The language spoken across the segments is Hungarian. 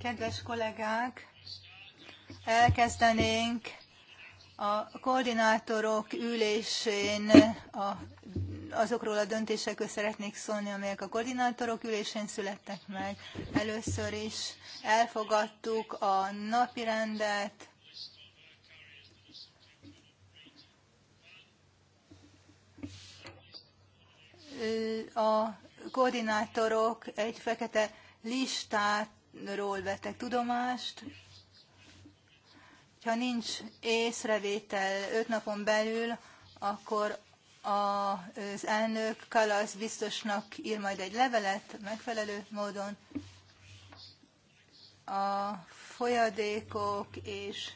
Kedves kollégák, elkezdenénk a koordinátorok ülésén a, azokról a döntésekről szeretnék szólni, amelyek a koordinátorok ülésén születtek meg. Először is elfogadtuk a napirendet, a koordinátorok egy fekete listáról vettek tudomást. Ha nincs észrevétel öt napon belül, akkor az elnök Kalasz biztosnak ír majd egy levelet megfelelő módon. A folyadékok és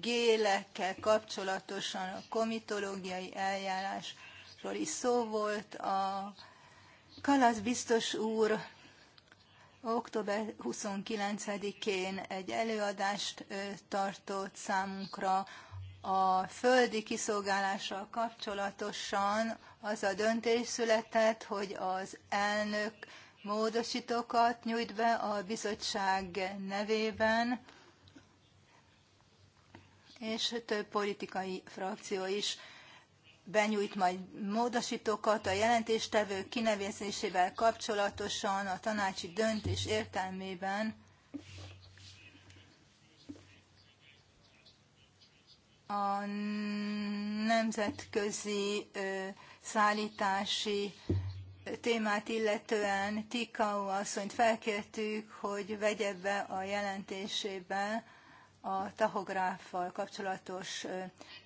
gélekkel kapcsolatosan a komitológiai eljárásról is szó volt. A Kalasz biztos úr Október 29-én egy előadást tartott számunkra a földi kiszolgálással kapcsolatosan az a döntés született, hogy az elnök módosítókat nyújt be a bizottság nevében, és több politikai frakció is benyújt majd módosítókat a jelentéstevő kinevezésével kapcsolatosan a tanácsi döntés értelmében a nemzetközi szállítási témát illetően Tikau asszonyt felkértük, hogy vegye be a jelentésébe a tahográffal kapcsolatos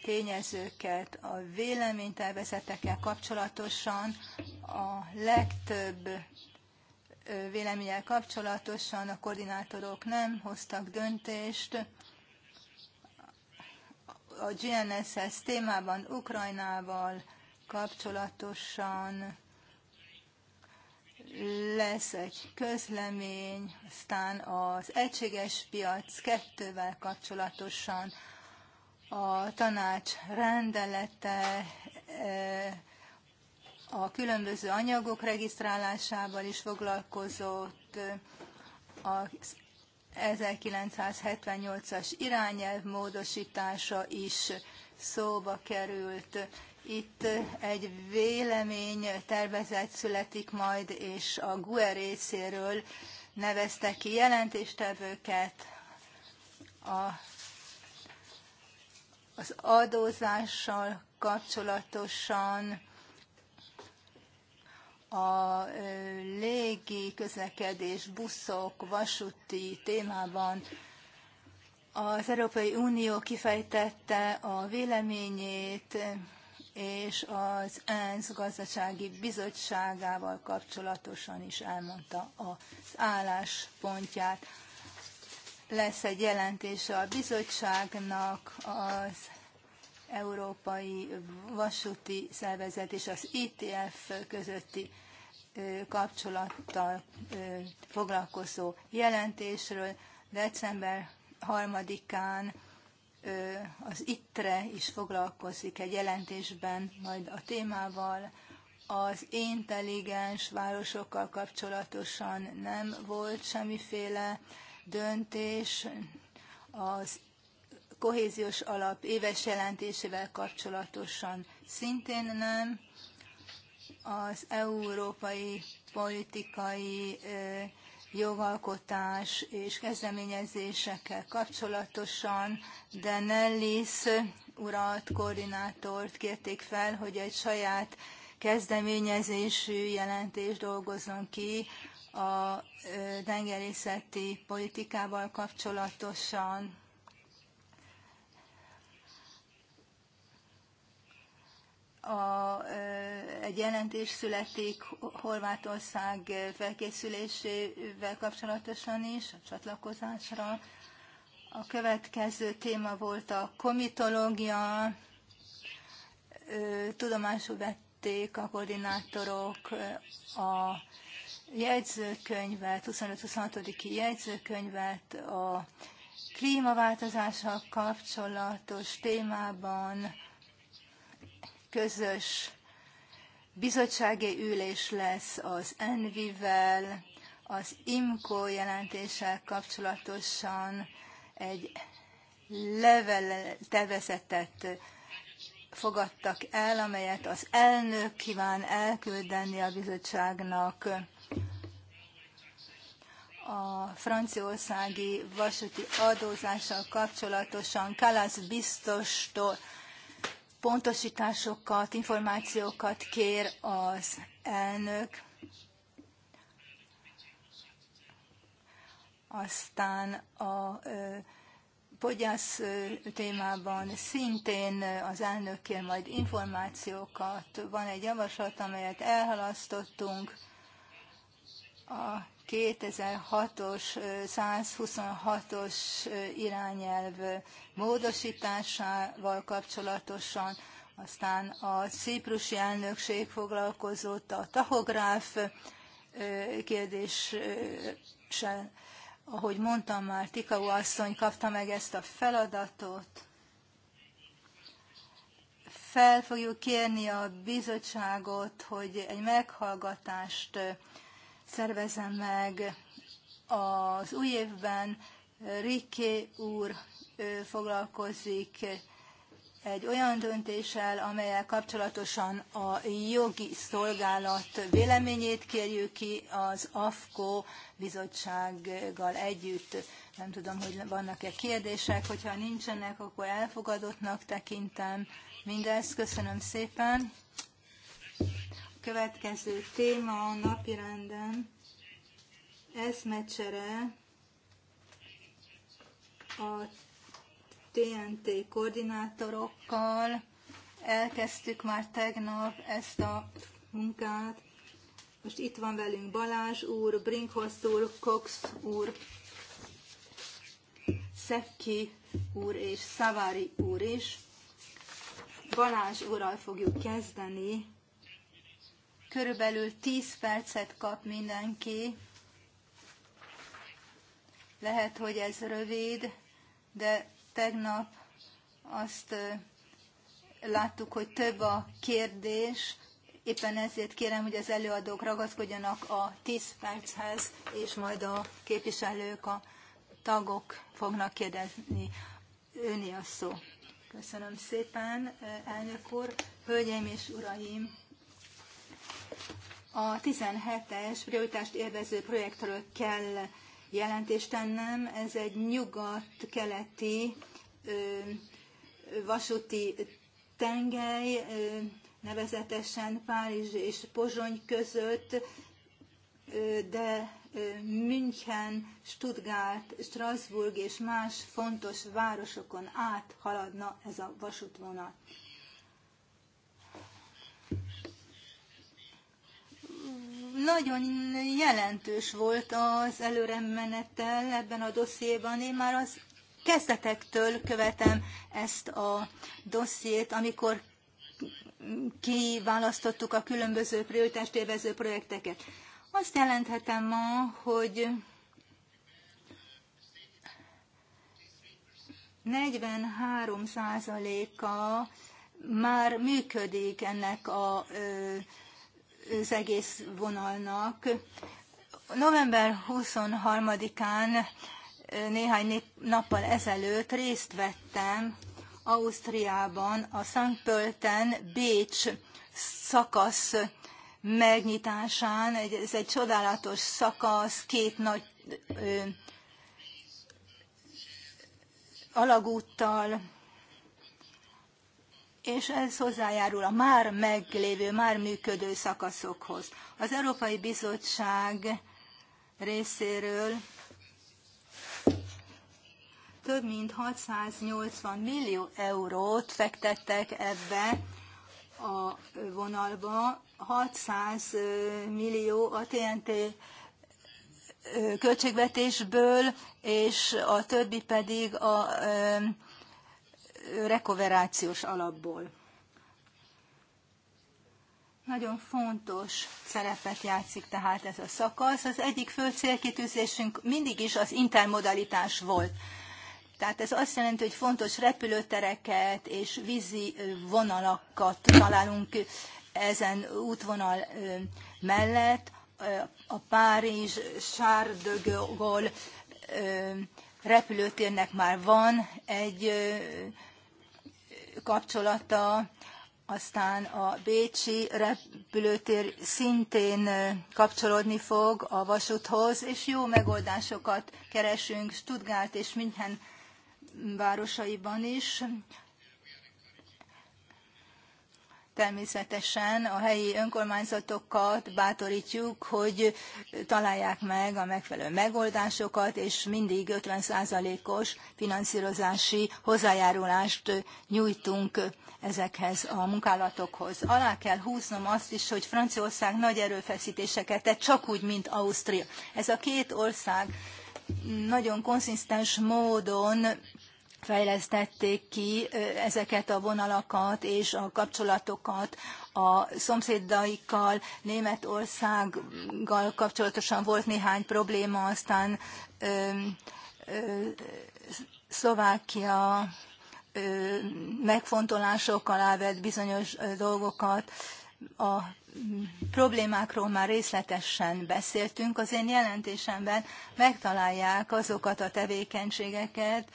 tényezőket, a véleménytervezetekkel kapcsolatosan a legtöbb véleménnyel kapcsolatosan a koordinátorok nem hoztak döntést. A GNSS témában Ukrajnával kapcsolatosan lesz egy közlemény, aztán az egységes piac kettővel kapcsolatosan a tanács rendelete e, a különböző anyagok regisztrálásával is foglalkozott, az 1978-as irányelv módosítása is szóba került. Itt egy vélemény tervezet születik majd, és a GUE részéről nevezte ki jelentéstevőket a, az adózással kapcsolatosan, a légi közlekedés, buszok, vasúti témában az Európai Unió kifejtette a véleményét, és az ENSZ gazdasági bizottságával kapcsolatosan is elmondta az álláspontját. Lesz egy jelentése a bizottságnak az Európai Vasúti Szervezet és az ITF közötti kapcsolattal foglalkozó jelentésről december 3-án az ittre is foglalkozik egy jelentésben majd a témával. Az intelligens városokkal kapcsolatosan nem volt semmiféle döntés. Az kohéziós alap éves jelentésével kapcsolatosan szintén nem. Az európai politikai jogalkotás és kezdeményezésekkel kapcsolatosan, de Nellis urat, koordinátort kérték fel, hogy egy saját kezdeményezésű jelentést dolgozzon ki a tengerészeti politikával kapcsolatosan. a, egy jelentés születik Horvátország felkészülésével kapcsolatosan is, a csatlakozásra. A következő téma volt a komitológia. Tudomásul vették a koordinátorok a jegyzőkönyvet, 25-26. jegyzőkönyvet a klímaváltozással kapcsolatos témában közös bizottsági ülés lesz az Envivel, az IMCO jelentéssel kapcsolatosan egy level tevezetet fogadtak el, amelyet az elnök kíván elküldeni a bizottságnak a franciaországi vasúti adózással kapcsolatosan Kalasz biztostól pontosításokat, információkat kér az elnök. Aztán a podgyász témában szintén az elnök kér majd információkat. Van egy javaslat, amelyet elhalasztottunk. A 2006-os 126-os irányelv módosításával kapcsolatosan, aztán a ciprusi elnökség foglalkozott a tahográf kérdéssel. Ahogy mondtam már, Tikau asszony kapta meg ezt a feladatot. Fel fogjuk kérni a bizottságot, hogy egy meghallgatást szervezem meg. Az új évben Riké úr foglalkozik egy olyan döntéssel, amelyel kapcsolatosan a jogi szolgálat véleményét kérjük ki az AFKO bizottsággal együtt. Nem tudom, hogy vannak-e kérdések, hogyha nincsenek, akkor elfogadottnak tekintem. Mindezt köszönöm szépen következő téma a napirenden eszmecsere a TNT koordinátorokkal. Elkezdtük már tegnap ezt a munkát. Most itt van velünk Balázs úr, Brinkhorst úr, Cox úr, Szekki úr és Szavári úr is. Balázs úrral fogjuk kezdeni körülbelül 10 percet kap mindenki. Lehet, hogy ez rövid, de tegnap azt láttuk, hogy több a kérdés, éppen ezért kérem, hogy az előadók ragaszkodjanak a 10 perchez, és majd a képviselők, a tagok fognak kérdezni. Őni a szó. Köszönöm szépen, elnök úr, hölgyeim és uraim! A 17-es prioritást élvező projektről kell jelentést tennem. Ez egy nyugat-keleti vasúti tengely, nevezetesen Párizs és Pozsony között, de München, Stuttgart, Strasbourg és más fontos városokon áthaladna ez a vasútvonal. nagyon jelentős volt az előre menettel ebben a dossziéban. Én már az kezdetektől követem ezt a dossziét, amikor kiválasztottuk a különböző prioritást évező projekteket. Azt jelenthetem ma, hogy 43 százaléka már működik ennek a az egész vonalnak. November 23-án néhány nappal ezelőtt részt vettem Ausztriában a Pölten Bécs szakasz megnyitásán. Ez egy csodálatos szakasz, két nagy ö, alagúttal és ez hozzájárul a már meglévő, már működő szakaszokhoz. Az Európai Bizottság részéről több mint 680 millió eurót fektettek ebbe a vonalba, 600 millió a TNT költségvetésből, és a többi pedig a rekoverációs alapból. Nagyon fontos szerepet játszik tehát ez a szakasz. Az egyik fő célkitűzésünk mindig is az intermodalitás volt. Tehát ez azt jelenti, hogy fontos repülőtereket és vízi vonalakat találunk ezen útvonal mellett. A Párizs, Charles repülőtérnek már van egy kapcsolata, aztán a Bécsi repülőtér szintén kapcsolódni fog a vasúthoz, és jó megoldásokat keresünk Stuttgart és München városaiban is. Természetesen a helyi önkormányzatokat bátorítjuk, hogy találják meg a megfelelő megoldásokat, és mindig 50%-os finanszírozási hozzájárulást nyújtunk ezekhez a munkálatokhoz. Alá kell húznom azt is, hogy Franciaország nagy erőfeszítéseket tett, csak úgy, mint Ausztria. Ez a két ország nagyon konszisztens módon fejlesztették ki ezeket a vonalakat és a kapcsolatokat a szomszédaikkal, Németországgal kapcsolatosan volt néhány probléma, aztán ö, ö, Szlovákia ö, megfontolások alá vett bizonyos dolgokat. A problémákról már részletesen beszéltünk. Az én jelentésemben megtalálják azokat a tevékenységeket,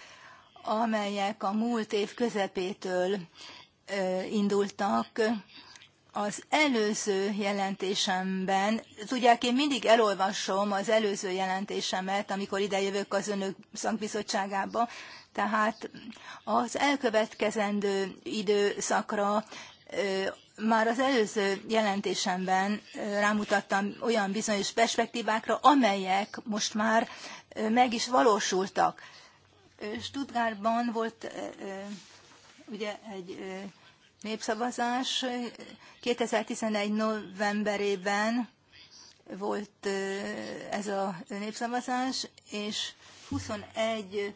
amelyek a múlt év közepétől indultak. Az előző jelentésemben, tudják, én mindig elolvasom az előző jelentésemet, amikor idejövök az önök szakbizottságába, tehát az elkövetkezendő időszakra már az előző jelentésemben rámutattam olyan bizonyos perspektívákra, amelyek most már meg is valósultak. Stuttgartban volt ugye egy népszavazás 2011 novemberében volt ez a népszavazás, és 21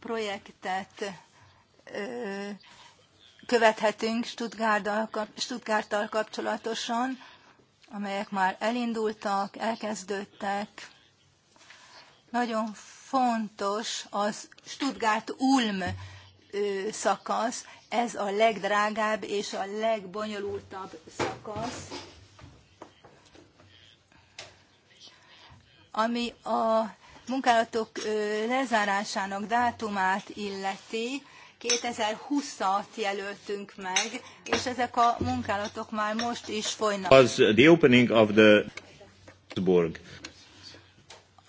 projektet követhetünk Stuttgarttal kapcsolatosan, amelyek már elindultak, elkezdődtek. Nagyon fontos az Stuttgart-Ulm szakasz, ez a legdrágább és a legbonyolultabb szakasz, ami a munkálatok lezárásának dátumát illeti, 2020-at jelöltünk meg, és ezek a munkálatok már most is folynak. Az the opening of the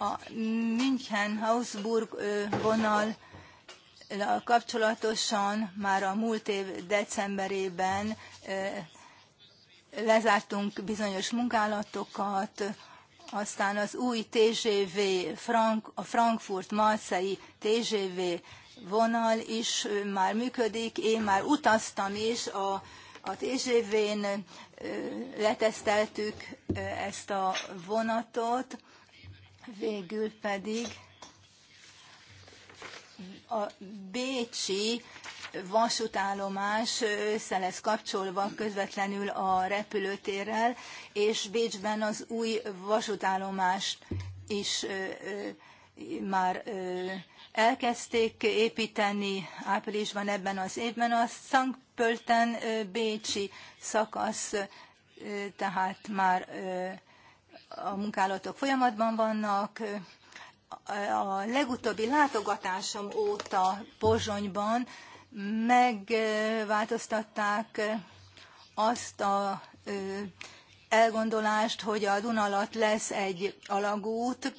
a München-Hausburg vonal kapcsolatosan már a múlt év decemberében lezártunk bizonyos munkálatokat, aztán az új TGV, Frank, a Frankfurt-Marszei TGV vonal is már működik. Én már utaztam is a, a TGV-n, leteszteltük ezt a vonatot. Végül pedig a Bécsi vasútállomás össze lesz kapcsolva közvetlenül a repülőtérrel, és Bécsben az új vasútállomás is már elkezdték építeni áprilisban ebben az évben. A szankpölten Bécsi szakasz tehát már a munkálatok folyamatban vannak. A legutóbbi látogatásom óta Pozsonyban megváltoztatták azt a elgondolást, hogy a Dunalat lesz egy alagút,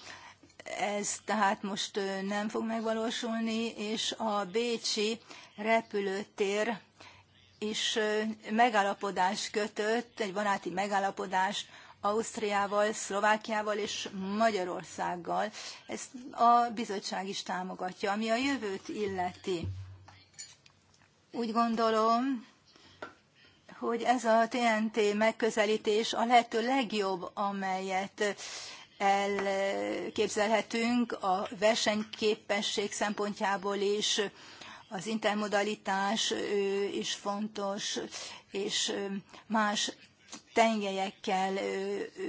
ez tehát most nem fog megvalósulni, és a Bécsi repülőtér is megállapodás kötött, egy baráti megállapodást, Ausztriával, Szlovákiával és Magyarországgal. Ezt a bizottság is támogatja, ami a jövőt illeti. Úgy gondolom, hogy ez a TNT megközelítés a lehető legjobb, amelyet elképzelhetünk a versenyképesség szempontjából is, az intermodalitás is fontos, és más tengelyekkel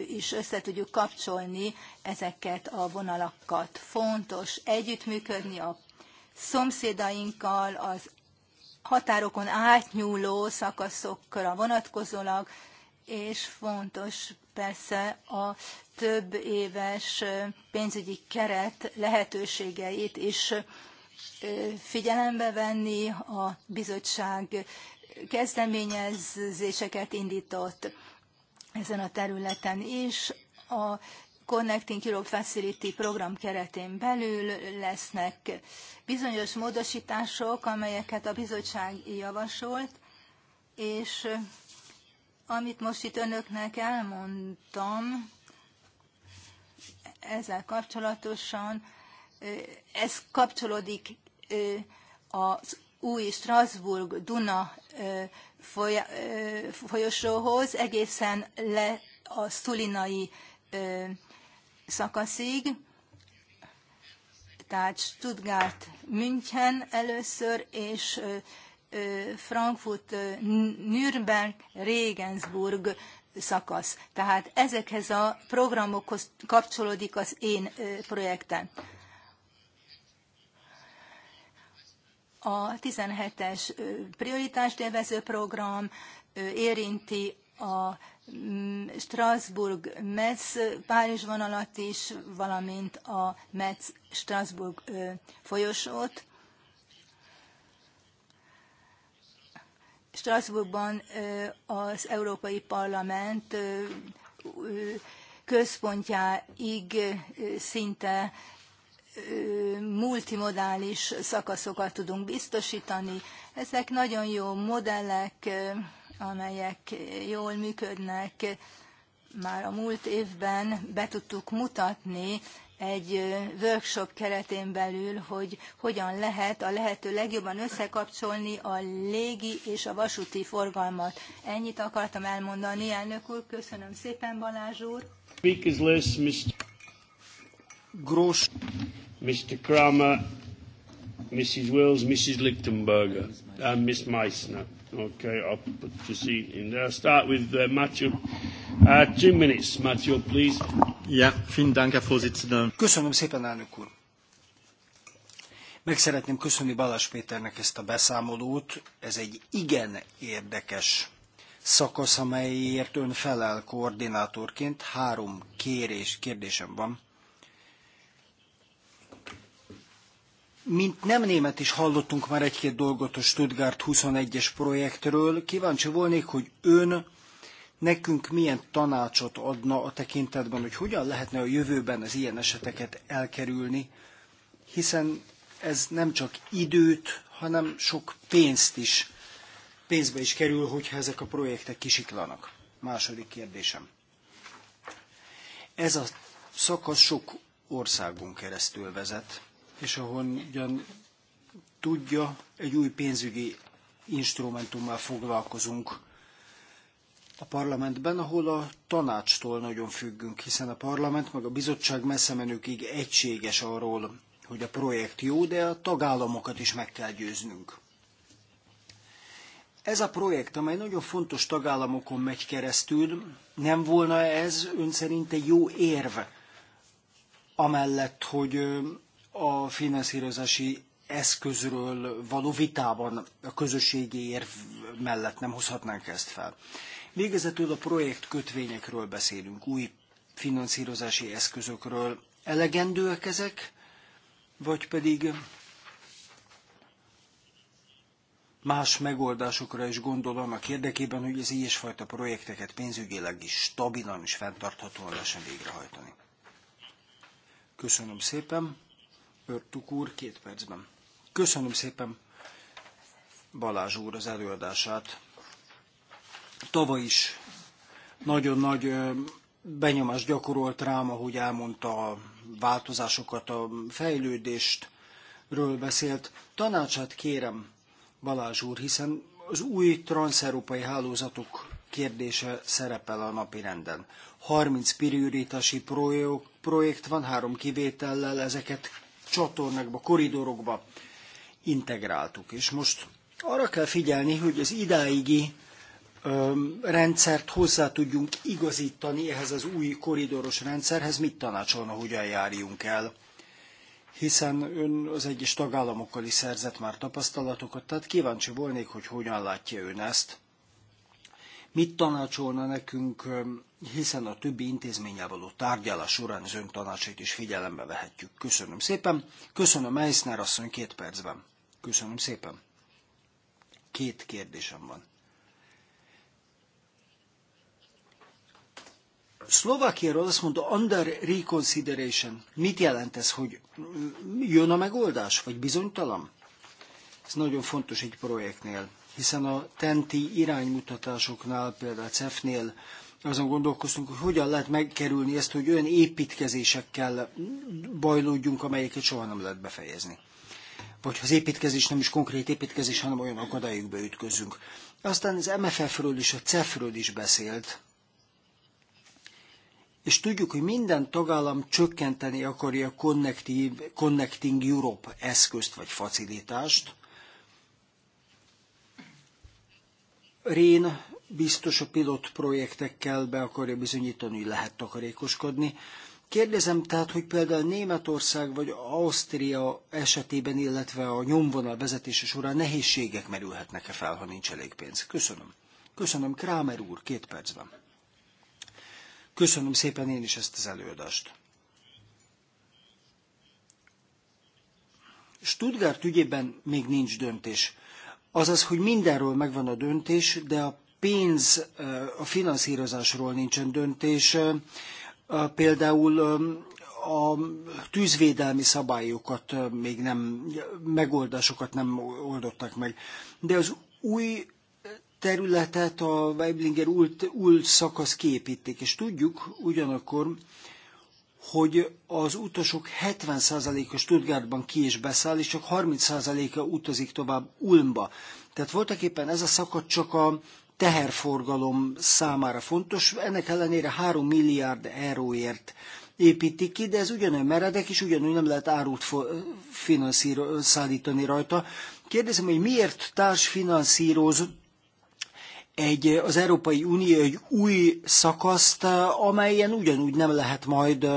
is össze tudjuk kapcsolni ezeket a vonalakat. Fontos együttműködni a szomszédainkkal, az határokon átnyúló szakaszokra vonatkozólag, és fontos persze a több éves pénzügyi keret lehetőségeit is figyelembe venni. A bizottság kezdeményezéseket indított ezen a területen is. A Connecting Europe Facility program keretén belül lesznek bizonyos módosítások, amelyeket a bizottság javasolt, és amit most itt önöknek elmondtam, ezzel kapcsolatosan, ez kapcsolódik az új Strasbourg-Duna folyosóhoz egészen le a szulinai szakaszig, tehát Stuttgart München először, és Frankfurt Nürnberg Regensburg szakasz. Tehát ezekhez a programokhoz kapcsolódik az én projektem. A 17-es prioritást élvező program érinti a mm, Strasbourg Metz Párizs vonalat is, valamint a Metz Strasbourg folyosót. Strasbourgban az Európai Parlament központjáig szinte multimodális szakaszokat tudunk biztosítani. Ezek nagyon jó modellek, amelyek jól működnek. Már a múlt évben be tudtuk mutatni egy workshop keretén belül, hogy hogyan lehet a lehető legjobban összekapcsolni a légi és a vasúti forgalmat. Ennyit akartam elmondani, elnök úr. Köszönöm szépen, Balázs úr. Grosz. Mr. Kramer, Mrs. Wills, Mrs. Lichtenberger, and Miss Meissner. Okay, I'll put your seat in there. I'll start with uh, Matthew. Uh, two minutes, Matthew, please. Yeah, vielen Dank, Herr Vorsitzender. Köszönöm szépen, elnök úr. Meg szeretném köszönni Balázs Péternek ezt a beszámolót. Ez egy igen érdekes szakasz, amelyért ön felel koordinátorként. Három kérés, kérdésem van. Mint nem német is hallottunk már egy-két dolgot a Stuttgart 21-es projektről. Kíváncsi volnék, hogy ön nekünk milyen tanácsot adna a tekintetben, hogy hogyan lehetne a jövőben az ilyen eseteket elkerülni, hiszen ez nem csak időt, hanem sok pénzt is, pénzbe is kerül, hogyha ezek a projektek kisiklanak. Második kérdésem. Ez a szakasz sok országunk keresztül vezet, és ahonnan tudja, egy új pénzügyi instrumentummal foglalkozunk a parlamentben, ahol a tanácstól nagyon függünk, hiszen a parlament meg a bizottság messze menőkig egységes arról, hogy a projekt jó, de a tagállamokat is meg kell győznünk. Ez a projekt, amely nagyon fontos tagállamokon megy keresztül, nem volna ez ön szerint egy jó érv, amellett, hogy a finanszírozási eszközről való vitában a közösségi érv mellett nem hozhatnánk ezt fel. Végezetül a projekt kötvényekről beszélünk, új finanszírozási eszközökről. Elegendőek ezek, vagy pedig más megoldásokra is gondol annak érdekében, hogy az ilyesfajta projekteket pénzügyileg is stabilan és fenntarthatóan lehessen végrehajtani. Köszönöm szépen. Örtük úr, két percben. Köszönöm szépen Balázs úr az előadását. Tavaly is nagyon nagy benyomást gyakorolt rám, ahogy elmondta a változásokat, a fejlődést, ről beszélt. Tanácsát kérem, Balázs úr, hiszen az új transzeurópai hálózatok kérdése szerepel a napi renden. 30 prioritási projekt van, három kivétellel, ezeket csatornákba, koridorokba integráltuk. És most arra kell figyelni, hogy az idáigi rendszert hozzá tudjunk igazítani ehhez az új koridoros rendszerhez, mit tanácsolna, hogyan járjunk el hiszen ön az egyes tagállamokkal is szerzett már tapasztalatokat, tehát kíváncsi volnék, hogy hogyan látja ön ezt mit tanácsolna nekünk, hiszen a többi intézménnyel való tárgyalás során az ön tanácsait is figyelembe vehetjük. Köszönöm szépen. Köszönöm Eisner asszony két percben. Köszönöm szépen. Két kérdésem van. Szlovákiáról azt mondta, under reconsideration. Mit jelent ez, hogy jön a megoldás, vagy bizonytalan? Ez nagyon fontos egy projektnél hiszen a tenti iránymutatásoknál, például a CEF-nél azon gondolkoztunk, hogy hogyan lehet megkerülni ezt, hogy olyan építkezésekkel bajlódjunk, amelyeket soha nem lehet befejezni. Vagy az építkezés nem is konkrét építkezés, hanem olyan akadályokba ütközünk Aztán az MFF-ről és a CEF-ről is beszélt, és tudjuk, hogy minden tagállam csökkenteni akarja a Connecting Europe eszközt vagy facilitást, Rén biztos a pilot projektekkel be akarja bizonyítani, hogy lehet takarékoskodni. Kérdezem tehát, hogy például Németország vagy Ausztria esetében, illetve a nyomvonal vezetése során nehézségek merülhetnek-e fel, ha nincs elég pénz? Köszönöm. Köszönöm, Krámer úr, két percben. Köszönöm szépen én is ezt az előadást. Stuttgart ügyében még nincs döntés. Azaz, hogy mindenről megvan a döntés, de a pénz, a finanszírozásról nincsen döntés. Például a tűzvédelmi szabályokat még nem, megoldásokat nem oldottak meg. De az új területet a Weiblinger új szakasz kiépítik, és tudjuk ugyanakkor, hogy az utasok 70%-a Stuttgartban ki és beszáll, és csak 30%-a utazik tovább Ulmba. Tehát voltak éppen ez a szakad csak a teherforgalom számára fontos, ennek ellenére 3 milliárd euróért építik ki, de ez ugyanolyan meredek, és ugyanúgy nem lehet árut finanszírozni, szállítani rajta. Kérdezem, hogy miért társfinanszírozott egy, az Európai Unió egy új szakaszt, amelyen ugyanúgy nem lehet majd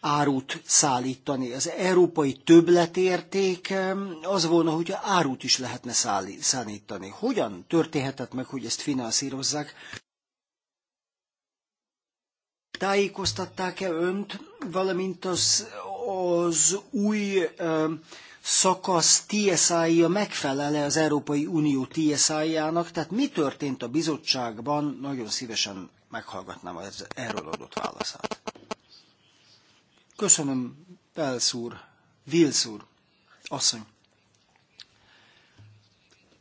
árut szállítani. Az európai többletérték az volna, hogy árut is lehetne szállítani. Hogyan történhetett meg, hogy ezt finanszírozzák? Tájékoztatták-e önt, valamint az, az új szakasz TSI-ja megfelele az Európai Unió TSI-jának, tehát mi történt a bizottságban, nagyon szívesen meghallgatnám az erről adott válaszát. Köszönöm, Pelsz úr, Vilsz úr, asszony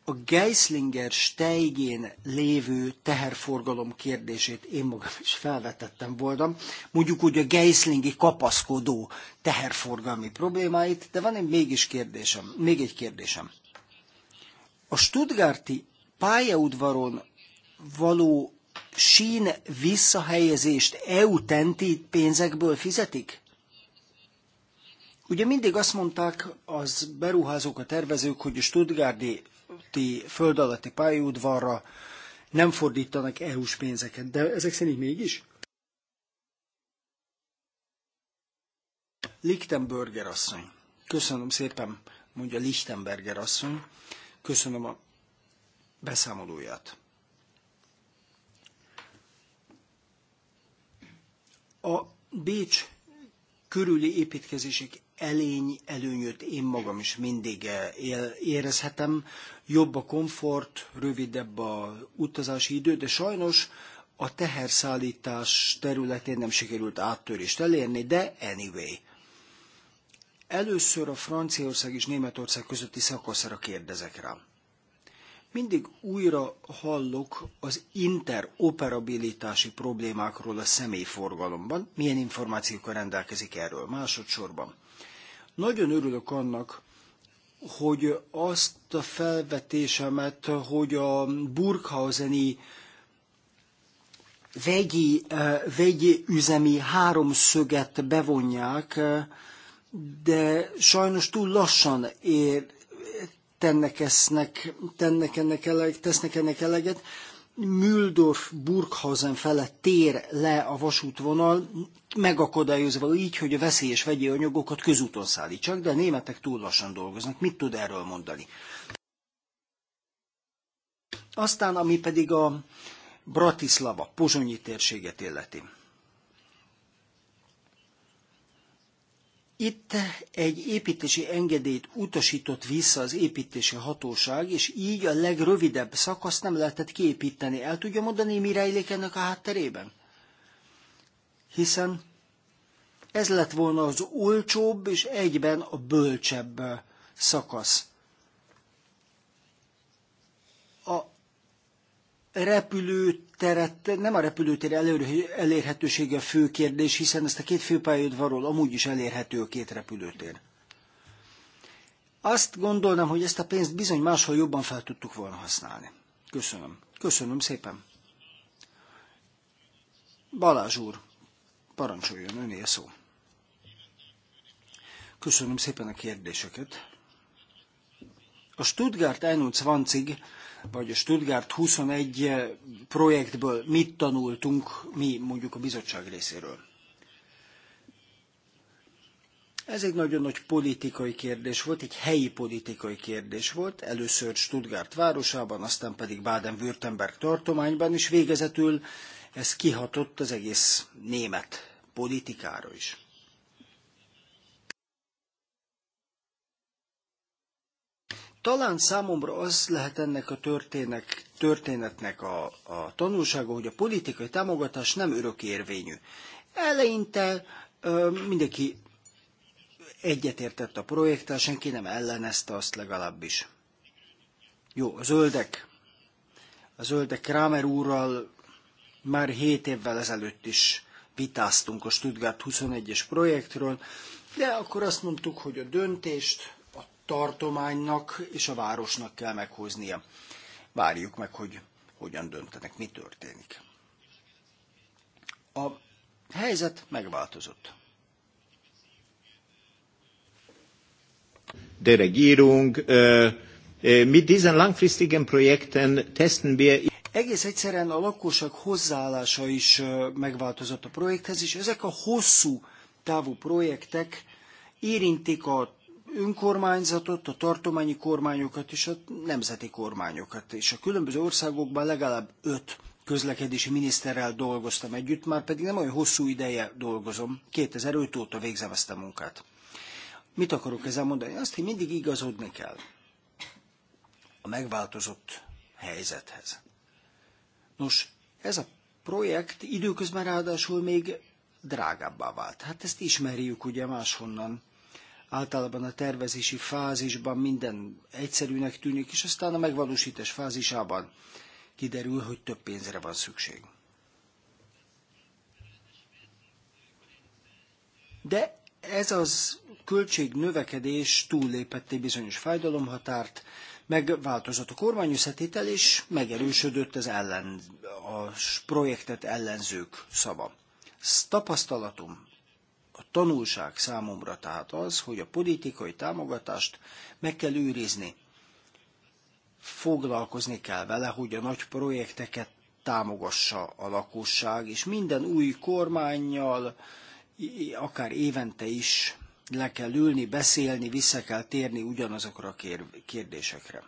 a Geislinger steigén lévő teherforgalom kérdését én magam is felvetettem voltam, mondjuk úgy a Geislingi kapaszkodó teherforgalmi problémáit, de van egy mégis kérdésem, még egy kérdésem. A Stuttgarti pályaudvaron való sín visszahelyezést EU tenti pénzekből fizetik? Ugye mindig azt mondták az beruházók, a tervezők, hogy a Stuttgardi alatti, föld alatti pályaudvarra nem fordítanak EU-s pénzeket, de ezek szerint mégis? Lichtenberger asszony. Köszönöm szépen, mondja Lichtenberger asszony. Köszönöm a beszámolóját. A Bécs körüli építkezések elény, előnyöt én magam is mindig eh, érezhetem. Jobb a komfort, rövidebb a utazási idő, de sajnos a teherszállítás területén nem sikerült áttörést elérni, de anyway. Először a Franciaország és Németország közötti szakaszra kérdezek rá. Mindig újra hallok az interoperabilitási problémákról a személyforgalomban. Milyen információkkal rendelkezik erről másodszorban? Nagyon örülök annak, hogy azt a felvetésemet, hogy a Burghauseni vegyi, eh, vegyi üzemi háromszöget bevonják, de sajnos túl lassan ér, tennek, esznek, tennek ennek eleget, tesznek ennek eleget, Müldorf Burghausen felett tér le a vasútvonal, megakadályozva így, hogy a veszélyes vegyi anyagokat közúton szállítsák, de a németek túl lassan dolgoznak. Mit tud erről mondani? Aztán, ami pedig a Bratislava, Pozsonyi térséget illeti. Itt egy építési engedélyt utasított vissza az építési hatóság, és így a legrövidebb szakaszt nem lehetett kiépíteni. El tudja mondani, mi rejlik ennek a hátterében? Hiszen ez lett volna az olcsóbb és egyben a bölcsebb szakasz. repülőteret, nem a repülőtér elérhetősége a fő kérdés, hiszen ezt a két főpályaudvarról amúgy is elérhető a két repülőtér. Azt gondolnám, hogy ezt a pénzt bizony máshol jobban fel tudtuk volna használni. Köszönöm. Köszönöm szépen. Balázs úr, parancsoljon, öné a szó. Köszönöm szépen a kérdéseket. A Stuttgart 1 vagy a Stuttgart 21 projektből mit tanultunk mi mondjuk a bizottság részéről. Ez egy nagyon nagy politikai kérdés volt, egy helyi politikai kérdés volt, először Stuttgart városában, aztán pedig Baden-Württemberg tartományban, is végezetül ez kihatott az egész német politikára is. Talán számomra az lehet ennek a történek, történetnek a, a tanulsága, hogy a politikai támogatás nem örök érvényű. Eleinte ö, mindenki egyetértett a projekttel, senki nem ellenezte azt legalábbis. Jó, a zöldek. A zöldek Kramer úrral már 7 évvel ezelőtt is vitáztunk a Stuttgart 21-es projektről, de akkor azt mondtuk, hogy a döntést tartománynak és a városnak kell meghoznia. Várjuk meg, hogy hogyan döntenek, mi történik. A helyzet megváltozott. De regírunk, mit diesen langfristigen Projekten testen wir egész egyszerűen a lakosság hozzáállása is megváltozott a projekthez, és ezek a hosszú távú projektek érintik a önkormányzatot, a tartományi kormányokat és a nemzeti kormányokat. És a különböző országokban legalább öt közlekedési miniszterrel dolgoztam együtt, már pedig nem olyan hosszú ideje dolgozom, 2005 óta végzem ezt a munkát. Mit akarok ezzel mondani? Azt, hogy mindig igazodni kell a megváltozott helyzethez. Nos, ez a projekt időközben ráadásul még drágábbá vált. Hát ezt ismerjük ugye máshonnan általában a tervezési fázisban minden egyszerűnek tűnik, és aztán a megvalósítás fázisában kiderül, hogy több pénzre van szükség. De ez az költség növekedés egy bizonyos fájdalomhatárt, megváltozott a kormányoszetétel, és megerősödött az ellen, a projektet ellenzők szava. Tapasztalatom tanulság számomra tehát az, hogy a politikai támogatást meg kell őrizni. Foglalkozni kell vele, hogy a nagy projekteket támogassa a lakosság, és minden új kormányjal, akár évente is le kell ülni, beszélni, vissza kell térni ugyanazokra a kérdésekre.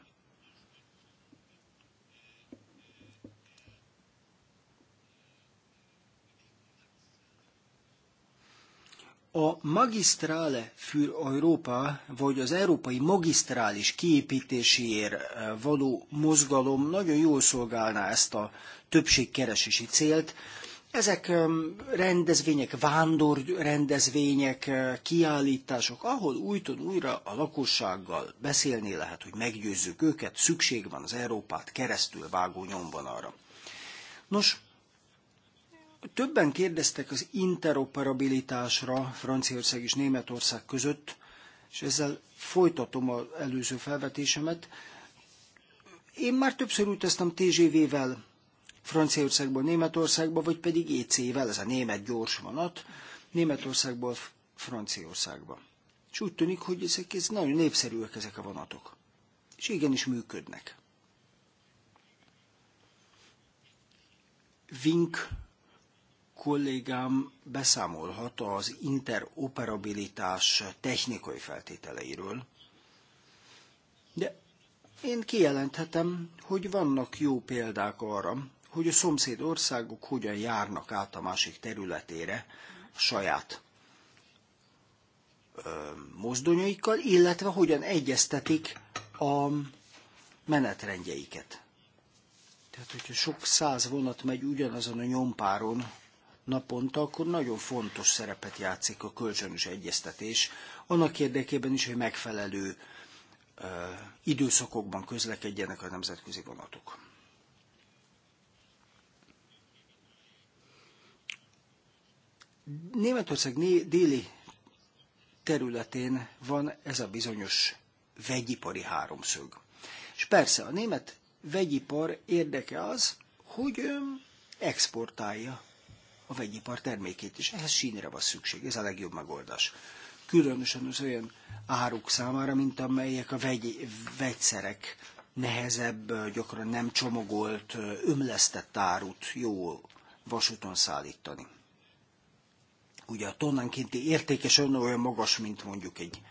A magisztrále für Európa, vagy az európai magisztrális kiépítéséért eh, való mozgalom nagyon jól szolgálná ezt a többségkeresési célt. Ezek eh, rendezvények, vándorrendezvények, eh, kiállítások, ahol újton újra a lakossággal beszélni lehet, hogy meggyőzzük őket, szükség van az Európát keresztül vágó nyomvonalra. Nos, Többen kérdeztek az interoperabilitásra Franciaország és Németország között, és ezzel folytatom az előző felvetésemet. Én már többször utaztam TGV-vel Franciaországból Németországba, vagy pedig EC-vel, ez a német gyors vonat, Németországból Franciaországba. És úgy tűnik, hogy ezek, ez nagyon népszerűek ezek a vonatok. És igenis működnek. Vink kollégám beszámolhat az interoperabilitás technikai feltételeiről, de én kijelenthetem, hogy vannak jó példák arra, hogy a szomszéd országok hogyan járnak át a másik területére a saját ö, mozdonyaikkal, illetve hogyan egyeztetik a menetrendjeiket. Tehát, hogyha sok száz vonat megy ugyanazon a nyompáron, naponta, akkor nagyon fontos szerepet játszik a kölcsönös egyeztetés, annak érdekében is, hogy megfelelő ö, időszakokban közlekedjenek a nemzetközi vonatok. Németország déli területén van ez a bizonyos vegyipari háromszög. És persze a német vegyipar érdeke az, hogy exportálja a vegyipar termékét is. Ehhez sínre van szükség, ez a legjobb megoldás. Különösen az olyan áruk számára, mint amelyek a vegy, vegyszerek nehezebb, gyakran nem csomagolt, ömlesztett árut jó vasúton szállítani. Ugye a tonnánkénti értékes olyan magas, mint mondjuk egy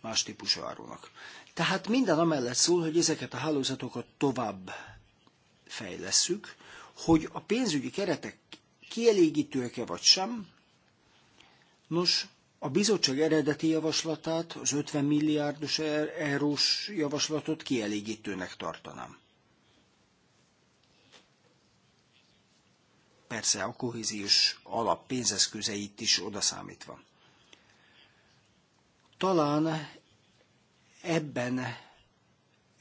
más típusú árunak. Tehát minden amellett szól, hogy ezeket a hálózatokat tovább fejlesszük, hogy a pénzügyi keretek kielégítőek-e vagy sem. Nos, a bizottság eredeti javaslatát, az 50 milliárdos er- eurós javaslatot kielégítőnek tartanám. Persze a kohéziós alap pénzeszközeit is odaszámítva. Talán ebben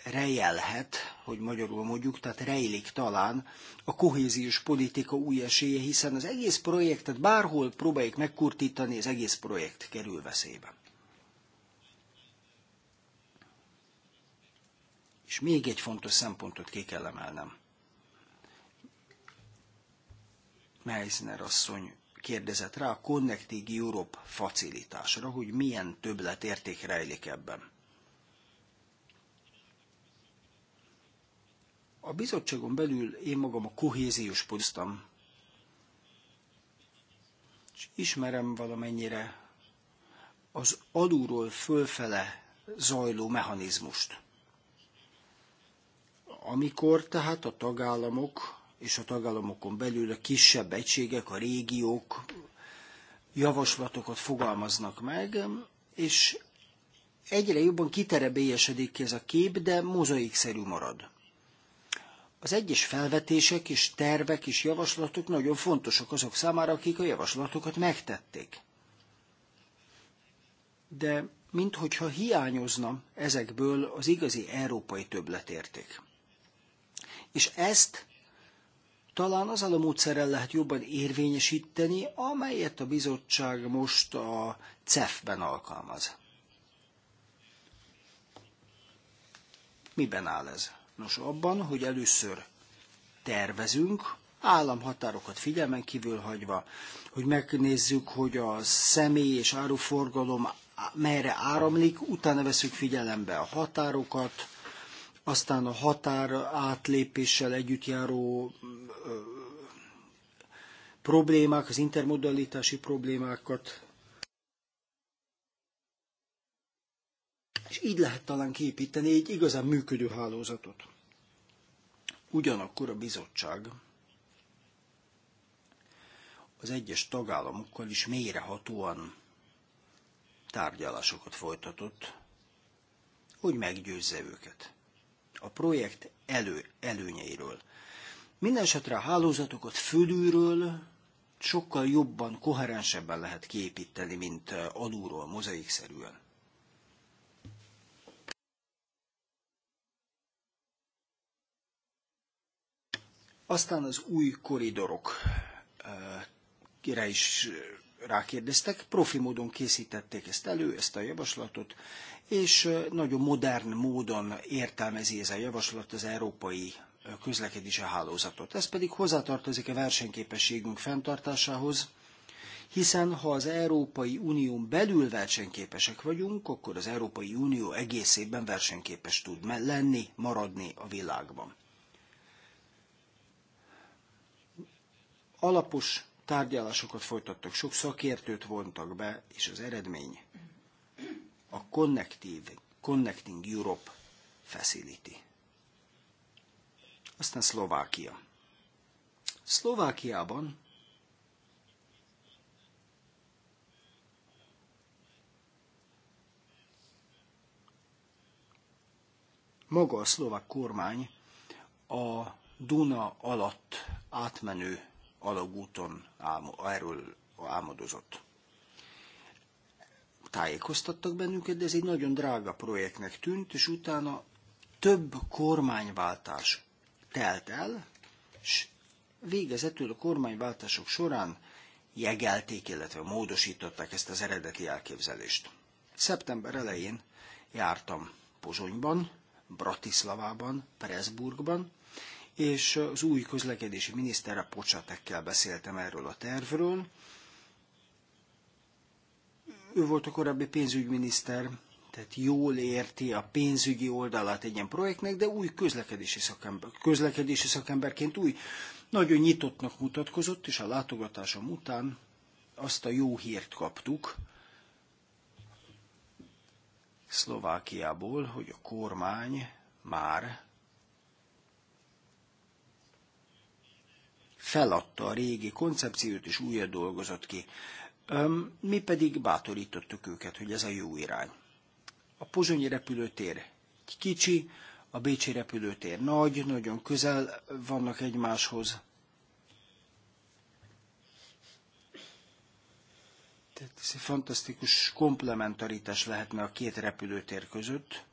rejelhet, hogy magyarul mondjuk, tehát rejlik talán a kohéziós politika új esélye, hiszen az egész projektet bárhol próbáljuk megkurtítani, az egész projekt kerül veszélybe. És még egy fontos szempontot ki kell emelnem. Meisner asszony kérdezett rá a Connecting Europe facilitásra, hogy milyen többlet érték rejlik ebben. A bizottságon belül én magam a kohéziós posztam, és ismerem valamennyire az alulról fölfele zajló mechanizmust. Amikor tehát a tagállamok és a tagállamokon belül a kisebb egységek, a régiók javaslatokat fogalmaznak meg, és egyre jobban kiterebélyesedik ez a kép, de mozaikszerű marad. Az egyes felvetések és tervek és javaslatok nagyon fontosak azok számára, akik a javaslatokat megtették. De minthogyha hiányozna ezekből az igazi európai többletérték. És ezt talán az a módszerrel lehet jobban érvényesíteni, amelyet a bizottság most a CEF-ben alkalmaz. Miben áll ez? Nos, abban, hogy először tervezünk, államhatárokat figyelmen kívül hagyva, hogy megnézzük, hogy a személy és áruforgalom merre áramlik, utána veszük figyelembe a határokat, aztán a határ átlépéssel együtt járó problémák, az intermodalitási problémákat Így lehet talán képíteni egy igazán működő hálózatot. Ugyanakkor a bizottság az egyes tagállamokkal is mélyrehatóan tárgyalásokat folytatott, hogy meggyőzze őket a projekt elő, előnyeiről. Mindenesetre a hálózatokat fölülről sokkal jobban, koherensebben lehet kiépíteni, mint eh, alulról, mozaikszerűen. Aztán az új koridorok eh, kire is eh, rákérdeztek, profi módon készítették ezt elő, ezt a javaslatot, és eh, nagyon modern módon értelmezi ez a javaslat az európai közlekedési hálózatot. Ez pedig hozzátartozik a versenyképességünk fenntartásához, hiszen ha az Európai Unión belül versenyképesek vagyunk, akkor az Európai Unió egészében versenyképes tud lenni, maradni a világban. Alapos tárgyalásokat folytattak, sok szakértőt vontak be, és az eredmény a Connective, Connecting Europe Facility. Aztán Szlovákia. Szlovákiában maga a szlovák kormány a Duna alatt átmenő alagúton erről álmodozott. Tájékoztattak bennünket, de ez egy nagyon drága projektnek tűnt, és utána több kormányváltás telt el, és végezetül a kormányváltások során jegelték, illetve módosították ezt az eredeti elképzelést. Szeptember elején jártam Pozsonyban, Bratislavában, Pressburgban, és az új közlekedési miniszterre Pocsatekkel beszéltem erről a tervről. Ő volt a korábbi pénzügyminiszter, tehát jól érti a pénzügyi oldalát egy ilyen projektnek, de új közlekedési, szakember, közlekedési szakemberként új. Nagyon nyitottnak mutatkozott, és a látogatásom után azt a jó hírt kaptuk Szlovákiából, hogy a kormány már feladta a régi koncepciót és újat dolgozott ki. Mi pedig bátorítottuk őket, hogy ez a jó irány. A pozsonyi repülőtér kicsi, a bécsi repülőtér nagy, nagyon közel vannak egymáshoz. Tehát ez egy fantasztikus komplementaritás lehetne a két repülőtér között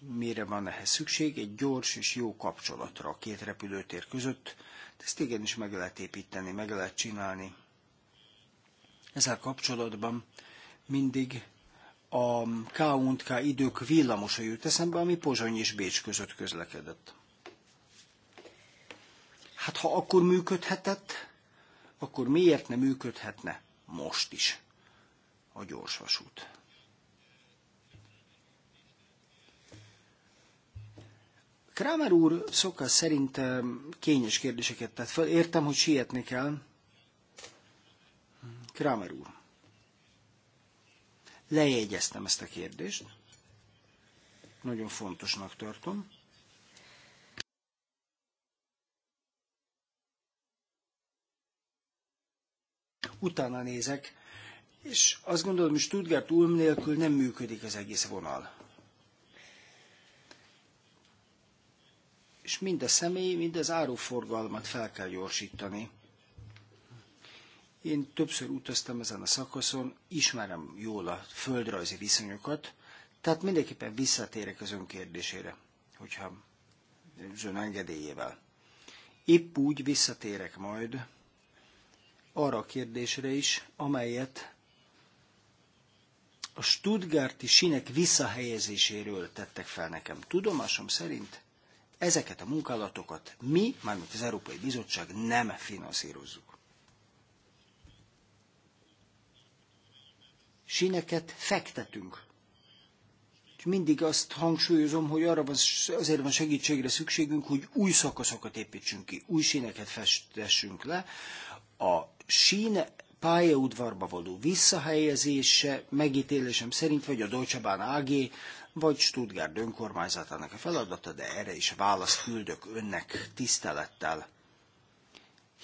mire van ehhez szükség? Egy gyors és jó kapcsolatra a két repülőtér között. Ezt igenis meg lehet építeni, meg lehet csinálni. Ezzel kapcsolatban mindig a k idők villamosa jut eszembe, ami Pozsony és Bécs között közlekedett. Hát ha akkor működhetett, akkor miért nem működhetne most is a gyorsvasút? Kramer úr szokás szerint kényes kérdéseket tett fel. Értem, hogy sietni kell. Kramer úr. Lejegyeztem ezt a kérdést. Nagyon fontosnak tartom. Utána nézek, és azt gondolom, hogy Stuttgart Ulm nélkül nem működik az egész vonal. és mind a személy, mind az áruforgalmat fel kell gyorsítani. Én többször utaztam ezen a szakaszon, ismerem jól a földrajzi viszonyokat, tehát mindenképpen visszatérek az ön kérdésére, hogyha az ön engedélyével. Épp úgy visszatérek majd arra a kérdésre is, amelyet a Stuttgarti sinek visszahelyezéséről tettek fel nekem. Tudomásom szerint Ezeket a munkálatokat mi, mármint az Európai Bizottság nem finanszírozzuk. Sineket fektetünk. Mindig azt hangsúlyozom, hogy arra van, azért van segítségre szükségünk, hogy új szakaszokat építsünk ki, új síneket festessünk le. A sín pályaudvarba való visszahelyezése megítélésem szerint, vagy a Deutsche Bahn AG vagy Stuttgart önkormányzatának a feladata, de erre is választ küldök önnek tisztelettel,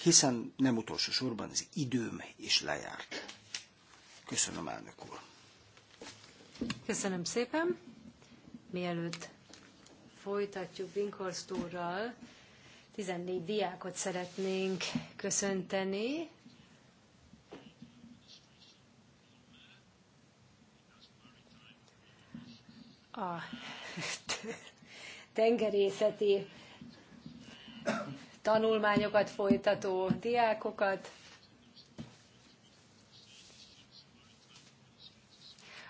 hiszen nem utolsó sorban az időm is lejárt. Köszönöm, elnök úr. Köszönöm szépen. Mielőtt folytatjuk Winkhorst úrral, 14 diákot szeretnénk köszönteni, a tengerészeti tanulmányokat folytató diákokat,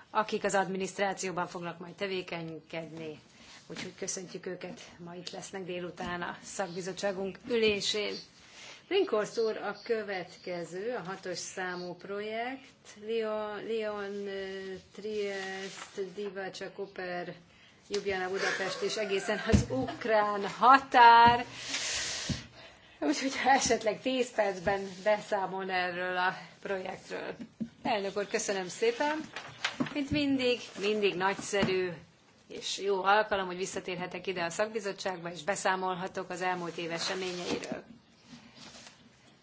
akik az adminisztrációban fognak majd tevékenykedni. Úgyhogy köszöntjük őket, ma itt lesznek délután a szakbizottságunk ülésén. Rinkorsz úr a következő, a hatos számú projekt, Leon, Leon Triest, Divacsa, Koper, Jubjana, Budapest és egészen az ukrán határ. Úgyhogy ha esetleg 10 percben beszámol erről a projektről. Elnök úr, köszönöm szépen. Mint mindig, mindig nagyszerű és jó alkalom, hogy visszatérhetek ide a szakbizottságba, és beszámolhatok az elmúlt év eseményeiről.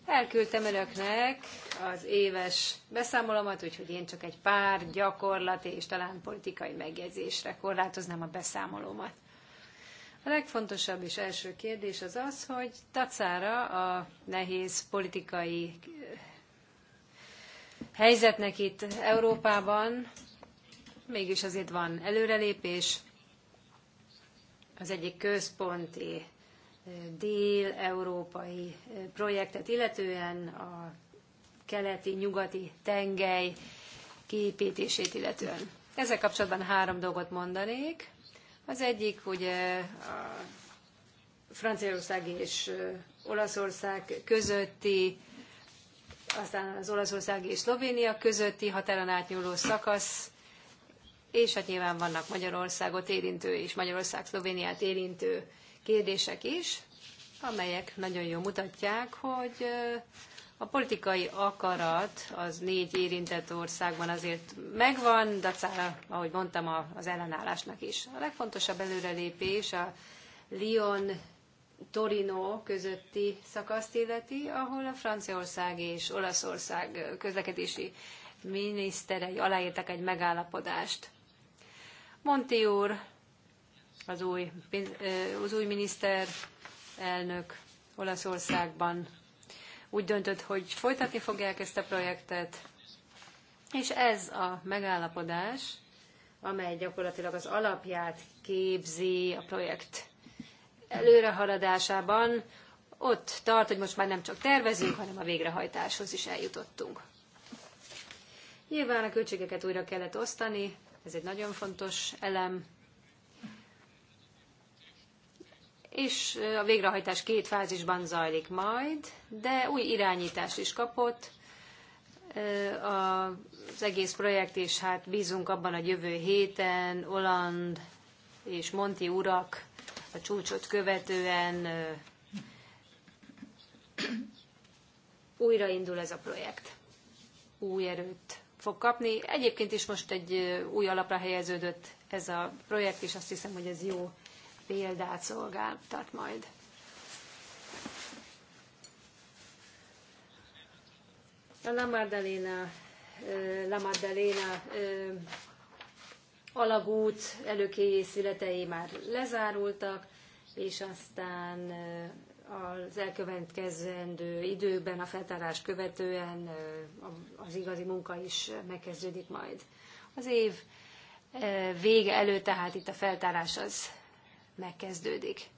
Elküldtem önöknek az éves beszámolomat, úgyhogy én csak egy pár gyakorlati és talán politikai megjegyzésre korlátoznám a beszámolómat. A legfontosabb és első kérdés az az, hogy tacára a nehéz politikai eh, helyzetnek itt Európában mégis azért van előrelépés. Az egyik központi dél-európai eh, projektet illetően, a keleti-nyugati tengely kiépítését illetően. Ezzel kapcsolatban három dolgot mondanék. Az egyik, hogy a Franciaország és eh, Olaszország közötti, aztán az Olaszország és Szlovénia közötti határon átnyúló szakasz, és hát nyilván vannak Magyarországot érintő és Magyarország Szlovéniát érintő kérdések is, amelyek nagyon jól mutatják, hogy a politikai akarat az négy érintett országban azért megvan, dacára, ahogy mondtam, az ellenállásnak is. A legfontosabb előrelépés a Lyon Torino közötti szakaszt illeti, ahol a Franciaország és Olaszország közlekedési miniszterei aláírtak egy megállapodást. Monti úr az új, az új miniszter elnök Olaszországban úgy döntött, hogy folytatni fogják ezt a projektet, és ez a megállapodás, amely gyakorlatilag az alapját képzi a projekt előrehaladásában, ott tart, hogy most már nem csak tervezünk, hanem a végrehajtáshoz is eljutottunk. Nyilván a költségeket újra kellett osztani, ez egy nagyon fontos elem, és a végrehajtás két fázisban zajlik majd, de új irányítást is kapott az egész projekt, és hát bízunk abban a jövő héten Oland és Monti urak a csúcsot követően újraindul ez a projekt. Új erőt fog kapni. Egyébként is most egy új alapra helyeződött ez a projekt, és azt hiszem, hogy ez jó példát szolgáltat majd. A La Maddalena, La Maddalena alagút előkészületei már lezárultak, és aztán az elkövetkezendő időben, a feltárás követően az igazi munka is megkezdődik majd. Az év vége előtt, tehát itt a feltárás az megkezdődik.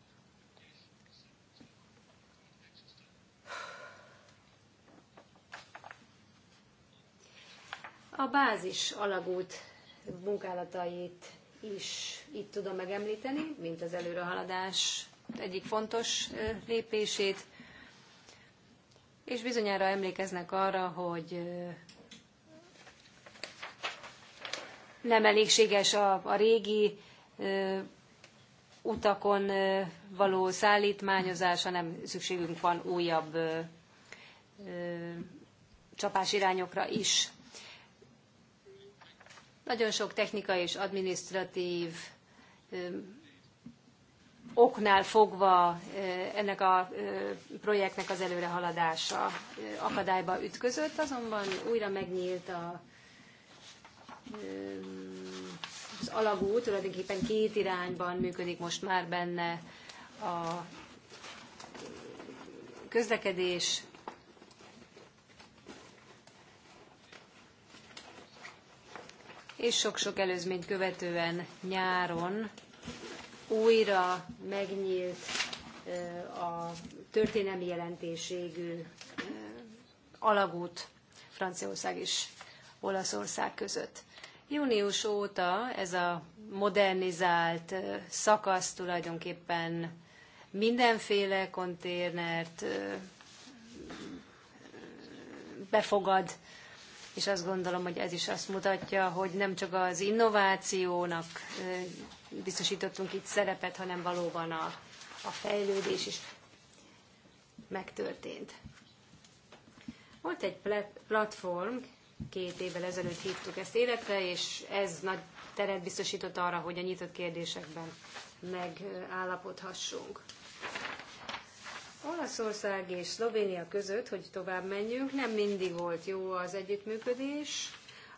A bázis alagút munkálatait is itt tudom megemlíteni, mint az előrehaladás egyik fontos lépését, és bizonyára emlékeznek arra, hogy nem elégséges a, a régi utakon való szállítmányozása, nem szükségünk van újabb csapásirányokra is. Nagyon sok technikai és administratív oknál fogva ennek a projektnek az előrehaladása akadályba ütközött, azonban újra megnyílt a az alagút tulajdonképpen két irányban működik most már benne a közlekedés, és sok-sok előzményt követően nyáron újra megnyílt a történelmi jelentőségű alagút Franciaország és Olaszország között. Június óta ez a modernizált szakasz tulajdonképpen mindenféle konténert befogad, és azt gondolom, hogy ez is azt mutatja, hogy nem csak az innovációnak biztosítottunk itt szerepet, hanem valóban a, a fejlődés is megtörtént. Volt egy platform, két évvel ezelőtt hívtuk ezt életre, és ez nagy teret biztosított arra, hogy a nyitott kérdésekben megállapodhassunk. Olaszország és Szlovénia között, hogy tovább menjünk, nem mindig volt jó az együttműködés.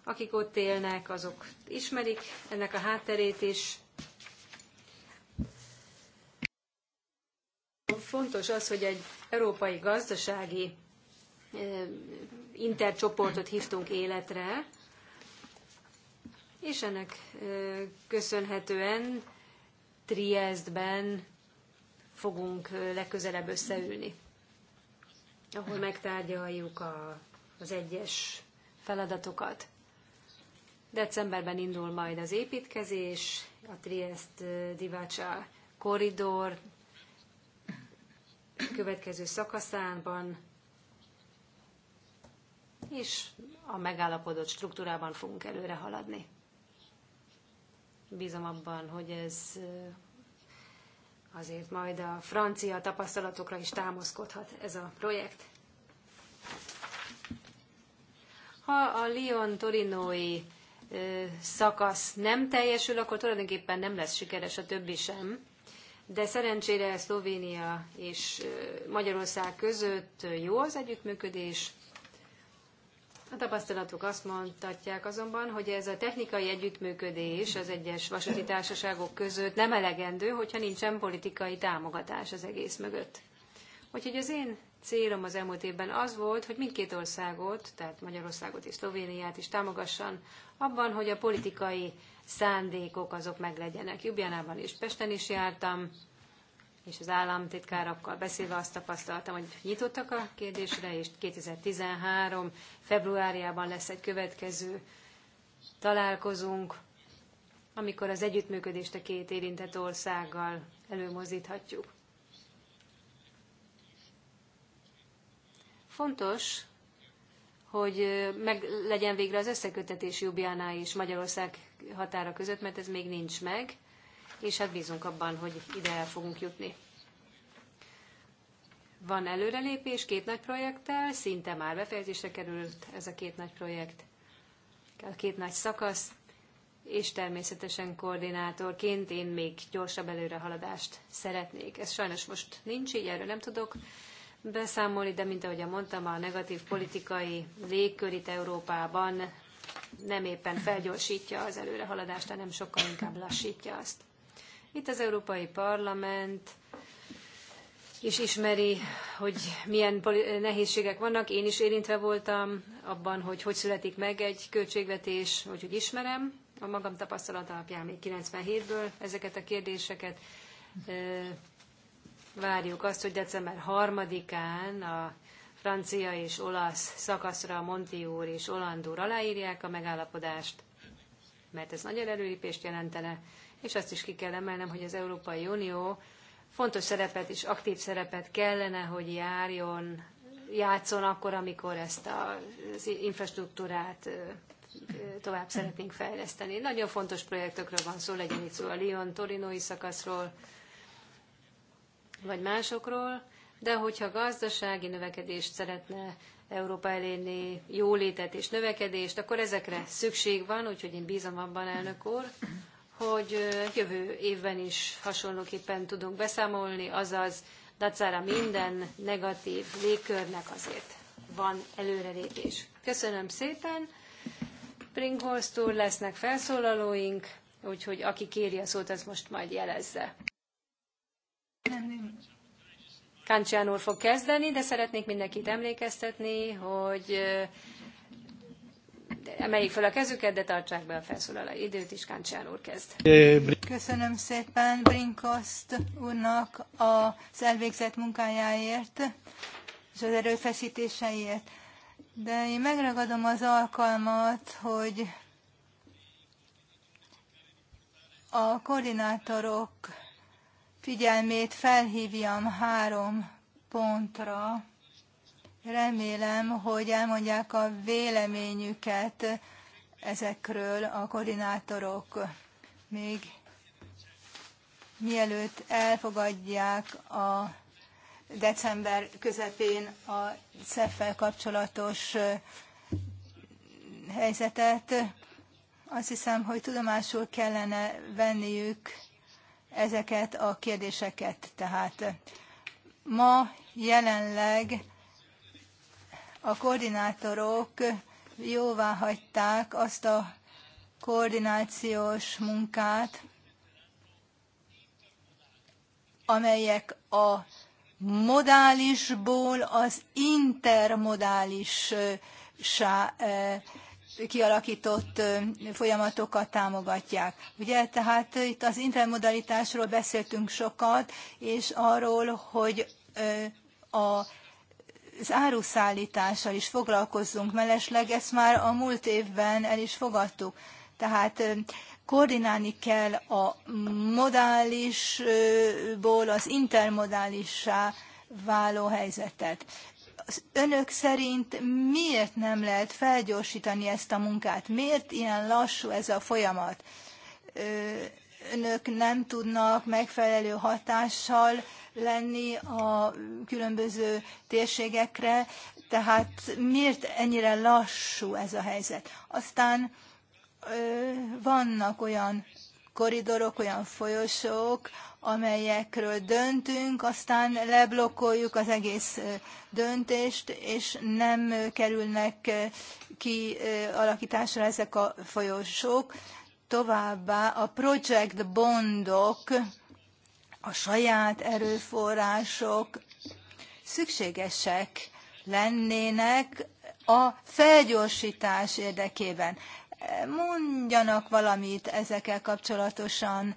Akik ott élnek, azok ismerik ennek a hátterét is. Fontos az, hogy egy európai gazdasági eh, intercsoportot hívtunk életre, és ennek köszönhetően Triestben fogunk legközelebb összeülni, ahol megtárgyaljuk a, az egyes feladatokat. Decemberben indul majd az építkezés, a Triest Divácsa korridor következő szakaszában és a megállapodott struktúrában fogunk előre haladni. Bízom abban, hogy ez azért majd a francia tapasztalatokra is támaszkodhat ez a projekt. Ha a Lyon-Torinói szakasz nem teljesül, akkor tulajdonképpen nem lesz sikeres a többi sem. De szerencsére Szlovénia és Magyarország között jó az együttműködés, a tapasztalatok azt mondhatják azonban, hogy ez a technikai együttműködés az egyes vasúti társaságok között nem elegendő, hogyha nincsen politikai támogatás az egész mögött. Úgyhogy az én célom az elmúlt évben az volt, hogy mindkét országot, tehát Magyarországot és Szlovéniát is támogassan abban, hogy a politikai szándékok azok meglegyenek. Jubjánában és Pesten is jártam, és az államtitkárakkal beszélve azt tapasztaltam, hogy nyitottak a kérdésre, és 2013. februárjában lesz egy következő találkozunk, amikor az együttműködést a két érintett országgal előmozdíthatjuk. Fontos, hogy meg legyen végre az összekötetés Jubjánál és Magyarország határa között, mert ez még nincs meg és hát bízunk abban, hogy ide el fogunk jutni. Van előrelépés két nagy projekttel, szinte már befejezésre került ez a két nagy projekt, a két nagy szakasz, és természetesen koordinátorként én még gyorsabb előrehaladást szeretnék. Ez sajnos most nincs, így erről nem tudok beszámolni, de mint ahogy mondtam, a negatív politikai légkör itt Európában nem éppen felgyorsítja az előrehaladást, hanem sokkal inkább lassítja azt. Itt az Európai Parlament és ismeri, hogy milyen nehézségek vannak. Én is érintve voltam abban, hogy hogy születik meg egy költségvetés, hogy úgy ismerem a magam tapasztalat alapján még 97-ből ezeket a kérdéseket. Várjuk azt, hogy december 3-án a francia és olasz szakaszra Monti úr és Oland úr aláírják a megállapodást, mert ez nagy előrépést jelentene és azt is ki kell emelnem, hogy az Európai Unió fontos szerepet és aktív szerepet kellene, hogy járjon, játszon akkor, amikor ezt az infrastruktúrát tovább szeretnénk fejleszteni. Nagyon fontos projektekről van szó, legyen itt szó a Lyon-Torinói szakaszról, vagy másokról, de hogyha gazdasági növekedést szeretne Európa elérni, jólétet és növekedést, akkor ezekre szükség van, úgyhogy én bízom abban, elnök úr, hogy jövő évben is hasonlóképpen tudunk beszámolni, azaz dacára minden negatív légkörnek azért van előrelépés. Köszönöm szépen! Brinkhorst úr, lesznek felszólalóink, úgyhogy aki kéri a szót, az most majd jelezze. Kancsán úr fog kezdeni, de szeretnék mindenkit emlékeztetni, hogy emeljék fel a kezüket, de tartsák be a felszólaló időt is. Káncsán úr kezd. Köszönöm szépen Brinkaszt úrnak az elvégzett munkájáért és az erőfeszítéseiért. De én megragadom az alkalmat, hogy a koordinátorok figyelmét felhívjam három pontra, Remélem, hogy elmondják a véleményüket ezekről a koordinátorok még mielőtt elfogadják a december közepén a CEF-fel kapcsolatos helyzetet. Azt hiszem, hogy tudomásul kellene venniük ezeket a kérdéseket. Tehát ma jelenleg a koordinátorok jóvá hagyták azt a koordinációs munkát, amelyek a modálisból az intermodális kialakított folyamatokat támogatják. Ugye, tehát itt az intermodalitásról beszéltünk sokat, és arról, hogy a az áruszállítással is foglalkozzunk mellesleg, ezt már a múlt évben el is fogadtuk. Tehát koordinálni kell a modálisból az intermodálissá váló helyzetet. Az önök szerint miért nem lehet felgyorsítani ezt a munkát? Miért ilyen lassú ez a folyamat? önök nem tudnak megfelelő hatással lenni a különböző térségekre, tehát miért ennyire lassú ez a helyzet? Aztán vannak olyan koridorok, olyan folyosók, amelyekről döntünk, aztán leblokkoljuk az egész döntést, és nem kerülnek ki alakításra ezek a folyosók. Továbbá a project bondok, a saját erőforrások szükségesek lennének a felgyorsítás érdekében. Mondjanak valamit ezekkel kapcsolatosan,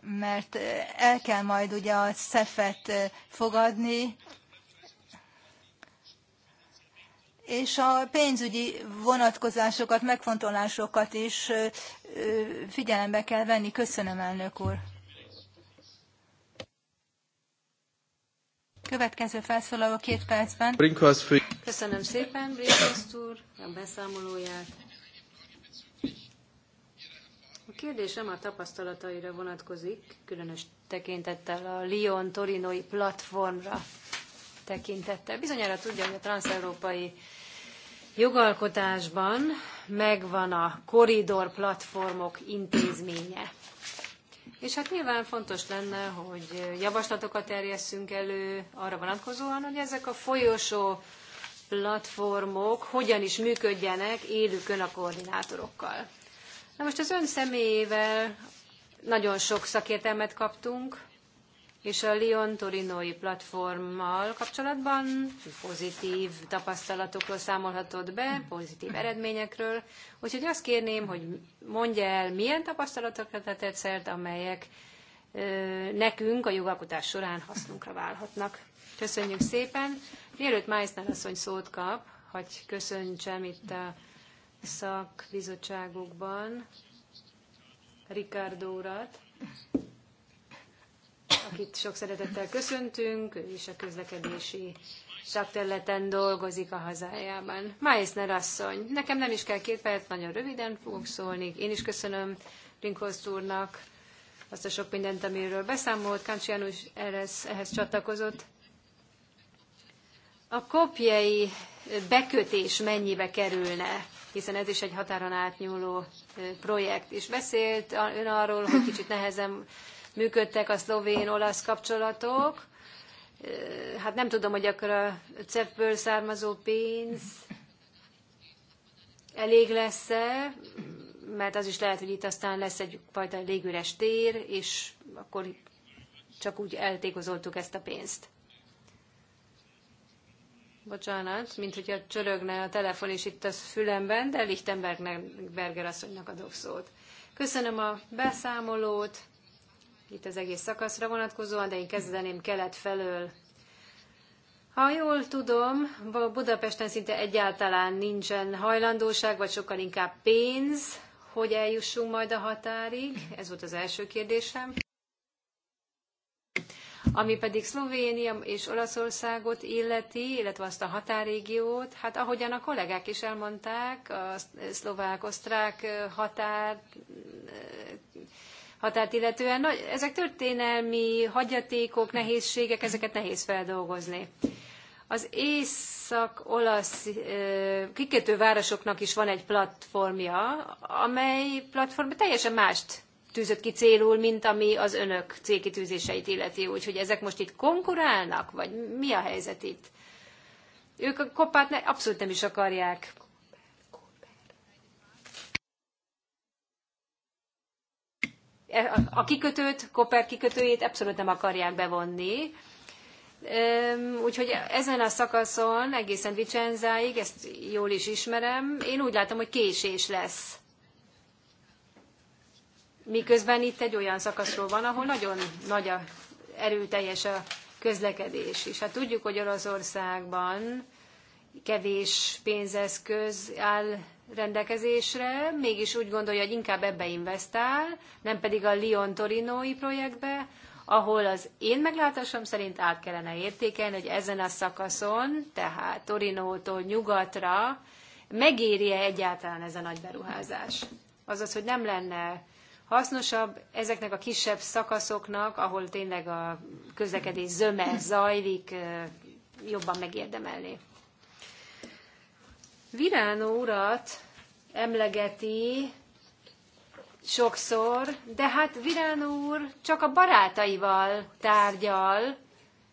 mert el kell majd ugye a szefet fogadni, és a pénzügyi vonatkozásokat, megfontolásokat is figyelembe kell venni. Köszönöm, elnök úr. Következő felszólaló két percben. Köszönöm szépen Brinkhorst úr a beszámolóját. A kérdésem a tapasztalataira vonatkozik, különös tekintettel a Lyon-Torinoi platformra tekintettel. Bizonyára tudja, hogy a transeurópai jogalkotásban megvan a koridor platformok intézménye. És hát nyilván fontos lenne, hogy javaslatokat terjesszünk elő arra vonatkozóan, hogy ezek a folyosó platformok hogyan is működjenek élőkön a koordinátorokkal. Na most az ön személyével nagyon sok szakértelmet kaptunk, és a lyon Torinoi platformmal kapcsolatban pozitív tapasztalatokról számolhatott be, pozitív eredményekről. Úgyhogy azt kérném, hogy mondja el, milyen tapasztalatokat tett szert, amelyek ö, nekünk a jogalkotás során hasznunkra válhatnak. Köszönjük szépen. Mielőtt Meissner asszony szót kap, hogy köszöntsem itt a szakbizottságokban Ricardo urat, akit sok szeretettel köszöntünk, ő is a közlekedési szakterületen dolgozik a hazájában. Meissner asszony, nekem nem is kell két perc, nagyon röviden fogok szólni. Én is köszönöm Rinkholz úrnak azt a sok mindent, amiről beszámolt. Káncsi János ehhez, ehhez csatlakozott. A kopjai bekötés mennyibe kerülne? hiszen ez is egy határon átnyúló projekt. És beszélt ön arról, hogy kicsit nehezen működtek a szlovén-olasz kapcsolatok. Hát nem tudom, hogy akkor a CEF-ből származó pénz elég lesz-e, mert az is lehet, hogy itt aztán lesz egyfajta légüres tér, és akkor csak úgy eltékozoltuk ezt a pénzt. Bocsánat, mint hogyha csörögne a telefon is itt a fülemben, de Lichtenberger asszonynak adok szót. Köszönöm a beszámolót, itt az egész szakaszra vonatkozóan, de én kezdeném kelet felől. Ha jól tudom, Budapesten szinte egyáltalán nincsen hajlandóság, vagy sokkal inkább pénz, hogy eljussunk majd a határig. Ez volt az első kérdésem. Ami pedig Szlovénia és Olaszországot illeti, illetve azt a határrégiót, hát ahogyan a kollégák is elmondták, a szlovák-osztrák határ határt illetően. ezek történelmi hagyatékok, nehézségek, ezeket nehéz feldolgozni. Az észak-olasz kikötővárosoknak is van egy platformja, amely platform teljesen mást tűzött ki célul, mint ami az önök célkitűzéseit illeti. Úgyhogy ezek most itt konkurálnak, vagy mi a helyzet itt? Ők a kopát ne, abszolút nem is akarják E, a kikötőt, Koper kikötőjét abszolút nem akarják bevonni. Úgyhogy ezen a szakaszon, egészen Vicenzáig, ezt jól is ismerem, én úgy látom, hogy késés lesz. Miközben itt egy olyan szakaszról van, ahol nagyon nagy a erőteljes a közlekedés is. Hát tudjuk, hogy Oroszországban kevés pénzeszköz áll rendelkezésre, mégis úgy gondolja, hogy inkább ebbe investál, nem pedig a Lyon Torinoi projektbe, ahol az én meglátásom szerint át kellene értékelni, hogy ezen a szakaszon, tehát Torinótól nyugatra, megéri-e egyáltalán ez a nagy beruházás. Azaz, hogy nem lenne hasznosabb ezeknek a kisebb szakaszoknak, ahol tényleg a közlekedés zöme zajlik, jobban megérdemelni. Viránó urat emlegeti sokszor, de hát Viránó úr csak a barátaival tárgyal,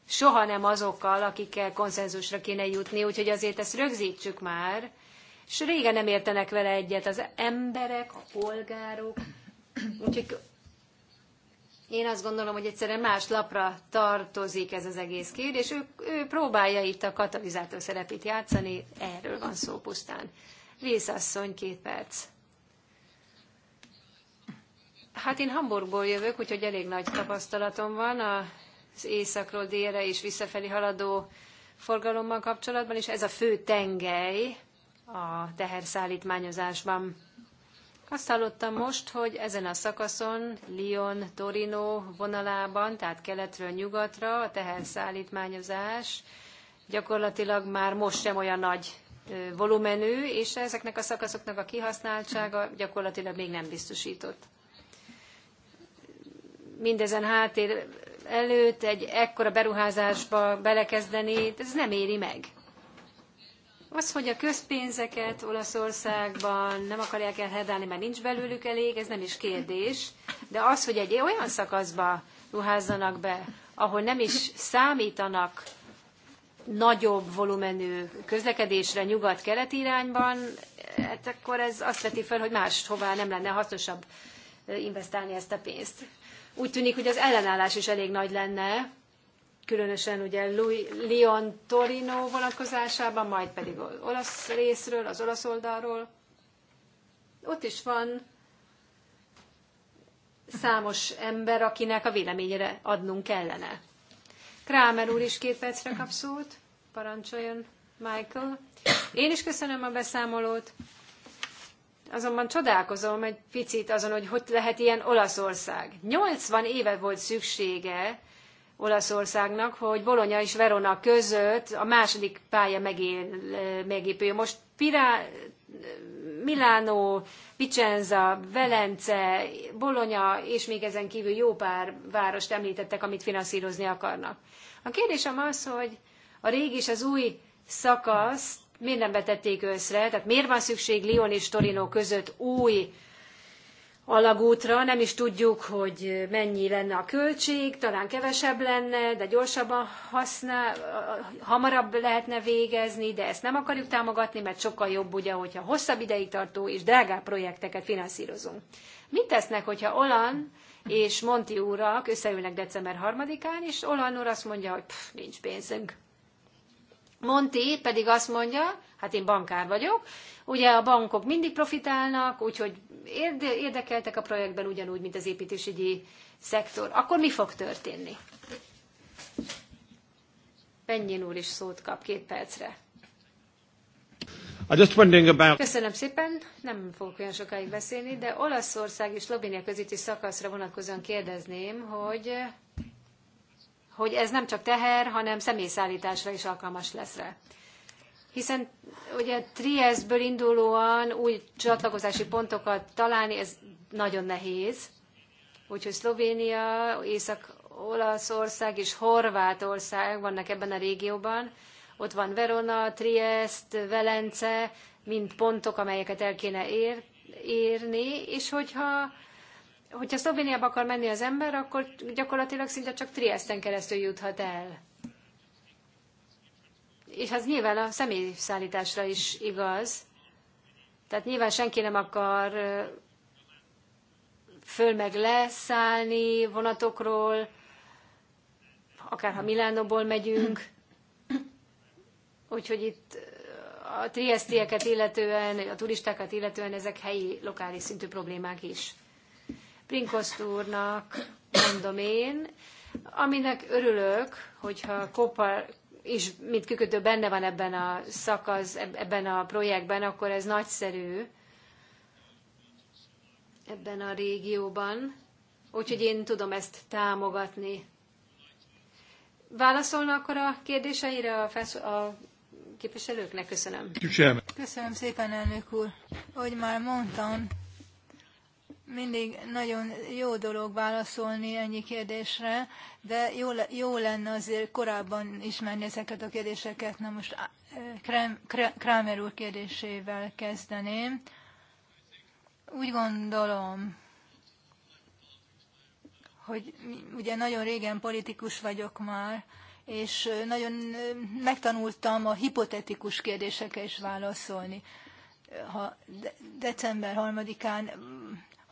soha nem azokkal, akikkel konszenzusra kéne jutni, úgyhogy azért ezt rögzítsük már. És régen nem értenek vele egyet az emberek, a polgárok, úgyhogy én azt gondolom, hogy egyszerűen más lapra tartozik ez az egész kérdés. Ő, ő próbálja itt a katalizátor szerepét játszani, erről van szó pusztán. Részasszony, két perc. Hát én Hamburgból jövök, úgyhogy elég nagy tapasztalatom van az északról délre és visszafelé haladó forgalommal kapcsolatban, és ez a fő tengely a teherszállítmányozásban. Azt hallottam most, hogy ezen a szakaszon Lyon-Torino vonalában, tehát keletről nyugatra a teherszállítmányozás gyakorlatilag már most sem olyan nagy volumenű, és ezeknek a szakaszoknak a kihasználtsága gyakorlatilag még nem biztosított. Mindezen háttér előtt egy ekkora beruházásba belekezdeni, ez nem éri meg. Az, hogy a közpénzeket Olaszországban nem akarják elhedálni, mert nincs belőlük elég, ez nem is kérdés. De az, hogy egy olyan szakaszba ruházzanak be, ahol nem is számítanak nagyobb volumenű közlekedésre nyugat-kelet irányban, hát akkor ez azt veti fel, hogy máshová nem lenne hasznosabb eh, investálni ezt a pénzt. Úgy tűnik, hogy az ellenállás is elég nagy lenne, különösen ugye Louis, Lyon Torino vonatkozásában, majd pedig az olasz részről, az olasz oldalról. Ott is van számos ember, akinek a véleményére adnunk kellene. Krámer úr is két percre kap szót. Parancsoljon, Michael. Én is köszönöm a beszámolót. Azonban csodálkozom egy picit azon, hogy hogy lehet ilyen Olaszország. 80 éve volt szüksége Olaszországnak, hogy Bologna és Verona között a második pálya megépül. Most Pirá, Milánó, Vicenza, Velence, Bologna és még ezen kívül jó pár várost említettek, amit finanszírozni akarnak. A kérdésem az, hogy a régi és az új szakaszt miért nem vetették össze, tehát miért van szükség Lyon és Torino között új alagútra, nem is tudjuk, hogy mennyi lenne a költség, talán kevesebb lenne, de gyorsabban használ, hamarabb lehetne végezni, de ezt nem akarjuk támogatni, mert sokkal jobb ugye, hogyha hosszabb ideig tartó és drágább projekteket finanszírozunk. Mit tesznek, hogyha Olan és Monti úrak összeülnek december 3-án, és Olan úr azt mondja, hogy pff, nincs pénzünk. Monti pedig azt mondja, hát én bankár vagyok, ugye a bankok mindig profitálnak, úgyhogy érdekeltek a projektben ugyanúgy, mint az építésügyi szektor. Akkor mi fog történni? Pennyin úr is szót kap két percre. About... Köszönöm szépen, nem fogok olyan sokáig beszélni, de Olaszország és Szlovénia közötti szakaszra vonatkozóan kérdezném, hogy hogy ez nem csak teher, hanem személyszállításra is alkalmas lesz rá. Hiszen ugye ből indulóan új csatlakozási pontokat találni, ez nagyon nehéz. Úgyhogy Szlovénia, Észak-Olaszország és Horvátország vannak ebben a régióban. Ott van Verona, Triest, Velence, mind pontok, amelyeket el kéne ér, érni, és hogyha hogyha Szlovéniába akar menni az ember, akkor gyakorlatilag szinte csak Triesten keresztül juthat el. És az nyilván a személyszállításra is igaz. Tehát nyilván senki nem akar föl meg leszállni vonatokról, akár ha Milánóból megyünk. Úgyhogy itt a triesztieket illetően, a turistákat illetően ezek helyi, lokális szintű problémák is. Prinkoszt úrnak mondom én, aminek örülök, hogyha Kopa és mint kikötő benne van ebben a szakasz, ebben a projektben, akkor ez nagyszerű ebben a régióban. Úgyhogy én tudom ezt támogatni. Válaszolna akkor a kérdéseire a, felszó- a képviselőknek? Köszönöm. Köszönöm. Köszönöm szépen, elnök úr. Hogy már mondtam, mindig nagyon jó dolog válaszolni ennyi kérdésre, de jó, jó lenne azért korábban ismerni ezeket a kérdéseket. Na most Kramer úr kérdésével kezdeném. Úgy gondolom, hogy ugye nagyon régen politikus vagyok már, és nagyon megtanultam a hipotetikus kérdésekre is válaszolni ha december 3-án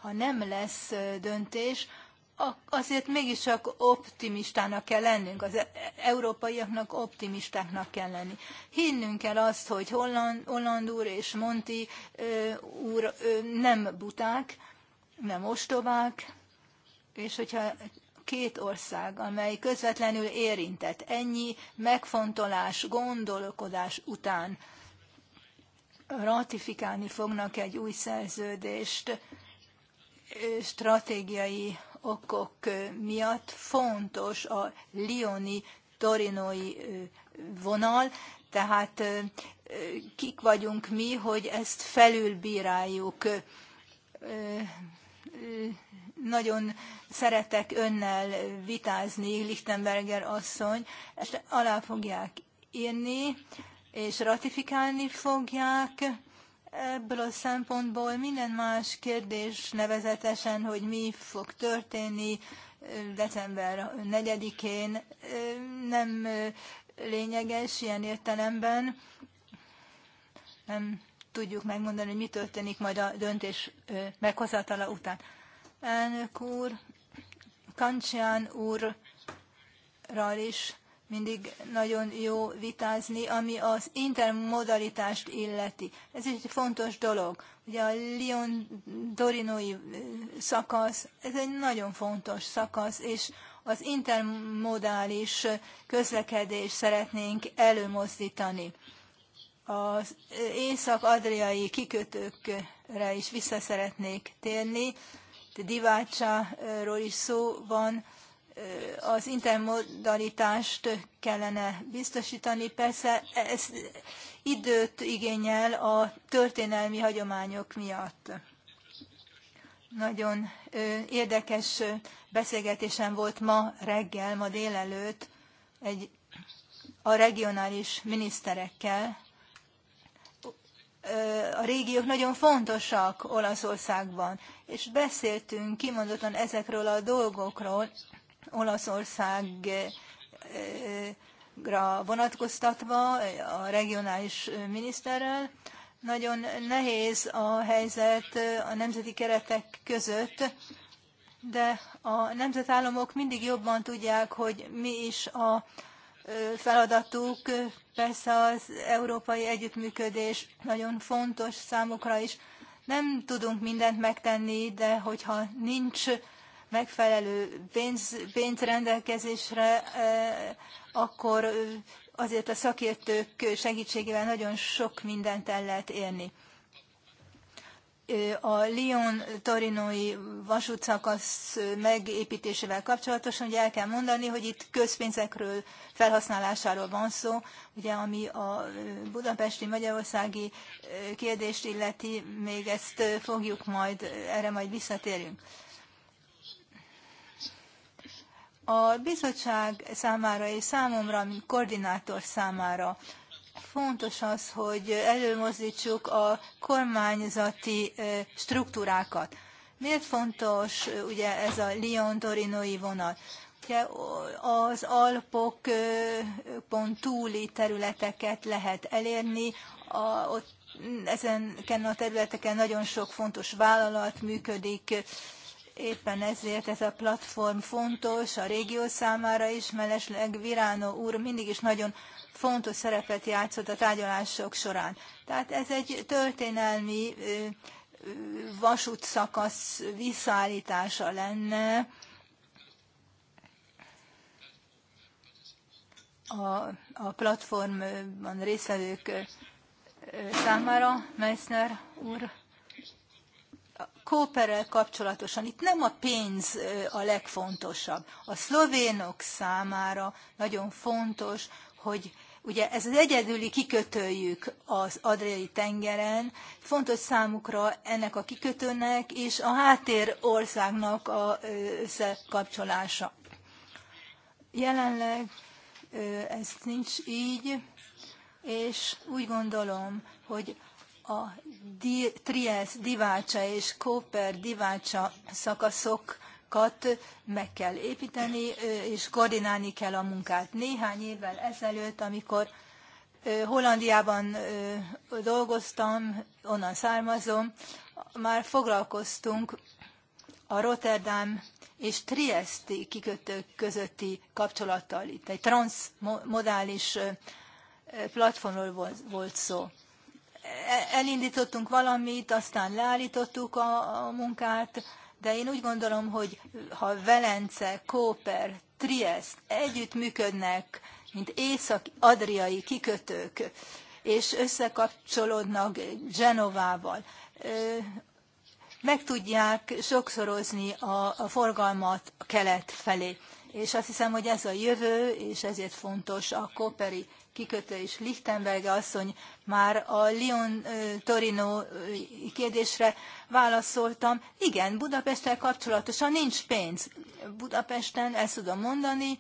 ha nem lesz döntés, azért mégiscsak optimistának kell lennünk, az e- európaiaknak optimistáknak kell lenni. Hinnünk kell azt, hogy Holland, Holland úr és Monti úr nem buták, nem ostobák, és hogyha két ország, amely közvetlenül érintett ennyi megfontolás, gondolkodás után ratifikálni fognak egy új szerződést, stratégiai okok miatt fontos a lioni torinói vonal, tehát kik vagyunk mi, hogy ezt felülbíráljuk. Nagyon szeretek önnel vitázni, Lichtenberger asszony, ezt alá fogják írni, és ratifikálni fogják Ebből a szempontból minden más kérdés, nevezetesen, hogy mi fog történni december 4-én, nem lényeges ilyen értelemben. Nem tudjuk megmondani, hogy mi történik majd a döntés meghozatala után. Elnök úr, Kancsián úrral is mindig nagyon jó vitázni, ami az intermodalitást illeti. Ez egy fontos dolog. Ugye a Lyon-Torinoi szakasz, ez egy nagyon fontos szakasz, és az intermodális közlekedést szeretnénk előmozdítani. Az észak-adriai kikötőkre is vissza szeretnék térni. Diváccsáról is szó van, az intermodalitást kellene biztosítani. Persze ez időt igényel a történelmi hagyományok miatt. Nagyon érdekes beszélgetésem volt ma reggel, ma délelőtt egy, a regionális miniszterekkel. A régiók nagyon fontosak Olaszországban, és beszéltünk kimondottan ezekről a dolgokról, Olaszország vonatkoztatva a regionális miniszterrel. Nagyon nehéz a helyzet a nemzeti keretek között, de a nemzetállamok mindig jobban tudják, hogy mi is a feladatuk. Persze az európai együttműködés nagyon fontos számukra is. Nem tudunk mindent megtenni, de hogyha nincs megfelelő pénz, pénz rendelkezésre, e, akkor azért a szakértők segítségével nagyon sok mindent el lehet érni. A lyon torinói vasútszakasz megépítésével kapcsolatosan ugye el kell mondani, hogy itt közpénzekről felhasználásáról van szó, ugye ami a budapesti magyarországi kérdést illeti, még ezt fogjuk majd, erre majd visszatérünk. A bizottság számára és számomra, mint koordinátor számára fontos az, hogy előmozdítsuk a kormányzati struktúrákat. Miért fontos ugye ez a Lyon-Torinoi vonal? Ugye az Alpokon túli területeket lehet elérni, a, ott, ezeken a területeken nagyon sok fontos vállalat működik, Éppen ezért ez a platform fontos a régió számára is, mellesleg Virano úr mindig is nagyon fontos szerepet játszott a tárgyalások során. Tehát ez egy történelmi vasútszakasz visszaállítása lenne a, a platformban résztvevők számára, Meissner úr kóperrel kapcsolatosan itt nem a pénz a legfontosabb. A szlovénok számára nagyon fontos, hogy ugye ez az egyedüli kikötőjük az Adriai tengeren, fontos számukra ennek a kikötőnek és a háttér országnak a összekapcsolása. Jelenleg ez nincs így, és úgy gondolom, hogy a Triesz, Divácsa és Kóper Divácsa szakaszok meg kell építeni, és koordinálni kell a munkát. Néhány évvel ezelőtt, amikor Hollandiában dolgoztam, onnan származom, már foglalkoztunk a Rotterdam és Triesti kikötők közötti kapcsolattal. Itt egy transmodális platformról volt szó elindítottunk valamit, aztán leállítottuk a, a munkát, de én úgy gondolom, hogy ha Velence, Kóper, Triest együtt működnek, mint észak-adriai kikötők, és összekapcsolódnak Genovával, meg tudják sokszorozni a, a forgalmat a kelet felé. És azt hiszem, hogy ez a jövő, és ezért fontos a Koperi kikötő és Lichtenberg asszony már a Lyon-Torino kérdésre válaszoltam. Igen, Budapesttel kapcsolatosan nincs pénz. Budapesten ezt tudom mondani.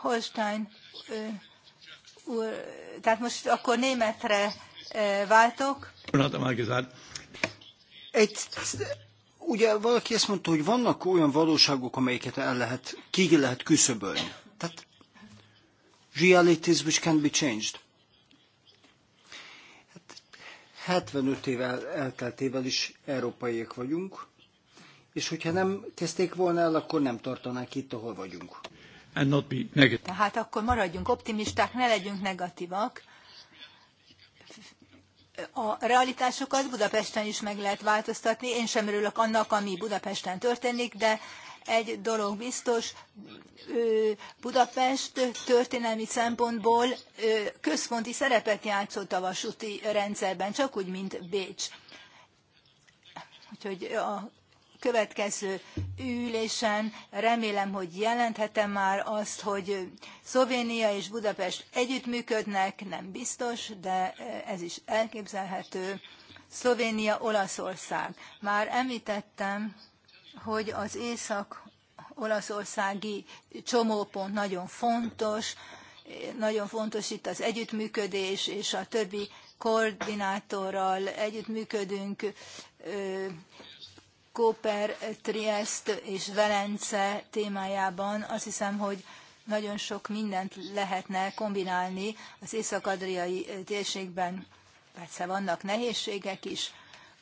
Holstein úr, tehát most akkor németre Eh, váltok. Egy, ugye valaki ezt mondta, hogy vannak olyan valóságok, amelyeket el lehet, ki lehet küszöbölni. Tehát realities which can be changed. 75 hát év el, elteltével is európaiak vagyunk, és hogyha nem kezdték volna el, akkor nem tartanák itt, ahol vagyunk. And not be negative. Tehát akkor maradjunk optimisták, ne legyünk negatívak a realitásokat Budapesten is meg lehet változtatni. Én sem örülök annak, ami Budapesten történik, de egy dolog biztos, Budapest történelmi szempontból központi szerepet játszott a vasúti rendszerben, csak úgy, mint Bécs. Úgyhogy a következő ülésen remélem, hogy jelenthetem már azt, hogy Szlovénia és Budapest együttműködnek, nem biztos, de e, ez is elképzelhető. Szlovénia, Olaszország. Már említettem, hogy az észak-olaszországi csomópont nagyon fontos, nagyon fontos itt az együttműködés, és a többi koordinátorral együttműködünk, Koper, Triest és Velence témájában azt hiszem, hogy nagyon sok mindent lehetne kombinálni az észak-adriai térségben. Persze vannak nehézségek is,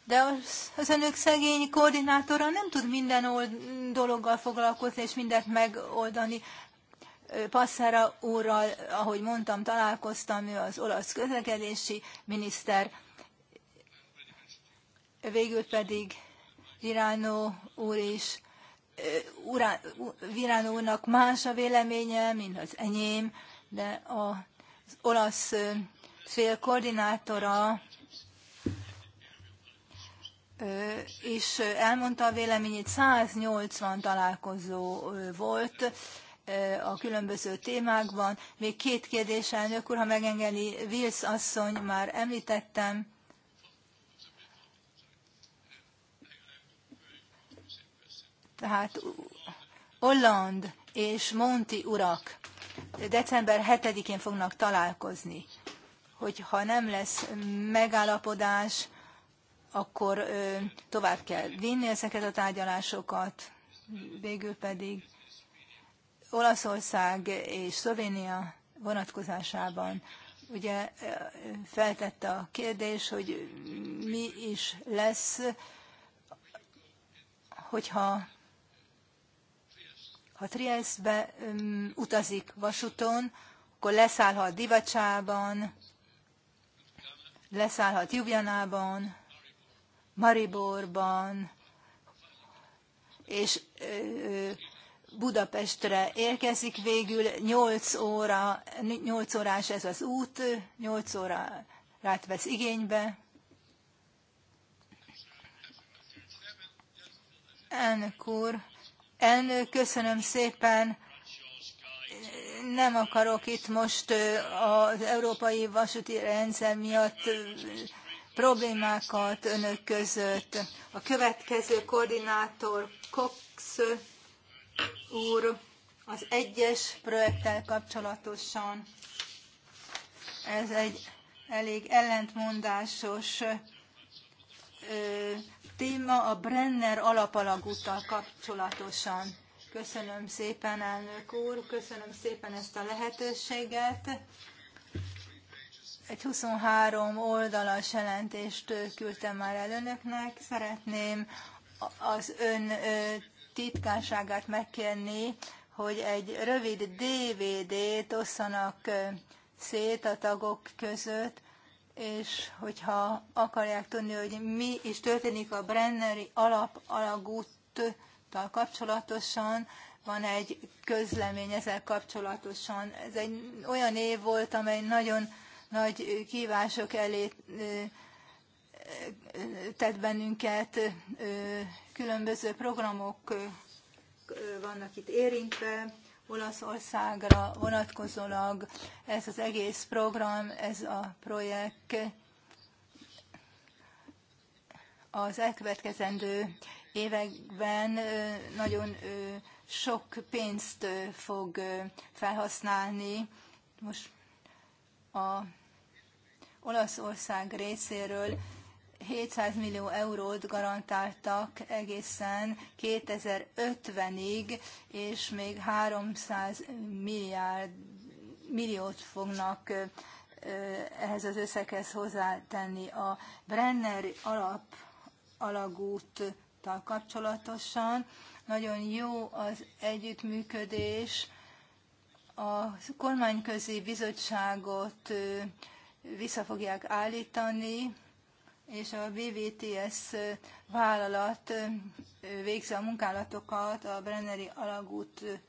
de az, az önök szegény koordinátora nem tud minden old, dologgal foglalkozni és mindent megoldani. Passzára úrral, ahogy mondtam, találkoztam, ő az olasz közlekedési miniszter, végül pedig Virano úr is, Urán, úrnak más a véleménye, mint az enyém, de az olasz fél koordinátora és elmondta a véleményét, 180 találkozó volt a különböző témákban. Még két kérdés, elnök úr, ha megengedi, Wills asszony, már említettem, Tehát Holland és Monti urak december 7-én fognak találkozni, hogyha nem lesz megállapodás, akkor tovább kell vinni ezeket a tárgyalásokat, végül pedig Olaszország és Szlovénia vonatkozásában ugye feltette a kérdés, hogy mi is lesz, hogyha ha Trieste-be utazik vasúton, akkor leszállhat Divacsában, leszállhat Jubjanában, Mariborban, és Budapestre érkezik végül, 8, óra, 8 órás ez az út, 8 rát vesz igénybe. Elnök úr, Elnök, köszönöm szépen. Nem akarok itt most az európai vasúti rendszer miatt problémákat önök között. A következő koordinátor Cox úr az egyes projekttel kapcsolatosan. Ez egy elég ellentmondásos téma a Brenner alapalagúttal kapcsolatosan. Köszönöm szépen, elnök úr, köszönöm szépen ezt a lehetőséget. Egy 23 oldalas jelentést küldtem már el önöknek. Szeretném az ön titkárságát megkérni, hogy egy rövid DVD-t osszanak szét a tagok között, és hogyha akarják tudni, hogy mi is történik a Brenneri alap alagúttal kapcsolatosan, van egy közlemény ezzel kapcsolatosan. Ez egy olyan év volt, amely nagyon nagy kívások elé tett bennünket, különböző programok vannak itt érintve, Olaszországra vonatkozólag ez az egész program, ez a projekt az elkövetkezendő években nagyon sok pénzt fog felhasználni. Most a Olaszország részéről 700 millió eurót garantáltak egészen 2050-ig, és még 300 milliárd, milliót fognak ehhez az összeghez hozzátenni. A Brenner alap alagúttal kapcsolatosan nagyon jó az együttműködés, a kormányközi bizottságot vissza fogják állítani, és a BVTS vállalat végzi a munkálatokat a Brenneri alagútban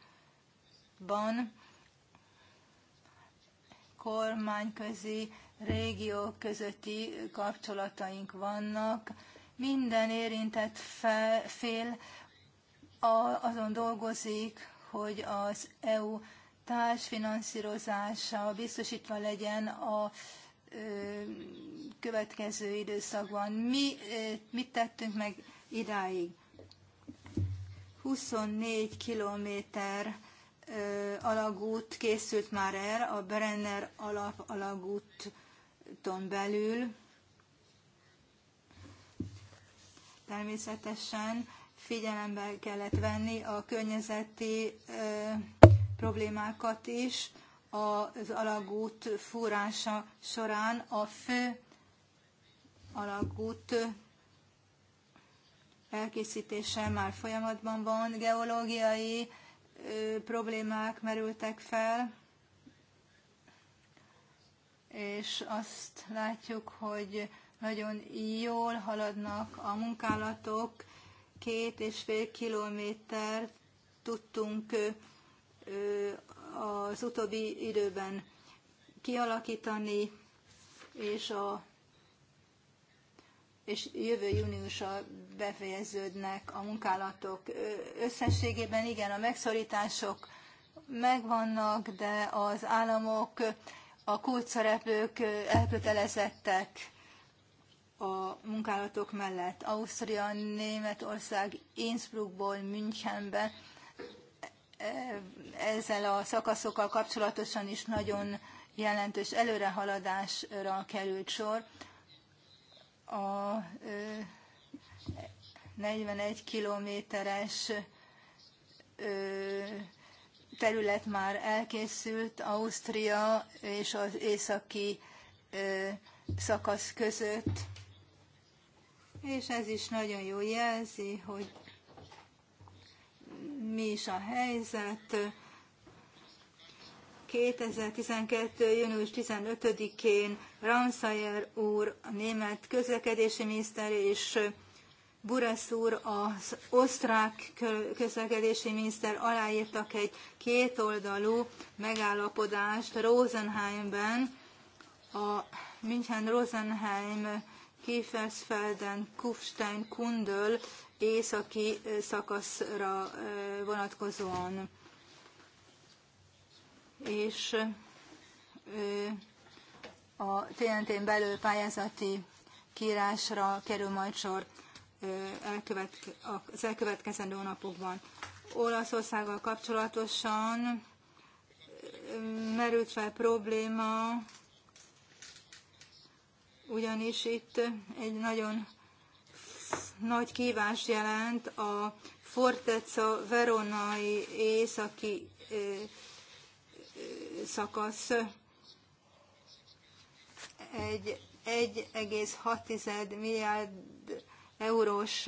kormányközi régiók közötti kapcsolataink vannak. Minden érintett fel, fél a, azon dolgozik, hogy az EU társfinanszírozása biztosítva legyen a következő időszakban. Mi mit tettünk meg idáig? 24 kilométer alagút készült már el, a Brenner alap alagúton belül. Természetesen figyelembe kellett venni a környezeti problémákat is az alagút fúrása során a fő alagút elkészítése már folyamatban van, geológiai ö, problémák merültek fel, és azt látjuk, hogy nagyon jól haladnak a munkálatok, két és fél kilométer tudtunk ö, az utóbbi időben kialakítani, és a és jövő júniusra befejeződnek a munkálatok. Összességében igen, a megszorítások megvannak, de az államok, a kulcsszereplők elkötelezettek a munkálatok mellett. Ausztria, Németország, Innsbruckból, Münchenbe ezzel a szakaszokkal kapcsolatosan is nagyon jelentős előrehaladásra került sor. A 41 kilométeres terület már elkészült Ausztria és az északi szakasz között, és ez is nagyon jó jelzi, hogy mi is a helyzet. 2012. június 15-én Ramsayer úr, a német közlekedési miniszter, és Buresz úr, az osztrák közlekedési miniszter aláírtak egy kétoldalú megállapodást Rosenheimben, a München Rosenheim Kiefelsfelden, Kufstein, Kundöl északi szakaszra vonatkozóan. És a tnt belül pályázati kírásra kerül majd sor az elkövetkezendő hónapokban. Olaszországgal kapcsolatosan merült fel probléma ugyanis itt egy nagyon nagy kívás jelent a Forteca veronai északi szakasz egy 1,6 milliárd eurós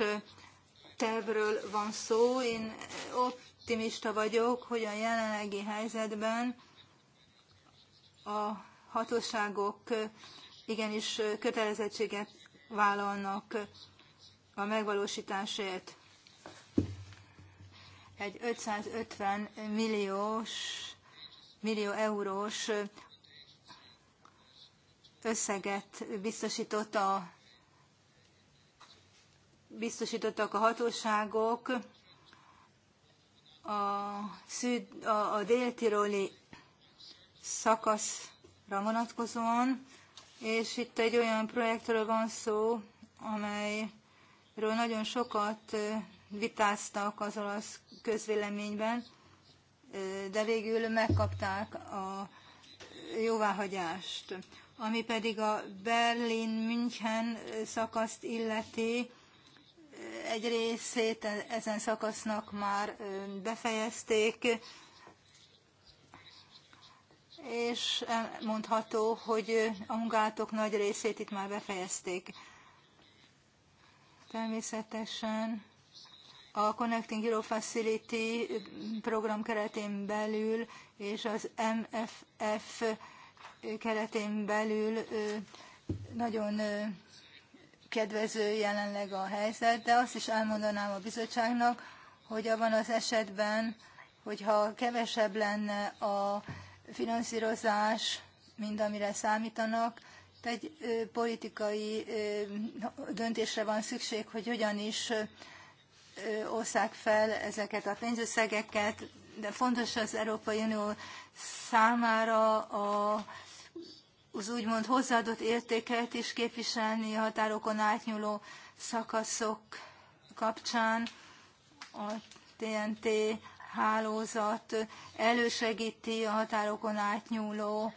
tervről van szó. Én optimista vagyok, hogy a jelenlegi helyzetben a hatóságok igenis kötelezettséget vállalnak a megvalósításért. Egy 550 milliós, millió eurós összeget biztosított a, biztosítottak a hatóságok a, szűd, a, a déltiroli szakaszra vonatkozóan és itt egy olyan projektről van szó, amelyről nagyon sokat vitáztak az olasz közvéleményben, de végül megkapták a jóváhagyást. Ami pedig a Berlin-München szakaszt illeti, egy részét e-, ezen szakasznak már befejezték, és mondható, hogy a munkátok nagy részét itt már befejezték. Természetesen a Connecting Euro Facility program keretén belül és az MFF keretén belül nagyon kedvező jelenleg a helyzet, de azt is elmondanám a bizottságnak, hogy abban az esetben, hogyha kevesebb lenne a finanszírozás, mind amire számítanak. Egy politikai döntésre van szükség, hogy hogyan is osszák fel ezeket a pénzösszegeket, de fontos az Európai Unió számára a, az úgymond hozzáadott értéket is képviselni a határokon átnyúló szakaszok kapcsán. A TNT hálózat elősegíti a határokon átnyúló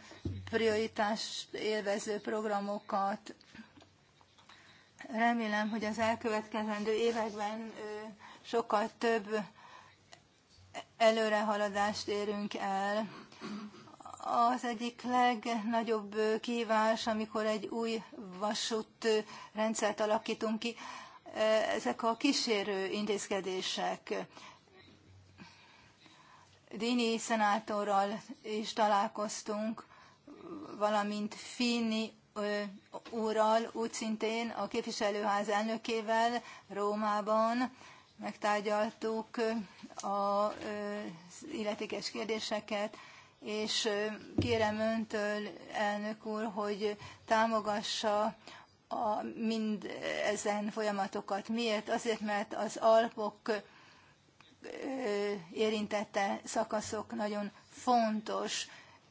prioritást élvező programokat. Remélem, hogy az elkövetkezendő években sokkal több előrehaladást érünk el. Az egyik legnagyobb kívás, amikor egy új vasút rendszert alakítunk ki, ezek a kísérő intézkedések Dini szenátorral is találkoztunk, valamint Fini úrral, úgy szintén a képviselőház elnökével Rómában megtárgyaltuk az illetékes kérdéseket, és kérem öntől, elnök úr, hogy támogassa a mind ezen folyamatokat. Miért? Azért, mert az Alpok érintette szakaszok nagyon fontos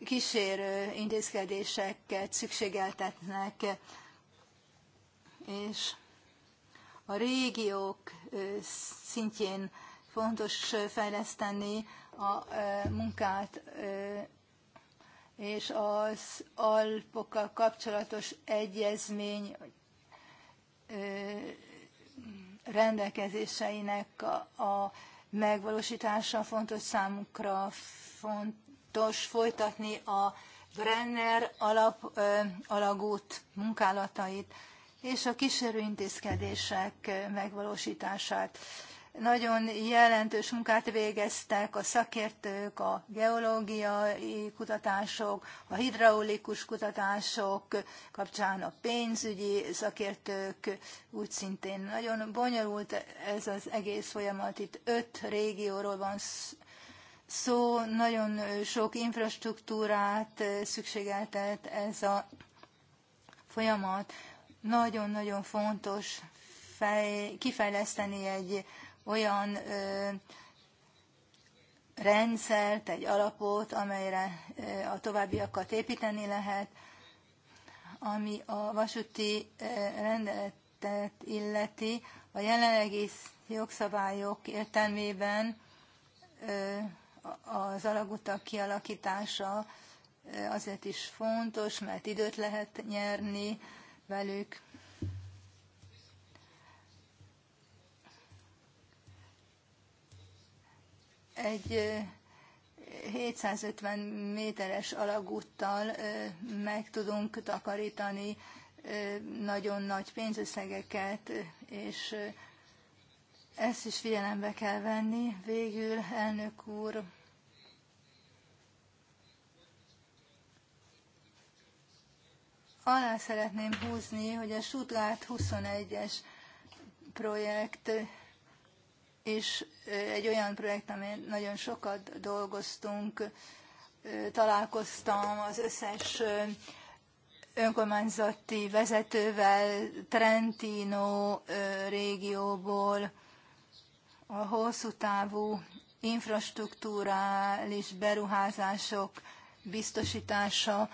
kísérő intézkedéseket szükségeltetnek, és a régiók szintjén fontos fejleszteni a munkát és az Alpokkal kapcsolatos egyezmény rendelkezéseinek a, a megvalósítása fontos számukra fontos folytatni a Brenner alap, ö, alagút munkálatait és a kísérő intézkedések megvalósítását. Nagyon jelentős munkát végeztek a szakértők, a geológiai kutatások, a hidraulikus kutatások kapcsán a pénzügyi szakértők, úgy szintén nagyon bonyolult ez az egész folyamat. Itt öt régióról van szó, nagyon sok infrastruktúrát szükségeltet ez a folyamat. Nagyon-nagyon fontos fej, kifejleszteni egy olyan rendszert, egy alapot, amelyre a továbbiakat építeni lehet, ami a vasúti rendeletet illeti, a jelenlegi jogszabályok értelmében az alagutak kialakítása azért is fontos, mert időt lehet nyerni velük, egy 750 méteres alagúttal meg tudunk takarítani nagyon nagy pénzösszegeket, és ezt is figyelembe kell venni. Végül, elnök úr, alá szeretném húzni, hogy a Stuttgart 21-es projekt és egy olyan projekt, amin nagyon sokat dolgoztunk, találkoztam az összes önkormányzati vezetővel Trentino régióból, a hosszú távú infrastruktúrális beruházások biztosítása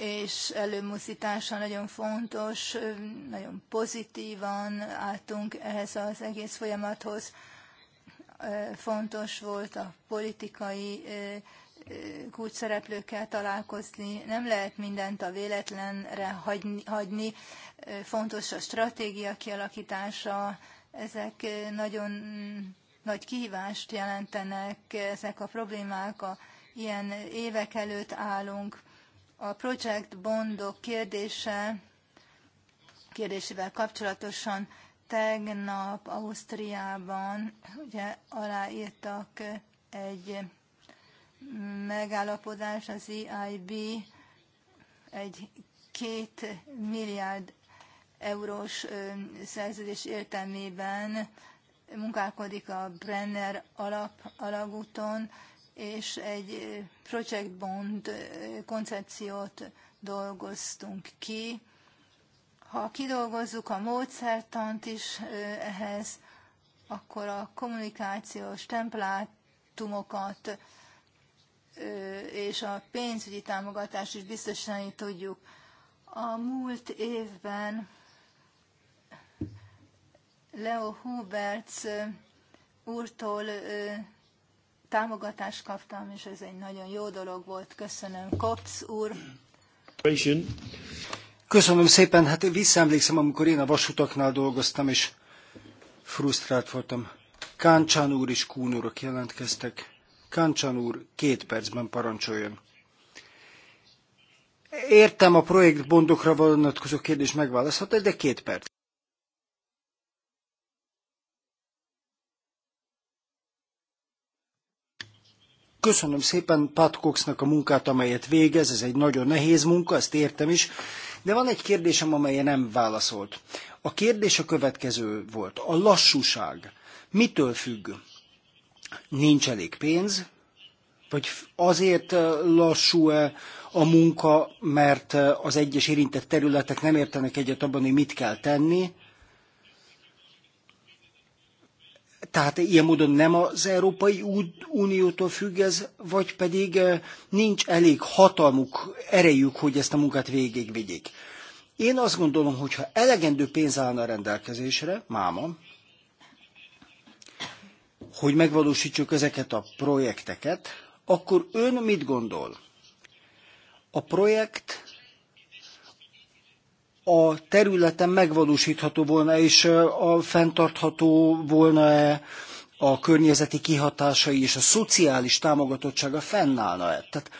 és előmozdítása nagyon fontos, nagyon pozitívan álltunk ehhez az egész folyamathoz. Fontos volt a politikai kulcsszereplőkkel találkozni, nem lehet mindent a véletlenre hagyni, hagyni. fontos a stratégia kialakítása, ezek nagyon nagy kihívást jelentenek, ezek a problémák, a, ilyen évek előtt állunk, a project bondok kérdése, kérdésével kapcsolatosan tegnap Ausztriában ugye aláírtak egy megállapodás az EIB egy két milliárd eurós szerződés értelmében munkálkodik a Brenner alap, alagúton, és egy Project Bond koncepciót dolgoztunk ki. Ha kidolgozzuk a módszertant is ehhez, akkor a kommunikációs templátumokat és a pénzügyi támogatást is biztosítani tudjuk. A múlt évben Leo Huberts úrtól támogatást kaptam, és ez egy nagyon jó dolog volt. Köszönöm, Kopsz úr. Köszönöm szépen. Hát én visszaemlékszem, amikor én a vasutaknál dolgoztam, és frusztrált voltam. Káncsán úr és Kún úrok jelentkeztek. Káncsán úr két percben parancsoljon. Értem a projekt bondokra vonatkozó kérdés megválaszthat, de két perc. köszönöm szépen Pat Coxnak a munkát, amelyet végez, ez egy nagyon nehéz munka, ezt értem is, de van egy kérdésem, amelyre nem válaszolt. A kérdés a következő volt, a lassúság. Mitől függ? Nincs elég pénz, vagy azért eh, lassú -e a munka, mert eh, az egyes érintett területek nem értenek egyet abban, hogy mit kell tenni, tehát ilyen módon nem az Európai Uniótól függ ez, vagy pedig nincs elég hatalmuk, erejük, hogy ezt a munkát végigvigyék. Én azt gondolom, hogy ha elegendő pénz állna a rendelkezésre, máma, hogy megvalósítsuk ezeket a projekteket, akkor ön mit gondol? A projekt a területen megvalósítható volna, és a fenntartható volna-e a környezeti kihatásai és a szociális támogatottsága fennállna-e. Tehát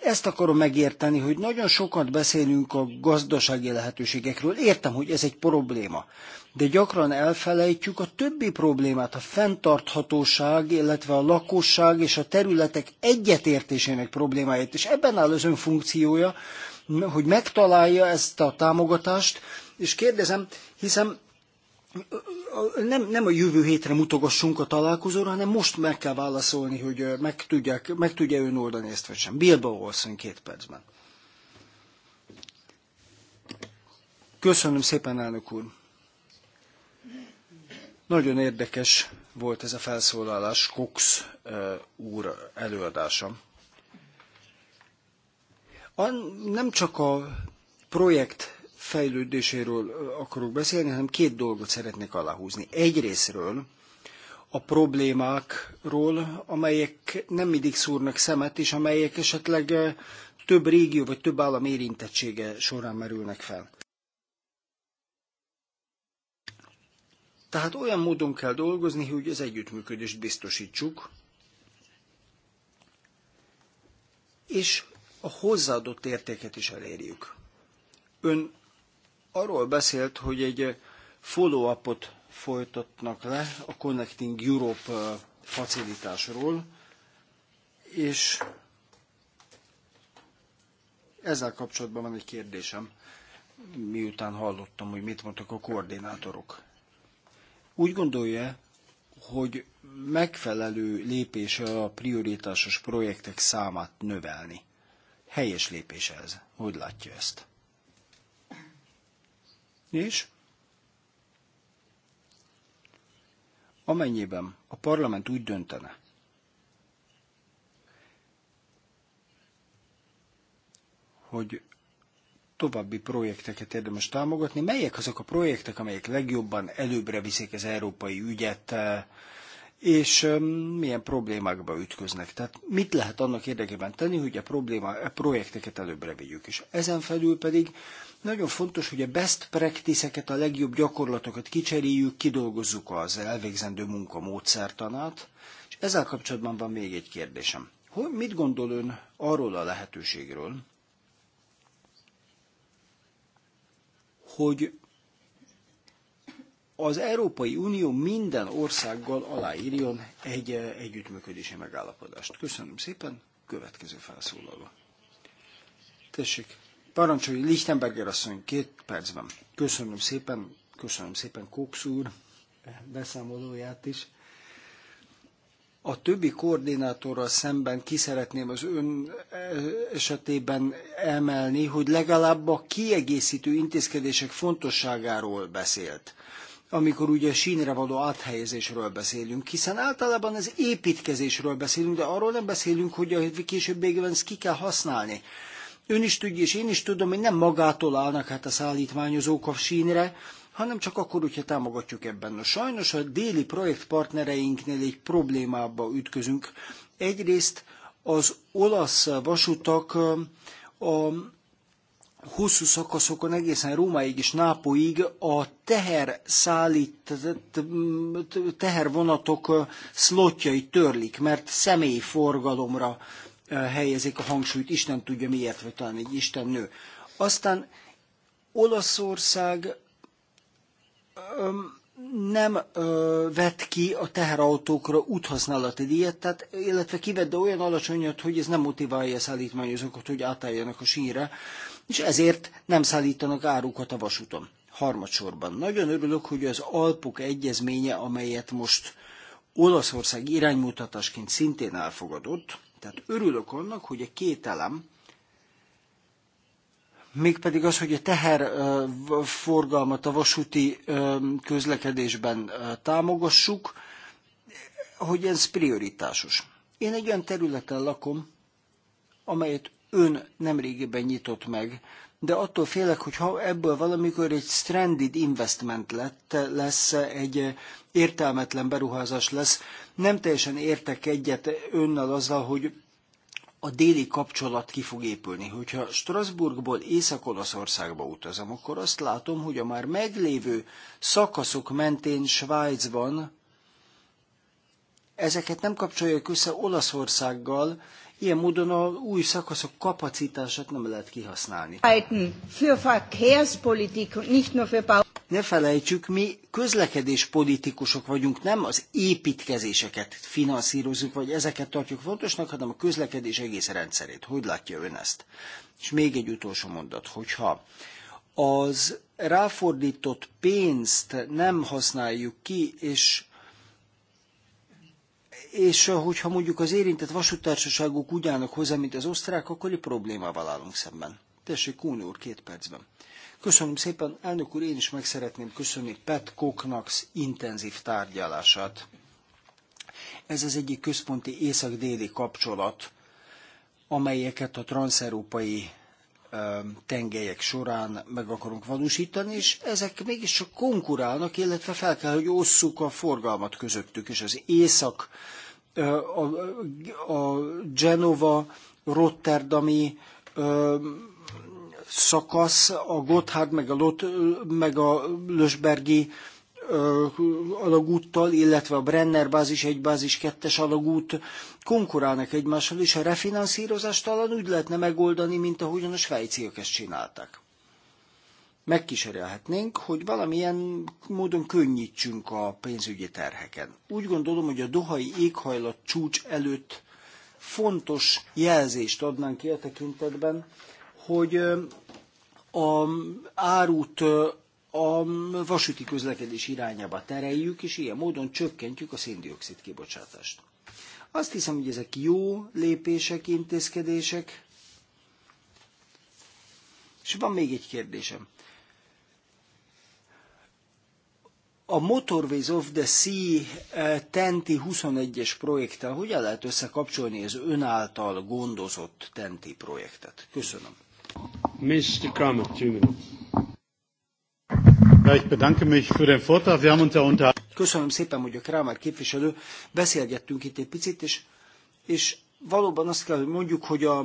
ezt akarom megérteni, hogy nagyon sokat beszélünk a gazdasági lehetőségekről. Értem, hogy ez egy probléma, de gyakran elfelejtjük a többi problémát, a fenntarthatóság, illetve a lakosság és a területek egyetértésének problémáját, és ebben áll az ön funkciója, hogy megtalálja ezt a támogatást, és kérdezem, hiszen nem, nem a jövő hétre mutogassunk a találkozóra, hanem most meg kell válaszolni, hogy meg, tudják, meg tudja ön oldani ezt, vagy sem. Bilbao Olszön két percben. Köszönöm szépen, elnök úr. Nagyon érdekes volt ez a felszólalás Cox úr előadása. Nem csak a projekt fejlődéséről akarok beszélni, hanem két dolgot szeretnék aláhúzni. Egyrésztről a problémákról, amelyek nem mindig szúrnak szemet, és amelyek esetleg több régió vagy több állam érintettsége során merülnek fel. Tehát olyan módon kell dolgozni, hogy az együttműködést biztosítsuk, és a hozzáadott értéket is elérjük. Ön arról beszélt, hogy egy follow-upot folytatnak le a Connecting Europe facilitásról, és ezzel kapcsolatban van egy kérdésem, miután hallottam, hogy mit mondtak a koordinátorok. Úgy gondolja, hogy megfelelő lépése a prioritásos projektek számát növelni. Helyes lépés ez. Hogy látja ezt? És? Amennyiben a parlament úgy döntene, hogy további projekteket érdemes támogatni. Melyek azok a projektek, amelyek legjobban előbbre viszik az európai ügyet, eh, és milyen problémákba ütköznek. Tehát mit lehet annak érdekében tenni, hogy a, probléma, a projekteket előbbre vigyük. És ezen felül pedig nagyon fontos, hogy a best practice-eket, a legjobb gyakorlatokat kicseréljük, kidolgozzuk az elvégzendő munka módszertanát, és ezzel kapcsolatban van még egy kérdésem. Hogy, mit gondol ön arról a lehetőségről, hogy az Európai Unió minden országgal aláírjon egy eh, együttműködési megállapodást. Köszönöm szépen, következő felszólaló. Tessék, parancsolj, Lichtenberger asszony, két percben. Köszönöm szépen, köszönöm szépen Cox úr beszámolóját is. A többi koordinátorral szemben ki szeretném az ön eh, esetében emelni, hogy legalább a kiegészítő intézkedések fontosságáról beszélt amikor ugye sínre való áthelyezésről beszélünk, hiszen általában ez építkezésről beszélünk, de arról nem beszélünk, hogy a később végül ezt ki kell használni. Ön is tudja, és én is tudom, hogy nem magától állnak hát a szállítmányozók a sínre, hanem csak akkor, hogyha támogatjuk ebben. No, sajnos a déli projektpartnereinknél egy problémába ütközünk. Egyrészt az olasz vasutak a hosszú szakaszokon egészen Rómáig és Nápoig a teher szállít, mm, tehervonatok szlotjai törlik, mert személyforgalomra helyezik a hangsúlyt, Isten tudja miért, vagy talán egy Isten nő. Aztán Olaszország nem vett ki a teherautókra úthasználati díjat, tehát, illetve kivette de olyan alacsonyat, hogy ez nem motiválja a szállítmányozókat, hogy átálljanak a sínre és ezért nem szállítanak árukat a vasúton. Harmadsorban nagyon örülök, hogy az Alpok egyezménye, amelyet most Olaszország iránymutatásként szintén elfogadott, tehát örülök annak, hogy a két elem, mégpedig az, hogy a teherforgalmat a vasúti közlekedésben támogassuk, hogy ez prioritásos. Én egy olyan területen lakom, amelyet ön nemrégiben nyitott meg, de attól félek, hogy ha ebből valamikor egy stranded investment lett, lesz, egy értelmetlen beruházás lesz, nem teljesen értek egyet önnel azzal, hogy a déli kapcsolat ki fog épülni. Hogyha Strasbourgból Észak-Olaszországba utazom, akkor azt látom, hogy a már meglévő szakaszok mentén Svájcban ezeket nem kapcsolják össze Olaszországgal, Ilyen módon a új szakaszok kapacitását nem lehet kihasználni. Ne felejtsük, mi közlekedés politikusok vagyunk, nem az építkezéseket finanszírozunk, vagy ezeket tartjuk fontosnak, hanem a közlekedés egész rendszerét. Hogy látja ön ezt? És még egy utolsó mondat, hogyha az ráfordított pénzt nem használjuk ki, és és eh, hogyha mondjuk az érintett vasúttársaságok úgy állnak hozzá, mint az osztrák, akkor egy problémával állunk szemben. Tessék, Kóni úr, két percben. Köszönöm szépen, elnök úr, én is meg szeretném köszönni Pat Cocknax intenzív tárgyalását. Ez az egyik központi észak-déli kapcsolat, amelyeket a transzeurópai eh, tengelyek során meg akarunk valósítani, és ezek mégiscsak konkurálnak, illetve fel kell, hogy osszuk a forgalmat közöttük, és az észak a, a Genova, Rotterdami szakasz, a Gotthard meg a, Lot, meg a Lösbergi alagúttal, illetve a Brenner bázis 1, bázis 2-es alagút konkurálnak egymással, és a refinanszírozást talán úgy lehetne megoldani, mint ahogyan a svájciak ezt csinálták megkísérelhetnénk, hogy valamilyen módon könnyítsünk a pénzügyi terheken. Úgy gondolom, hogy a dohai éghajlat csúcs előtt fontos jelzést adnánk ki e a tekintetben, hogy a árut a vasúti közlekedés irányába tereljük, és ilyen módon csökkentjük a széndiokszid kibocsátást. Azt hiszem, hogy ezek jó lépések, intézkedések. És van még egy kérdésem. a Motorways of the Sea eh, Tenti 21-es projekte, hogyan lehet összekapcsolni az ön által gondozott Tenti projektet? Köszönöm. Mr. Kramer, two minutes. Ja, ich bedanke mich für den Vortrag. Wir haben uns ja unter... Köszönöm szépen, hogy a Kramer képviselő. Beszélgettünk itt egy picit, és, és valóban azt kell, hogy mondjuk, hogy a,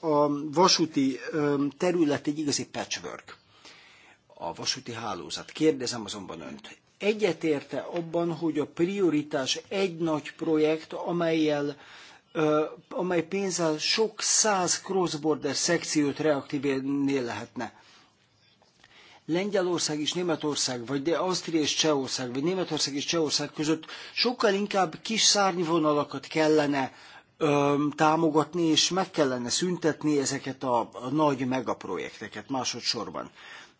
a vasúti terület egy igazi patchwork a vasúti hálózat. Kérdezem azonban önt, egyetérte abban, hogy a prioritás egy nagy projekt, amelyel amely pénzzel sok száz cross-border szekciót reaktiválni lehetne. Lengyelország és Németország, vagy de Ausztria és Csehország, vagy Németország és Csehország között sokkal inkább kis szárnyvonalakat kellene ö, támogatni, és meg kellene szüntetni ezeket a, a nagy megaprojekteket másodszorban.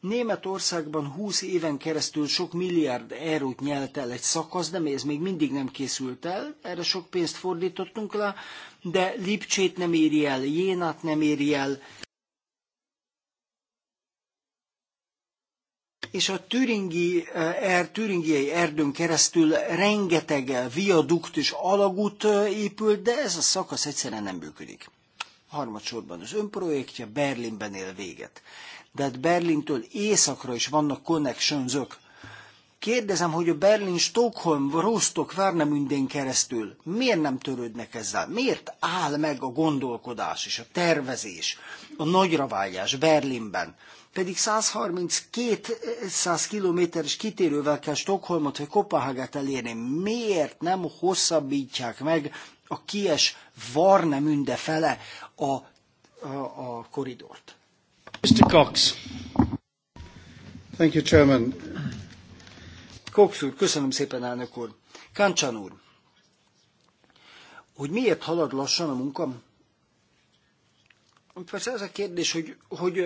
Németországban 20 éven keresztül sok milliárd eurót nyelt el egy szakasz, de ez még mindig nem készült el, erre sok pénzt fordítottunk le, de Lipcsét nem éri el, Jénát nem éri el, és a türingi, eh, er, türingiai erdőn keresztül rengeteg viadukt és alagút eh, épült, de ez a szakasz egyszerűen nem működik. Harmadsorban az önprojektje Berlinben él véget de hát Berlintől északra is vannak connectionzök. Kérdezem, hogy a Berlin, Stockholm, Rostock, Várnemündén keresztül miért nem törődnek ezzel? Miért áll meg a gondolkodás és a tervezés, a nagyravágyás Berlinben? Pedig 132 kilométeres kitérővel kell Stockholmot vagy Kopenhágát elérni. Miért nem hosszabbítják meg a kies Varnemünde fele a, a, a koridort? Mr. Cox. Thank you, Chairman. Cox úr, köszönöm szépen, elnök úr. Kancsán úr, hogy miért halad lassan a munka? Persze ez a kérdés, hogy, hogy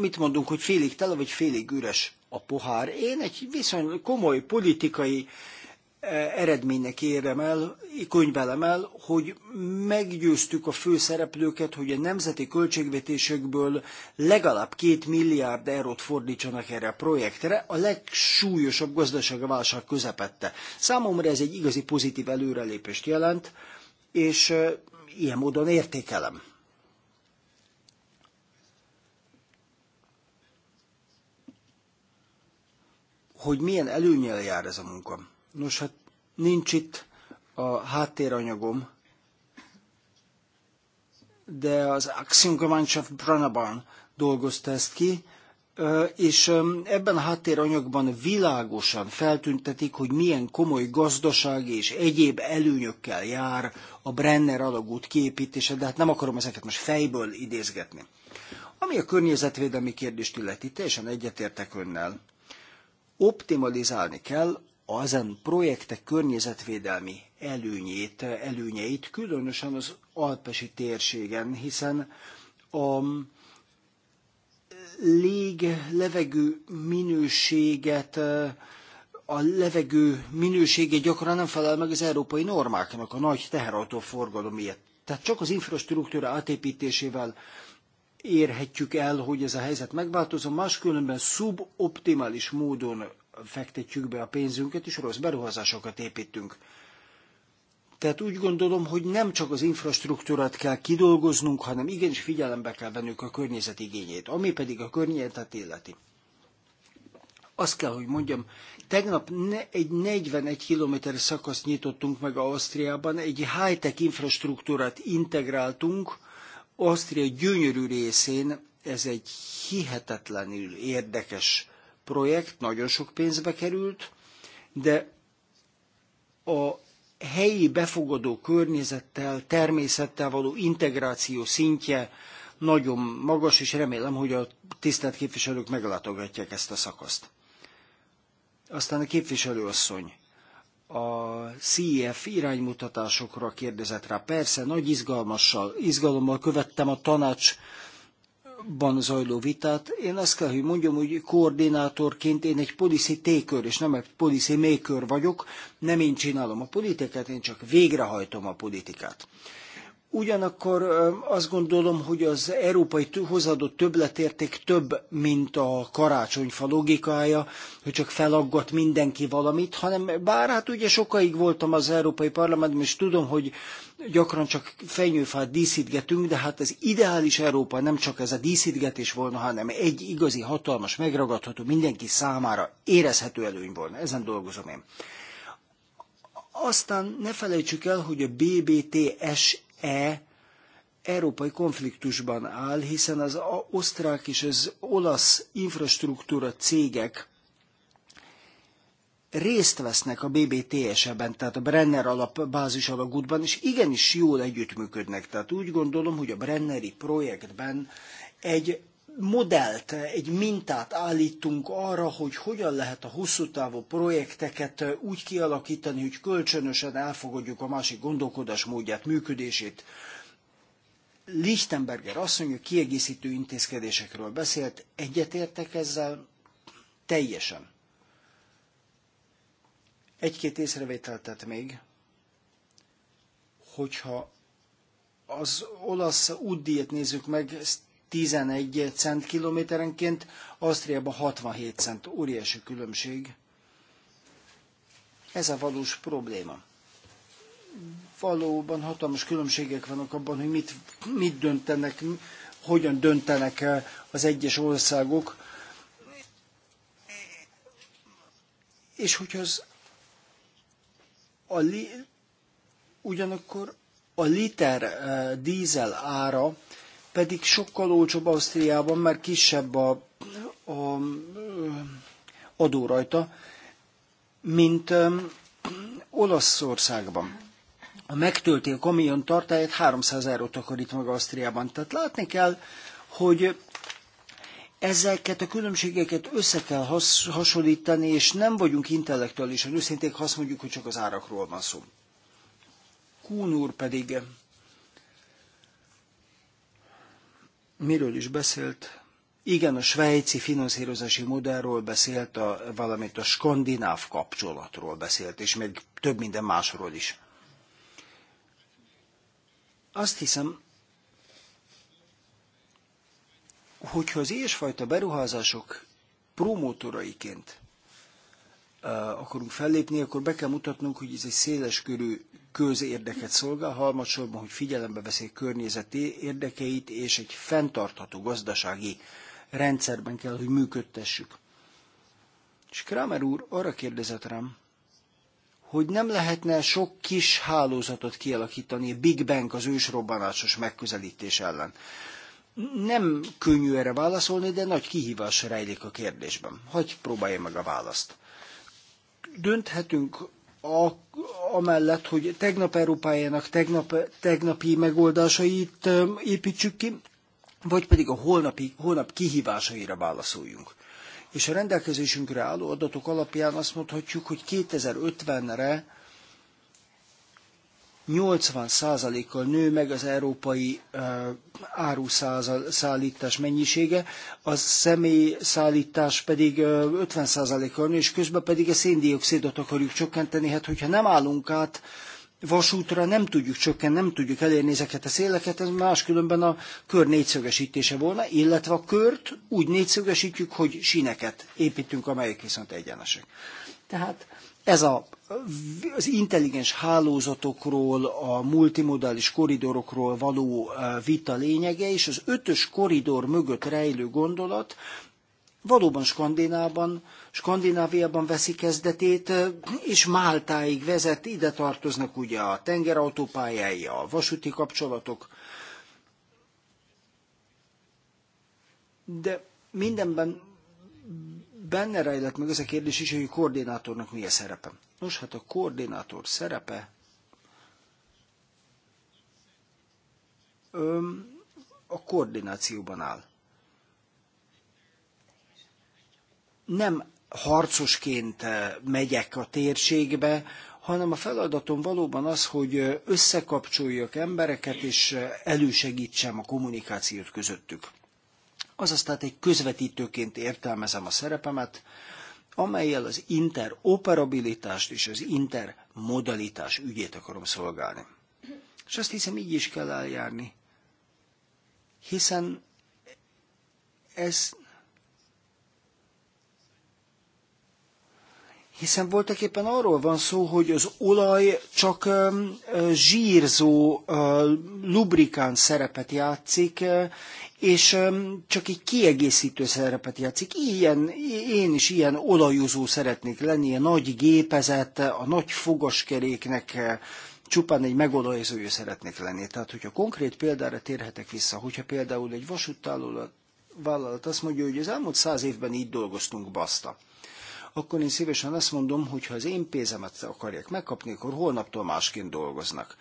mit mondunk, hogy félig tele vagy félig üres a pohár. Én egy viszonylag komoly politikai eredménynek érem el, könyvelem el, hogy meggyőztük a főszereplőket, hogy a nemzeti költségvetésekből legalább két milliárd eurót fordítsanak erre a projektre, a legsúlyosabb gazdasági válság közepette. Számomra ez egy igazi pozitív előrelépést jelent, és ilyen módon értékelem. Hogy milyen előnyel jár ez a munka? Nos, hát nincs itt a háttéranyagom, de az Axiomgemeinschaft Branaban dolgozta ezt ki, és ebben a háttéranyagban világosan feltüntetik, hogy milyen komoly gazdasági és egyéb előnyökkel jár a Brenner alagút kiépítése, de hát nem akarom ezeket most fejből idézgetni. Ami a környezetvédelmi kérdést illeti, teljesen egyetértek önnel. Optimalizálni kell ezen projektek környezetvédelmi előnyét, előnyeit, különösen az alpesi térségen, hiszen a lég, levegő minőséget, a levegő minősége gyakran nem felel meg az európai normáknak, a nagy teherautó forgalom Tehát csak az infrastruktúra átépítésével érhetjük el, hogy ez a helyzet megváltozom, máskülönben szuboptimális módon fektetjük be a pénzünket, és rossz beruházásokat építünk. Tehát úgy gondolom, hogy nem csak az infrastruktúrát kell kidolgoznunk, hanem igenis figyelembe kell vennünk a környezet igényét, ami pedig a környezetet illeti. Azt kell, hogy mondjam, tegnap ne, egy 41 km szakaszt nyitottunk meg Ausztriában, egy high-tech infrastruktúrát integráltunk, Ausztria gyönyörű részén, ez egy hihetetlenül érdekes projekt, nagyon sok pénzbe került, de a helyi befogadó környezettel, természettel való integráció szintje nagyon magas, és remélem, hogy a tisztelt képviselők meglátogatják ezt a szakaszt. Aztán a képviselőasszony a CEF iránymutatásokra kérdezett rá. Persze, nagy izgalmassal, izgalommal követtem a tanács ban zajló vitát. Én azt kell, hogy mondjam, hogy koordinátorként én egy policy tékör, és nem egy policy maker vagyok, nem én csinálom a politikát, én csak végrehajtom a politikát. Ugyanakkor azt gondolom, hogy az európai hozadott többletérték több, mint a karácsonyfa logikája, hogy csak felaggat mindenki valamit, hanem bár hát ugye sokáig voltam az Európai Parlamentben, és tudom, hogy gyakran csak fenyőfát díszítgetünk, de hát az ideális Európa nem csak ez a díszítgetés volna, hanem egy igazi, hatalmas, megragadható, mindenki számára érezhető előny volna. Ezen dolgozom én. Aztán ne felejtsük el, hogy a BBTS E európai konfliktusban áll, hiszen az osztrák és az olasz infrastruktúra cégek részt vesznek a BBTS-ben, tehát a Brenner alap, bázis alagútban, és igenis jól együttműködnek. Tehát úgy gondolom, hogy a Brenneri projektben egy modellt, egy mintát állítunk arra, hogy hogyan lehet a hosszú távú projekteket úgy kialakítani, hogy kölcsönösen elfogadjuk a másik gondolkodásmódját, működését. Lichtenberger asszony a kiegészítő intézkedésekről beszélt, egyetértek ezzel teljesen. Egy-két észrevételt tett még, hogyha az olasz útdíjat nézzük meg, 11 cent kilométerenként, Ausztriában 67 cent, óriási különbség. Ez a valós probléma. Valóban hatalmas különbségek vannak abban, hogy mit, mit döntenek, hogyan döntenek eh, az egyes országok. És hogyha az a li, ugyanakkor a liter uh, dízel ára pedig sokkal olcsóbb Ausztriában, mert kisebb a, a adó rajta, mint um, Olaszországban. A megtölti a kamion tartályát 300 eurót takarít meg Ausztriában. Tehát látni kell, hogy ezeket a különbségeket össze kell has, hasonlítani, és nem vagyunk intellektuálisan őszinték, ha azt mondjuk, hogy csak az árakról van szó. Kún pedig miről is beszélt? Igen, a svájci finanszírozási modellről beszélt, a, valamint a skandináv kapcsolatról beszélt, és még több minden másról is. Azt hiszem, hogyha az ilyesfajta beruházások promótoraiként akarunk fellépni, akkor be kell mutatnunk, hogy ez egy széleskörű közérdeket szolgál, harmadsorban, hogy figyelembe veszi környezeti érdekeit, és egy fenntartható gazdasági rendszerben kell, hogy működtessük. És Kramer úr arra kérdezett rám, hogy nem lehetne sok kis hálózatot kialakítani a Big Bang az ősrobbanásos megközelítés ellen. Nem könnyű erre válaszolni, de nagy kihívás rejlik a kérdésben. Hogy próbálja meg a választ. Dönthetünk a, amellett, hogy tegnap Európájának tegnap, tegnapi megoldásait építsük ki, vagy pedig a holnapi, holnap kihívásaira válaszoljunk. És a rendelkezésünkre álló adatok alapján azt mondhatjuk, hogy 2050-re 80%-kal nő meg az európai uh, áruszállítás mennyisége, a személyszállítás pedig uh, 50%-kal nő, és közben pedig a széndiokszidot akarjuk csökkenteni. Hát, hogyha nem állunk át vasútra, nem tudjuk csökkenteni, nem tudjuk elérni ezeket a széleket, ez máskülönben a kör négyszögesítése volna, illetve a kört úgy négyszögesítjük, hogy sineket építünk, amelyek viszont egyenesek. Tehát ez a, az intelligens hálózatokról, a multimodális koridorokról való vita lényege, és az ötös koridor mögött rejlő gondolat valóban Skandinában, Skandináviában veszi kezdetét, és Máltáig vezet, ide tartoznak ugye a tengerautópályái, a vasúti kapcsolatok. De mindenben benne rejlett meg az a kérdés is, hogy a koordinátornak mi a szerepe. Nos, hát a koordinátor szerepe öm, a koordinációban áll. Nem harcosként megyek a térségbe, hanem a feladatom valóban az, hogy összekapcsoljak embereket, és elősegítsem a kommunikációt közöttük azaz tehát egy közvetítőként értelmezem a szerepemet, amelyel az interoperabilitást és az intermodalitás ügyét akarom szolgálni. És azt hiszem, így is kell eljárni, hiszen ez hiszen voltak éppen arról van szó, hogy az olaj csak zsírzó lubrikán szerepet játszik, és csak egy kiegészítő szerepet játszik. Ilyen, én is ilyen olajozó szeretnék lenni, a nagy gépezet, a nagy fogaskeréknek eh, csupán egy megolajozója szeretnék lenni. Tehát, hogyha konkrét példára térhetek vissza, hogyha például egy vasúttálló vállalat azt mondja, hogy az elmúlt száz évben így dolgoztunk, baszta akkor én szívesen azt mondom, hogy ha az én pénzemet akarják megkapni, akkor holnaptól másként dolgoznak.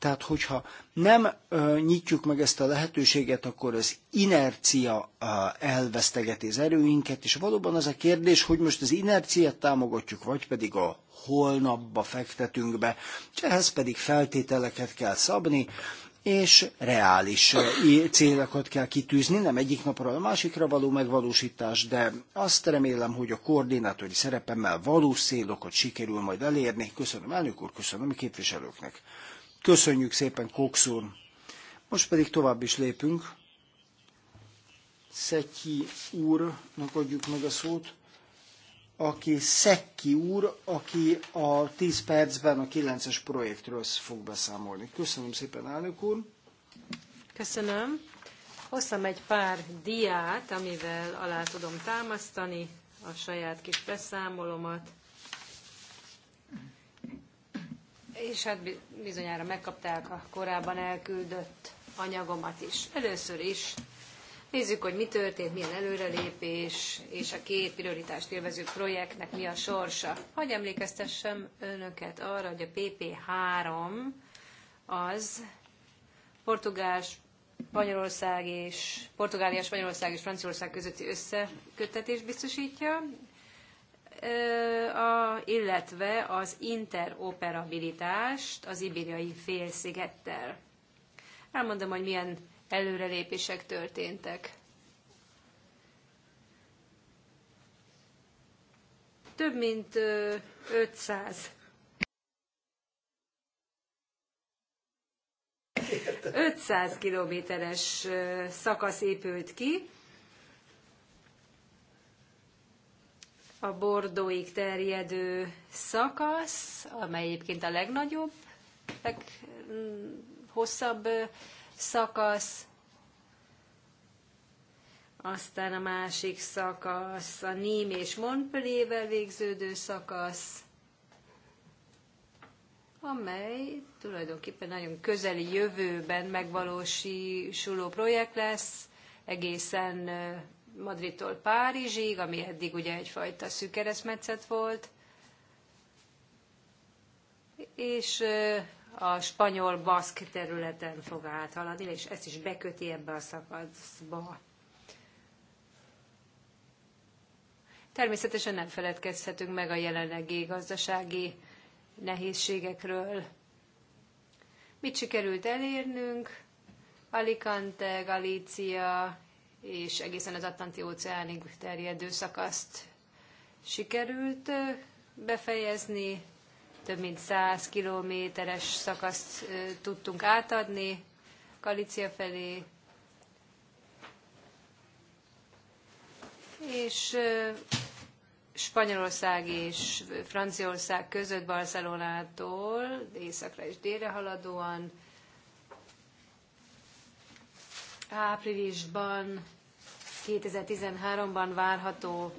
Tehát, hogyha nem ö, nyitjuk meg ezt a lehetőséget, akkor az inercia ö, elvesztegeti az erőinket, és valóban az a kérdés, hogy most az inerciát támogatjuk, vagy pedig a holnapba fektetünk be, és ehhez pedig feltételeket kell szabni, és reális célokat kell kitűzni, nem egyik napra a másikra való megvalósítás, de azt remélem, hogy a koordinátori szerepemmel valós célokat sikerül majd elérni. Köszönöm elnök úr, köszönöm a képviselőknek. Köszönjük szépen, Cox úr. Most pedig tovább is lépünk. Szeki úrnak adjuk meg a szót, aki Szeki úr, aki a 10 percben a 9-es projektről fog beszámolni. Köszönöm szépen, elnök úr. Köszönöm. Hoztam egy pár diát, amivel alá tudom támasztani a saját kis beszámolomat. és hát bizonyára megkapták a korábban elküldött anyagomat is. Először is nézzük, hogy mi történt, milyen előrelépés, és a két prioritást élvező projektnek mi a sorsa. Hogy emlékeztessem önöket arra, hogy a PP3 az Portugál, Spanyolország és Portugália, Spanyolország és Franciaország közötti összekötetés biztosítja, a, illetve az interoperabilitást az ibériai félszigettel. Elmondom, hogy milyen előrelépések történtek. Több mint 500 500 kilométeres szakasz épült ki, a Bordóig terjedő szakasz, amely egyébként a legnagyobb, leghosszabb szakasz, aztán a másik szakasz, a Ním és Montpelliervel végződő szakasz, amely tulajdonképpen nagyon közeli jövőben megvalósuló projekt lesz, egészen Madridtól Párizsig, ami eddig ugye egyfajta szűk keresztmetszet volt, és a spanyol baszk területen fog áthaladni, és ezt is beköti ebbe a szakaszba. Természetesen nem feledkezhetünk meg a jelenlegi gazdasági nehézségekről. Mit sikerült elérnünk? Alicante, Galícia és egészen az Atlanti óceánig terjedő szakaszt sikerült befejezni. Több mint 100 kilométeres szakaszt tudtunk átadni Galícia felé, és Spanyolország és Franciaország között Barcelonától északra és délre haladóan áprilisban 2013-ban várható,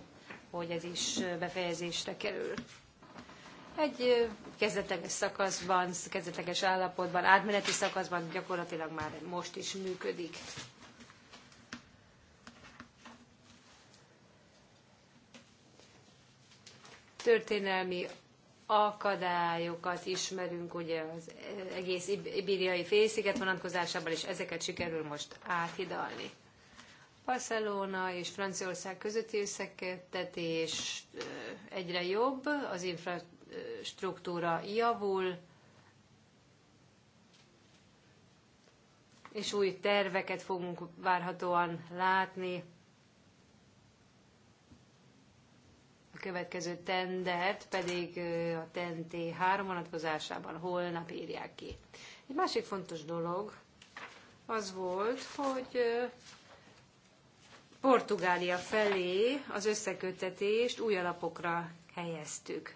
hogy ez is befejezésre kerül. Egy kezdetleges szakaszban, kezdetleges állapotban, átmeneti szakaszban gyakorlatilag már most is működik. Történelmi akadályokat ismerünk ugye az egész ibériai félsziget vonatkozásában, és ezeket sikerül most áthidalni. Barcelona és Franciaország közötti összekettetés egyre jobb, az infrastruktúra javul, és új terveket fogunk várhatóan látni következő tendert pedig a TNT három vonatkozásában holnap írják ki. Egy másik fontos dolog az volt, hogy Portugália felé az összekötetést új alapokra helyeztük.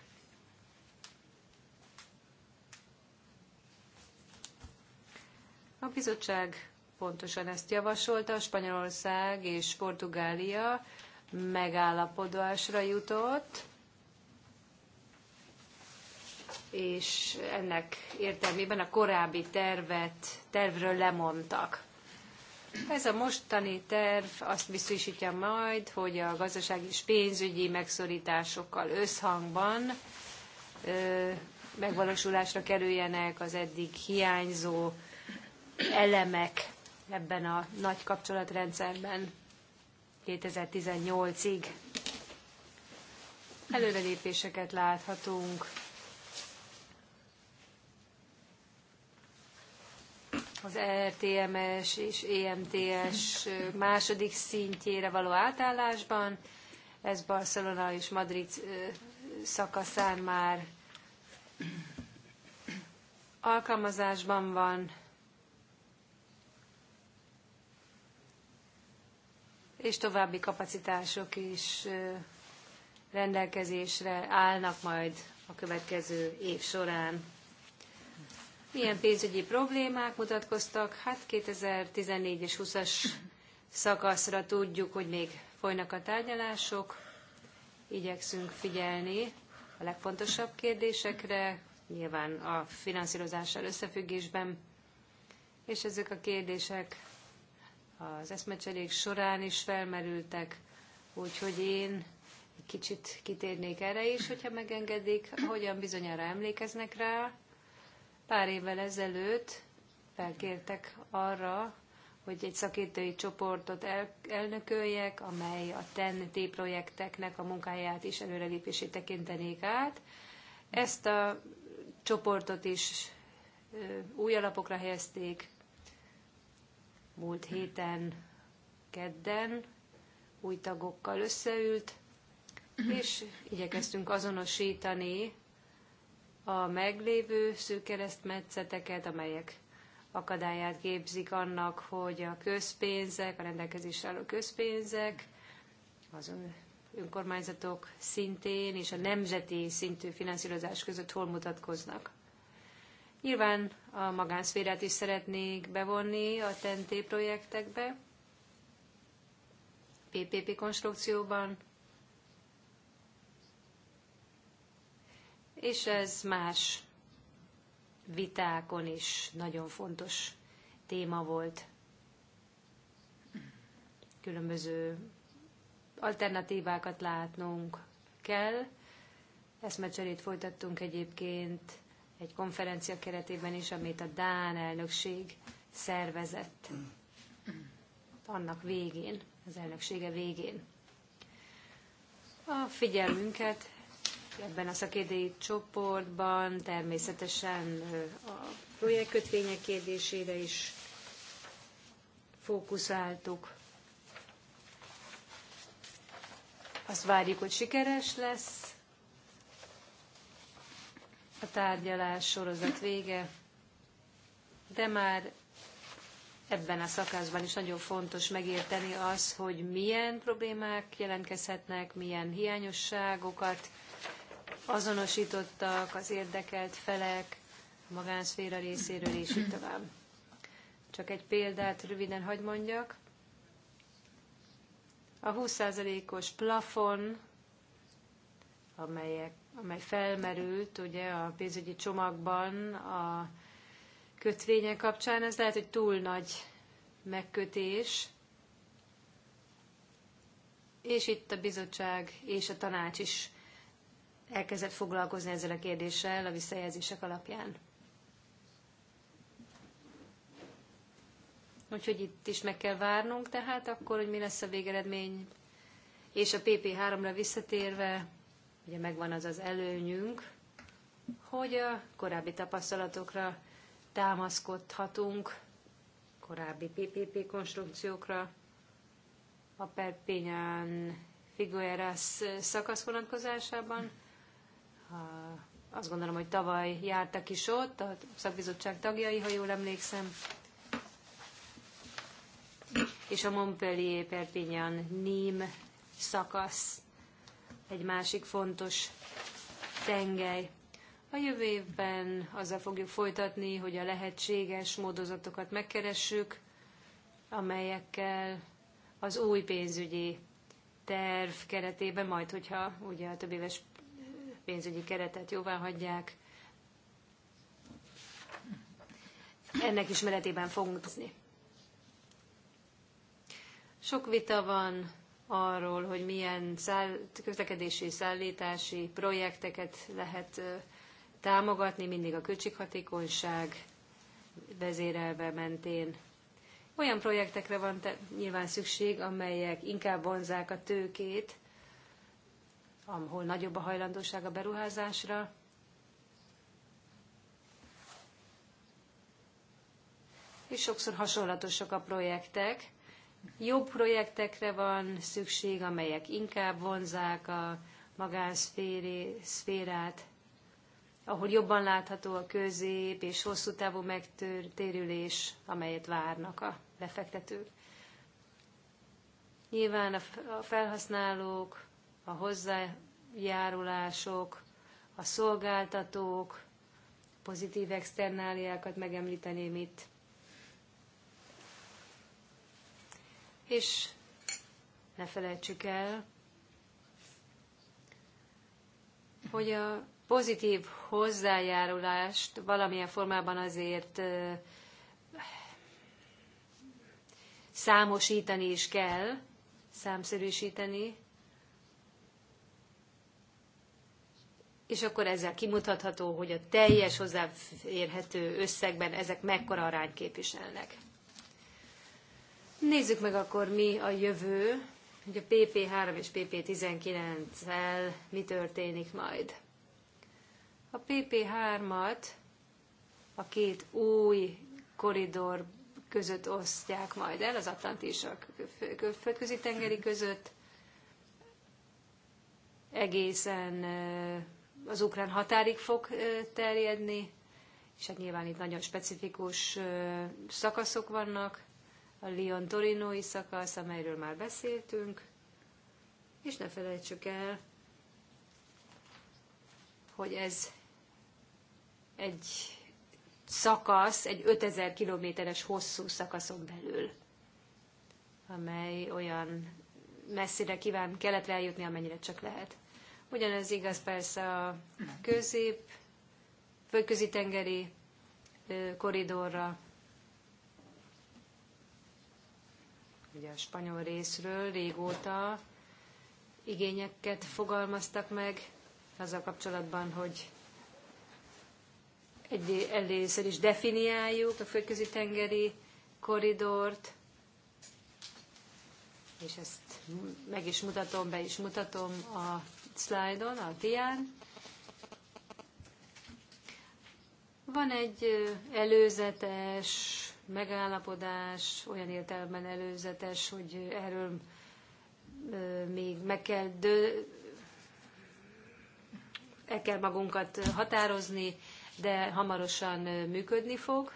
A bizottság pontosan ezt javasolta, Spanyolország és Portugália megállapodásra jutott, és ennek értelmében a korábbi tervet, tervről lemondtak. Ez a mostani terv azt biztosítja majd, hogy a gazdasági és pénzügyi megszorításokkal összhangban ö, megvalósulásra kerüljenek az eddig hiányzó elemek ebben a nagy kapcsolatrendszerben. 2018-ig. Előrelépéseket láthatunk. az RTMS és EMTS második szintjére való átállásban. Ez Barcelona és Madrid szakaszán már alkalmazásban van. és további kapacitások is rendelkezésre állnak majd a következő év során. Milyen pénzügyi problémák mutatkoztak? Hát 2014 és 20-as szakaszra tudjuk, hogy még folynak a tárgyalások. Igyekszünk figyelni a legfontosabb kérdésekre, nyilván a finanszírozással összefüggésben, és ezek a kérdések az eszmecserék során is felmerültek, úgyhogy én egy kicsit kitérnék erre is, hogyha megengedik, hogyan bizonyára emlékeznek rá. Pár évvel ezelőtt felkértek arra, hogy egy szakértői csoportot el, elnököljek, amely a TEN-T projekteknek a munkáját is előrelépését tekintenék át. Ezt a csoportot is új alapokra helyezték, múlt héten kedden új tagokkal összeült, mhm. és igyekeztünk azonosítani a meglévő szőkeresztmetszeteket, amelyek akadályát képzik annak, hogy a közpénzek, a rendelkezésre álló közpénzek, az önkormányzatok szintén és a nemzeti szintű finanszírozás között hol mutatkoznak. Nyilván a magánszférát is szeretnék bevonni a TNT projektekbe, PPP konstrukcióban, és ez más vitákon is nagyon fontos téma volt. Különböző alternatívákat látnunk kell. Eszmecserét folytattunk egyébként egy konferencia keretében is, amit a Dán elnökség szervezett annak végén, az elnöksége végén. A figyelmünket ebben a szakértői csoportban természetesen a projektkötvények kérdésére is fókuszáltuk. Azt várjuk, hogy sikeres lesz a tárgyalás sorozat vége, de már ebben a szakaszban is nagyon fontos megérteni az, hogy milyen problémák jelentkezhetnek, milyen hiányosságokat azonosítottak az érdekelt felek, a magánszféra részéről, és így tovább. Csak egy példát röviden hagy mondjak. A 20%-os plafon, amelyek amely felmerült ugye a pénzügyi csomagban a kötvények kapcsán, ez lehet, hogy túl nagy megkötés, és itt a bizottság és a tanács is elkezdett foglalkozni ezzel a kérdéssel a visszajelzések alapján. Úgyhogy itt is meg kell várnunk, tehát akkor, hogy mi lesz a végeredmény. És a PP3-ra visszatérve, ugye megvan az az előnyünk, hogy a korábbi tapasztalatokra támaszkodhatunk, korábbi PPP konstrukciókra, a Perpignan Figueras szakasz vonatkozásában. Azt gondolom, hogy tavaly jártak is ott, a szakbizottság tagjai, ha jól emlékszem. És a Montpellier Perpignan Nîmes szakasz egy másik fontos tengely. A jövő évben azzal fogjuk folytatni, hogy a lehetséges módozatokat megkeressük, amelyekkel az új pénzügyi terv keretében, majd hogyha ugye a több éves pénzügyi keretet jóvá hagyják, ennek ismeretében fogunk tudni. Sok vita van arról, hogy milyen száll, közlekedési, szállítási projekteket lehet támogatni, mindig a költséghatékonyság vezérelve mentén. Olyan projektekre van nyilván szükség, amelyek inkább vonzák a tőkét, ahol nagyobb a hajlandóság a beruházásra, és sokszor hasonlatosak a projektek, jobb projektekre van szükség, amelyek inkább vonzák a magánszférát, ahol jobban látható a közép és hosszú távú megtérülés, amelyet várnak a befektetők. Nyilván a felhasználók, a hozzájárulások, a szolgáltatók, pozitív externáliákat megemlíteném itt, és ne felejtsük el, hogy a pozitív hozzájárulást valamilyen formában azért számosítani is kell, számszerűsíteni, és akkor ezzel kimutatható, hogy a teljes hozzáférhető összegben ezek mekkora arányt képviselnek. Nézzük meg akkor mi a jövő, hogy a PP3 és PP19-el mi történik majd. A PP3-at a két új koridor között osztják majd el, az Atlanti a földközi tengeri között, egészen az ukrán határig fog terjedni, és hát nyilván itt nagyon specifikus szakaszok vannak, a Lyon-Torinói szakasz, amelyről már beszéltünk, és ne felejtsük el, hogy ez egy szakasz, egy 5000 kilométeres hosszú szakaszon belül, amely olyan messzire kíván keletre eljutni, amennyire csak lehet. Ugyanez igaz persze a közép, földközi tengeri koridorra, ugye a spanyol részről régóta igényeket fogalmaztak meg azzal kapcsolatban, hogy egy, először is definiáljuk a földközi tengeri koridort, és ezt meg is mutatom, be is mutatom a szlájdon, a dián. Van egy előzetes megállapodás olyan értelemben előzetes, hogy erről még meg kell dő, el kell magunkat határozni, de hamarosan működni fog.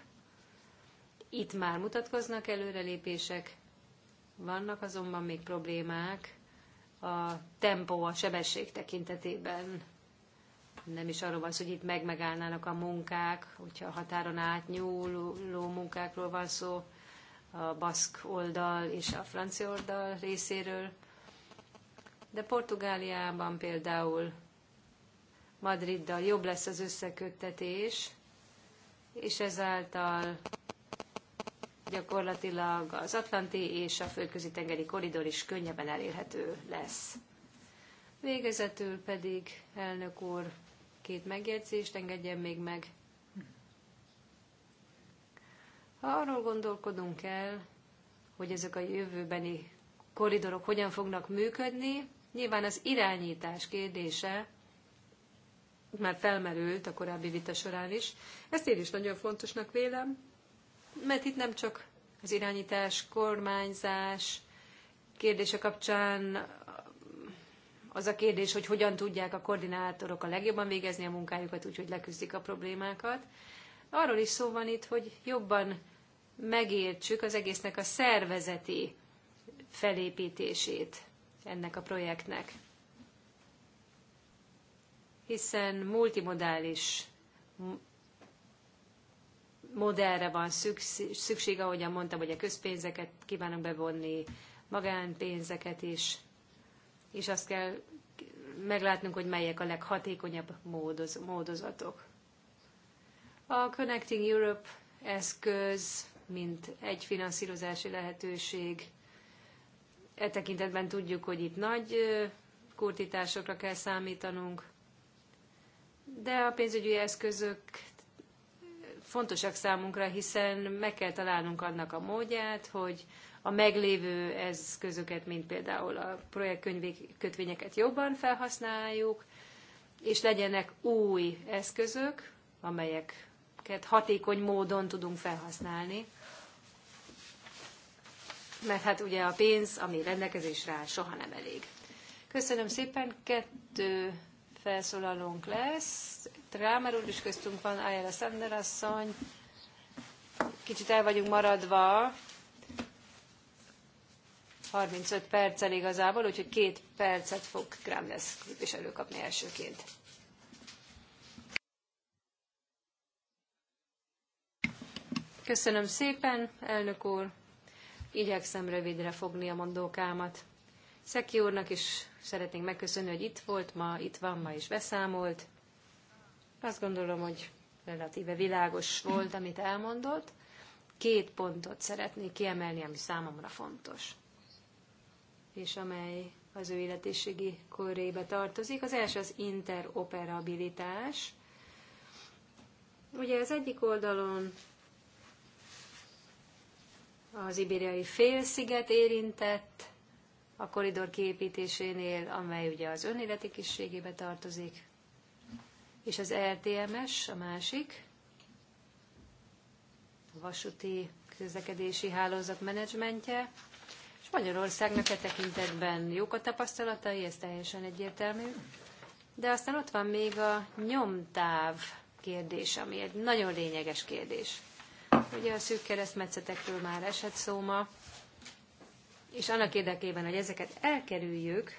Itt már mutatkoznak előrelépések, vannak azonban még problémák a tempó, a sebesség tekintetében nem is arról van szó, hogy itt megmegállnának a munkák, hogyha a határon átnyúló munkákról van szó, a baszk oldal és a francia oldal részéről. De Portugáliában például Madriddal jobb lesz az összeköttetés, és ezáltal gyakorlatilag az Atlanti és a földközi tengeri koridor is könnyebben elérhető lesz. Végezetül pedig, elnök úr, Két megjegyzést engedjen még meg. Ha arról gondolkodunk el, hogy ezek a jövőbeni koridorok hogyan fognak működni, nyilván az irányítás kérdése már felmerült a korábbi vita során is. Ezt én is nagyon fontosnak vélem, mert itt nem csak az irányítás, kormányzás kérdése kapcsán az a kérdés, hogy hogyan tudják a koordinátorok a legjobban végezni a munkájukat, úgyhogy leküzdik a problémákat. Arról is szó van itt, hogy jobban megértsük az egésznek a szervezeti felépítését ennek a projektnek. Hiszen multimodális modellre van szükség, ahogyan mondtam, hogy a közpénzeket kívánunk bevonni, magánpénzeket is, és azt kell meglátnunk, hogy melyek a leghatékonyabb módoz, módozatok. A Connecting Europe eszköz, mint egy finanszírozási lehetőség, e tekintetben tudjuk, hogy itt nagy kurtításokra kell számítanunk, de a pénzügyi eszközök fontosak számunkra, hiszen meg kell találnunk annak a módját, hogy a meglévő eszközöket, mint például a projektkötvényeket jobban felhasználjuk, és legyenek új eszközök, amelyeket hatékony módon tudunk felhasználni. Mert hát ugye a pénz, ami rendelkezésre áll, soha nem elég. Köszönöm szépen, kettő felszólalónk lesz, Trámer úr is köztünk van, Ájára Sander asszony. Kicsit el vagyunk maradva, 35 perccel igazából, úgyhogy két percet fog Krámlesz képviselő kapni elsőként. Köszönöm szépen, elnök úr. Igyekszem rövidre fogni a mondókámat. Szeki úrnak is szeretnénk megköszönni, hogy itt volt ma, itt van ma és beszámolt. Azt gondolom, hogy relatíve világos volt, amit elmondott. Két pontot szeretnék kiemelni, ami számomra fontos, és amely az ő életiségi körébe tartozik. Az első az interoperabilitás. Ugye az egyik oldalon az ibériai félsziget érintett a koridor kiépítésénél, amely ugye az önéleti kiségébe tartozik, és az RTMS e a másik, a vasúti közlekedési hálózat menedzsmentje. Magyarországnak e tekintetben jók a tapasztalatai, ez teljesen egyértelmű. De aztán ott van még a nyomtáv kérdés, ami egy nagyon lényeges kérdés. Ugye a szűk keresztmetszetekről már esett szó ma, és annak érdekében, hogy ezeket elkerüljük,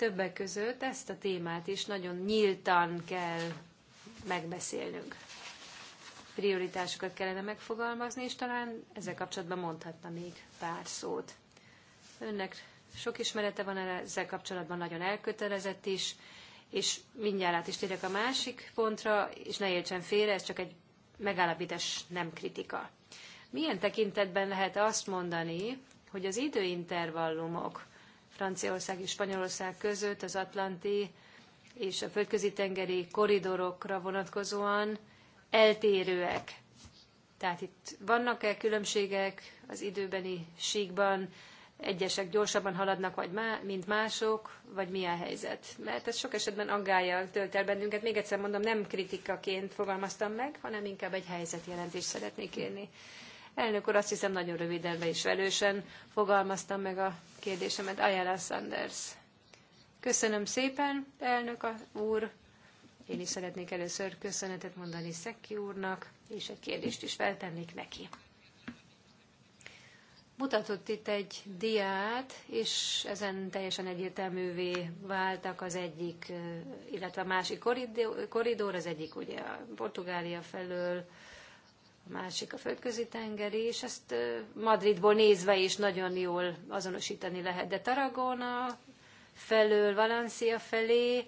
többek között ezt a témát is nagyon nyíltan kell megbeszélnünk. Prioritásokat kellene megfogalmazni, és talán ezzel kapcsolatban mondhatna még pár szót. Önnek sok ismerete van ezzel kapcsolatban, nagyon elkötelezett is, és mindjárt át is térek a másik pontra, és ne értsen félre, ez csak egy megállapítás, nem kritika. Milyen tekintetben lehet azt mondani, hogy az időintervallumok Franciaország és Spanyolország között az Atlanti és a földközi-tengeri koridorokra vonatkozóan eltérőek. Tehát itt vannak-e különbségek az időbeni síkban, egyesek gyorsabban haladnak, vagy má, mint mások, vagy mi a helyzet? Mert ez sok esetben aggája tölt el bennünket. Még egyszer mondom, nem kritikaként fogalmaztam meg, hanem inkább egy helyzetjelentést szeretnék kérni. Elnök úr, azt hiszem nagyon röviden be is velősen fogalmaztam meg a kérdésemet. Ayala Sanders. Köszönöm szépen, elnök úr. Én is szeretnék először köszönetet mondani Szeki úrnak, és egy kérdést is feltennék neki. Mutatott itt egy diát, és ezen teljesen egyértelművé váltak az egyik, illetve a másik koridor, az egyik ugye a Portugália felől másik a földközi tenger, és ezt Madridból nézve is nagyon jól azonosítani lehet. De Taragona felől, Valencia felé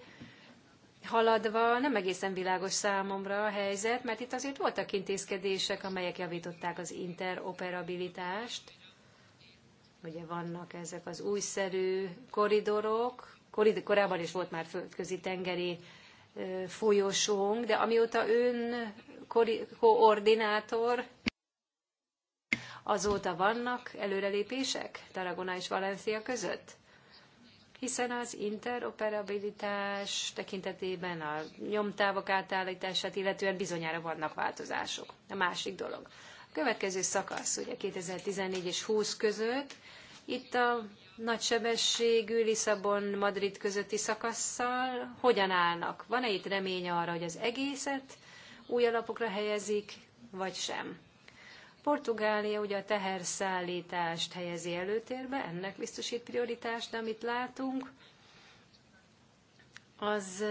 haladva nem egészen világos számomra a helyzet, mert itt azért voltak intézkedések, amelyek javították az interoperabilitást. Ugye vannak ezek az újszerű koridorok, Korid korábban is volt már földközi tengeri folyosónk, de amióta ön koordinátor. Azóta vannak előrelépések Taragona és Valencia között? hiszen az interoperabilitás tekintetében a nyomtávok átállítását illetően bizonyára vannak változások. A másik dolog. A következő szakasz, ugye 2014 és 20 között, itt a nagysebességű Lisszabon-Madrid közötti szakasszal hogyan állnak? Van-e itt remény arra, hogy az egészet új alapokra helyezik, vagy sem. Portugália ugye a teherszállítást helyezi előtérbe, ennek biztosít prioritást, de amit látunk, az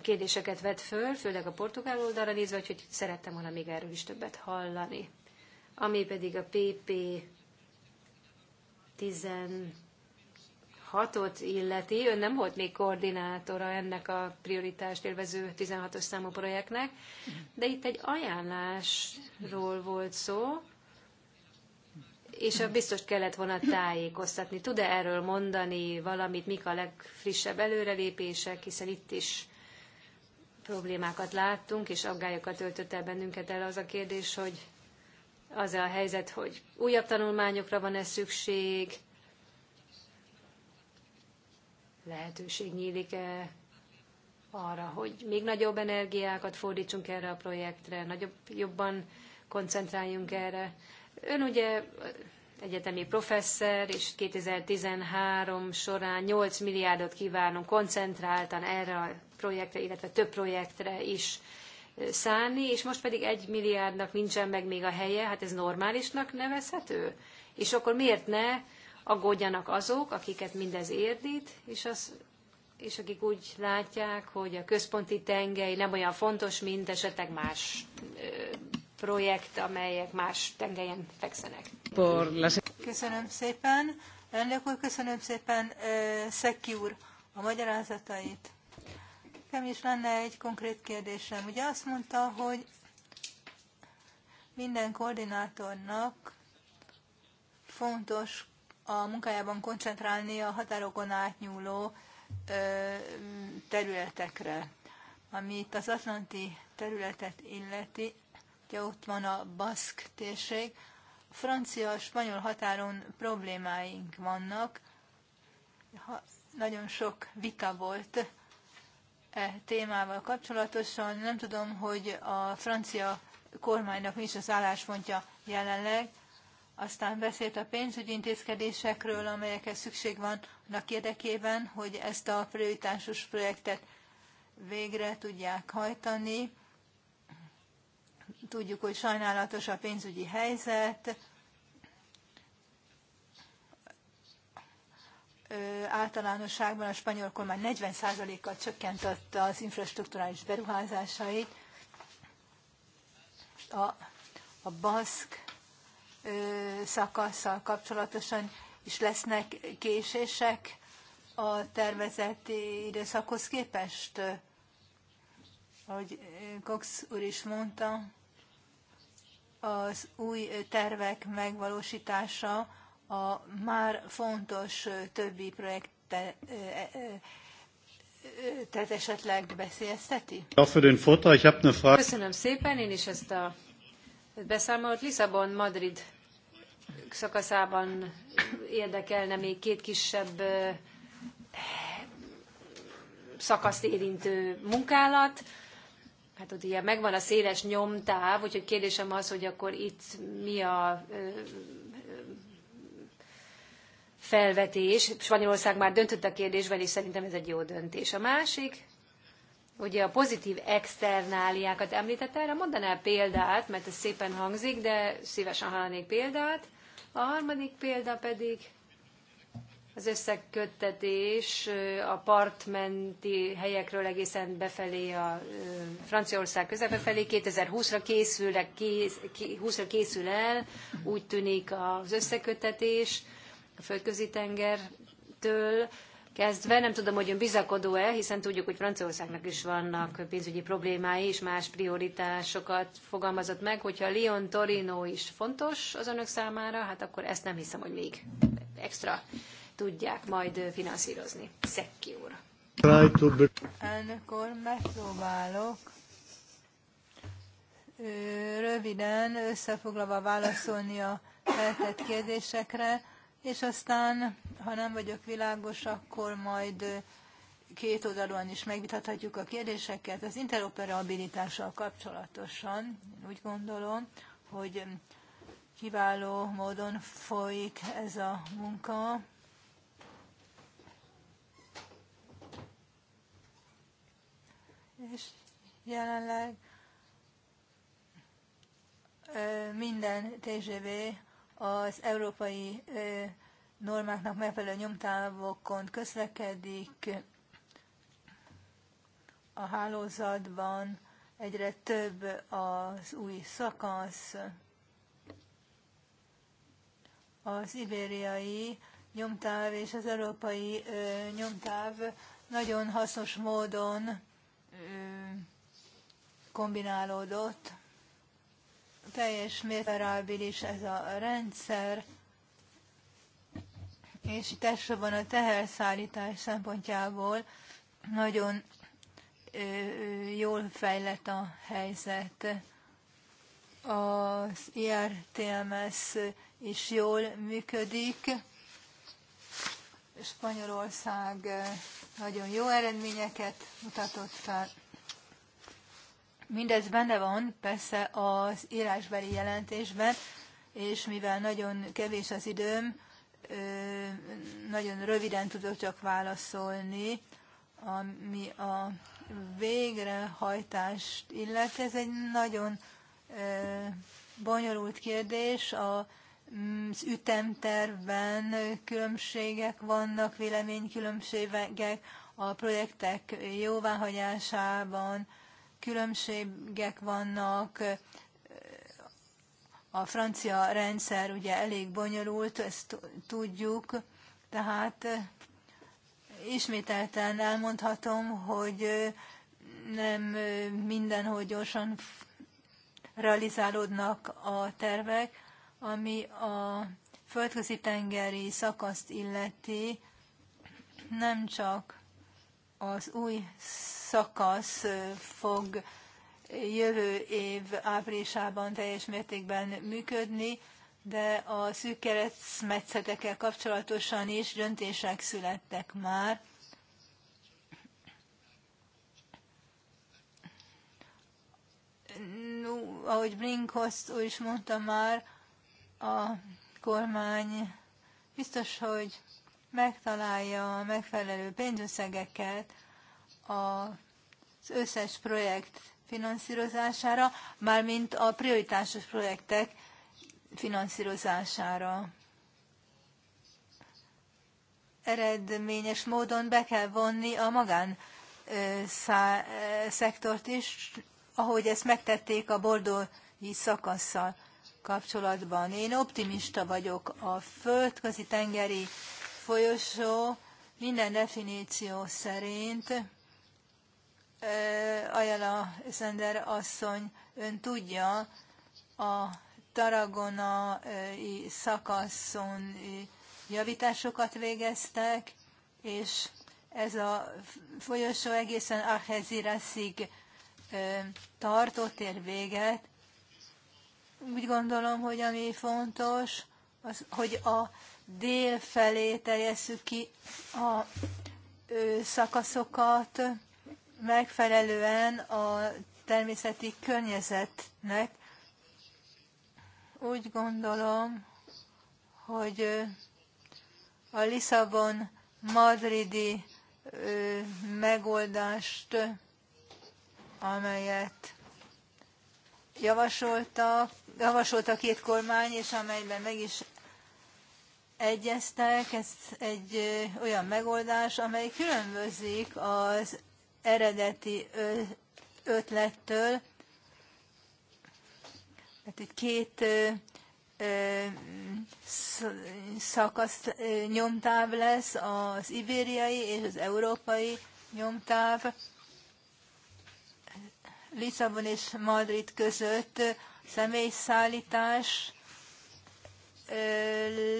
kérdéseket vet föl, főleg a portugál oldalra nézve, úgyhogy szerettem volna még erről is többet hallani. Ami pedig a PP hatot illeti, ön nem volt még koordinátora ennek a prioritást élvező 16-os számú projektnek, de itt egy ajánlásról volt szó, és a biztos kellett volna tájékoztatni. Tud-e erről mondani valamit, mik a legfrissebb előrelépések, hiszen itt is problémákat láttunk, és aggályokat töltött el bennünket el az a kérdés, hogy az -e a helyzet, hogy újabb tanulmányokra van-e szükség, lehetőség nyílik-e arra, hogy még nagyobb energiákat fordítsunk erre a projektre, nagyobb, jobban koncentráljunk erre. Ön ugye egyetemi professzor, és 2013 során 8 milliárdot kívánunk koncentráltan erre a projektre, illetve több projektre is szállni, és most pedig egy milliárdnak nincsen meg még a helye, hát ez normálisnak nevezhető? És akkor miért ne aggódjanak azok, akiket mindez érdít, és, az, és akik úgy látják, hogy a központi tengely nem olyan fontos, mint esetleg más ö, projekt, amelyek más tengelyen fekszenek. Köszönöm szépen. Elnök úr, köszönöm szépen Szeki úr a magyarázatait. Nekem is lenne egy konkrét kérdésem. Ugye azt mondta, hogy minden koordinátornak fontos a munkájában koncentrálni a határokon átnyúló területekre. itt az atlanti területet illeti, ugye ott van a baszk térség, a francia-spanyol határon problémáink vannak, ha, nagyon sok vita volt e témával kapcsolatosan. Nem tudom, hogy a francia kormánynak mi is az álláspontja jelenleg, aztán beszélt a pénzügyi intézkedésekről, amelyekhez szükség van annak érdekében, hogy ezt a prioritásos projektet végre tudják hajtani. Tudjuk, hogy sajnálatos a pénzügyi helyzet, általánosságban a spanyol kormány 40%-kal csökkentette az infrastruktúrális beruházásait. A, a baszk szakaszsal kapcsolatosan is lesznek késések a tervezett időszakhoz képest? Ahogy Cox úr is mondta, az új tervek megvalósítása a már fontos többi projekttel e, tehát esetleg beszélzteti? Köszönöm szépen, én is ezt a beszámolt. Lisszabon-Madrid szakaszában érdekelne még két kisebb szakaszt érintő munkálat. Hát ott ugye megvan a széles nyomtáv, úgyhogy kérdésem az, hogy akkor itt mi a felvetés. Spanyolország már döntött a kérdésben, és szerintem ez egy jó döntés. A másik, Ugye a pozitív externáliákat említette, erre, mondanál példát, mert ez szépen hangzik, de szívesen hallanék példát. A harmadik példa pedig az összeköttetés a partmenti helyekről egészen befelé a Franciaország közepe felé 2020-ra készül, kész, 20 készül el, úgy tűnik az összeköttetés a földközi tengertől kezdve. Nem tudom, hogy ön bizakodó-e, hiszen tudjuk, hogy Franciaországnak is vannak pénzügyi problémái, és más prioritásokat fogalmazott meg. Hogyha Lyon Torino is fontos az önök számára, hát akkor ezt nem hiszem, hogy még extra tudják majd finanszírozni. Szekki úr. Elnök úr, megpróbálok röviden összefoglalva válaszolni a feltett kérdésekre és aztán, ha nem vagyok világos, akkor majd két oldalon is megvitathatjuk a kérdéseket. Az interoperabilitással kapcsolatosan úgy gondolom, hogy kiváló módon folyik ez a munka. És jelenleg minden TGV az európai normáknak megfelelő nyomtávokon közlekedik, a hálózatban egyre több az új szakasz, az ibériai nyomtáv és az európai ö, nyomtáv nagyon hasznos módon ö, kombinálódott teljes mérterábilis ez a rendszer, és itt elsősorban a teherszállítás szempontjából nagyon jól fejlett a helyzet. Az IRTMS er is jól működik. Spanyolország nagyon jó eredményeket mutatott fel. Mindez benne van persze az írásbeli jelentésben, és mivel nagyon kevés az időm, nagyon röviden tudok csak válaszolni, ami a végrehajtást illeti. Ez egy nagyon bonyolult kérdés. Mm, az ütemtervben különbségek vannak, véleménykülönbségek a projektek jóváhagyásában, különbségek vannak, a francia rendszer ugye elég bonyolult, ezt tudjuk, tehát ismételten elmondhatom, hogy nem mindenhol gyorsan realizálódnak a tervek, ami a földközi tengeri szakaszt illeti, nem csak az új szakasz fog jövő év áprilisában teljes mértékben működni, de a szűk keresztmetszetekkel kapcsolatosan is döntések születtek már. No, ahogy Brinkhorst is mondta már, a kormány biztos, hogy megtalálja a megfelelő pénzösszegeket az összes projekt finanszírozására, mármint a prioritásos projektek finanszírozására. Eredményes módon be kell vonni a magán szektort is, ahogy ezt megtették a bordói szakasszal kapcsolatban. Én optimista vagyok a földközi tengeri folyosó minden definíció szerint Ajala Szender asszony, ön tudja, a Taragonai szakaszon javításokat végeztek, és ez a folyosó egészen Arheziraszig tartott ér véget. Úgy gondolom, hogy ami fontos, az, hogy a dél felé terjesszük ki a szakaszokat megfelelően a természeti környezetnek. Úgy gondolom, hogy a Lisszabon-madridi megoldást, amelyet javasoltak, javasolt a két kormány, és amelyben meg is egyeztek, ez egy olyan megoldás, amely különbözik az eredeti ötlettől. Hát itt két szakasz nyomtáv lesz, az ibériai és az európai nyomtáv. Lisszabon és Madrid között személyszállítás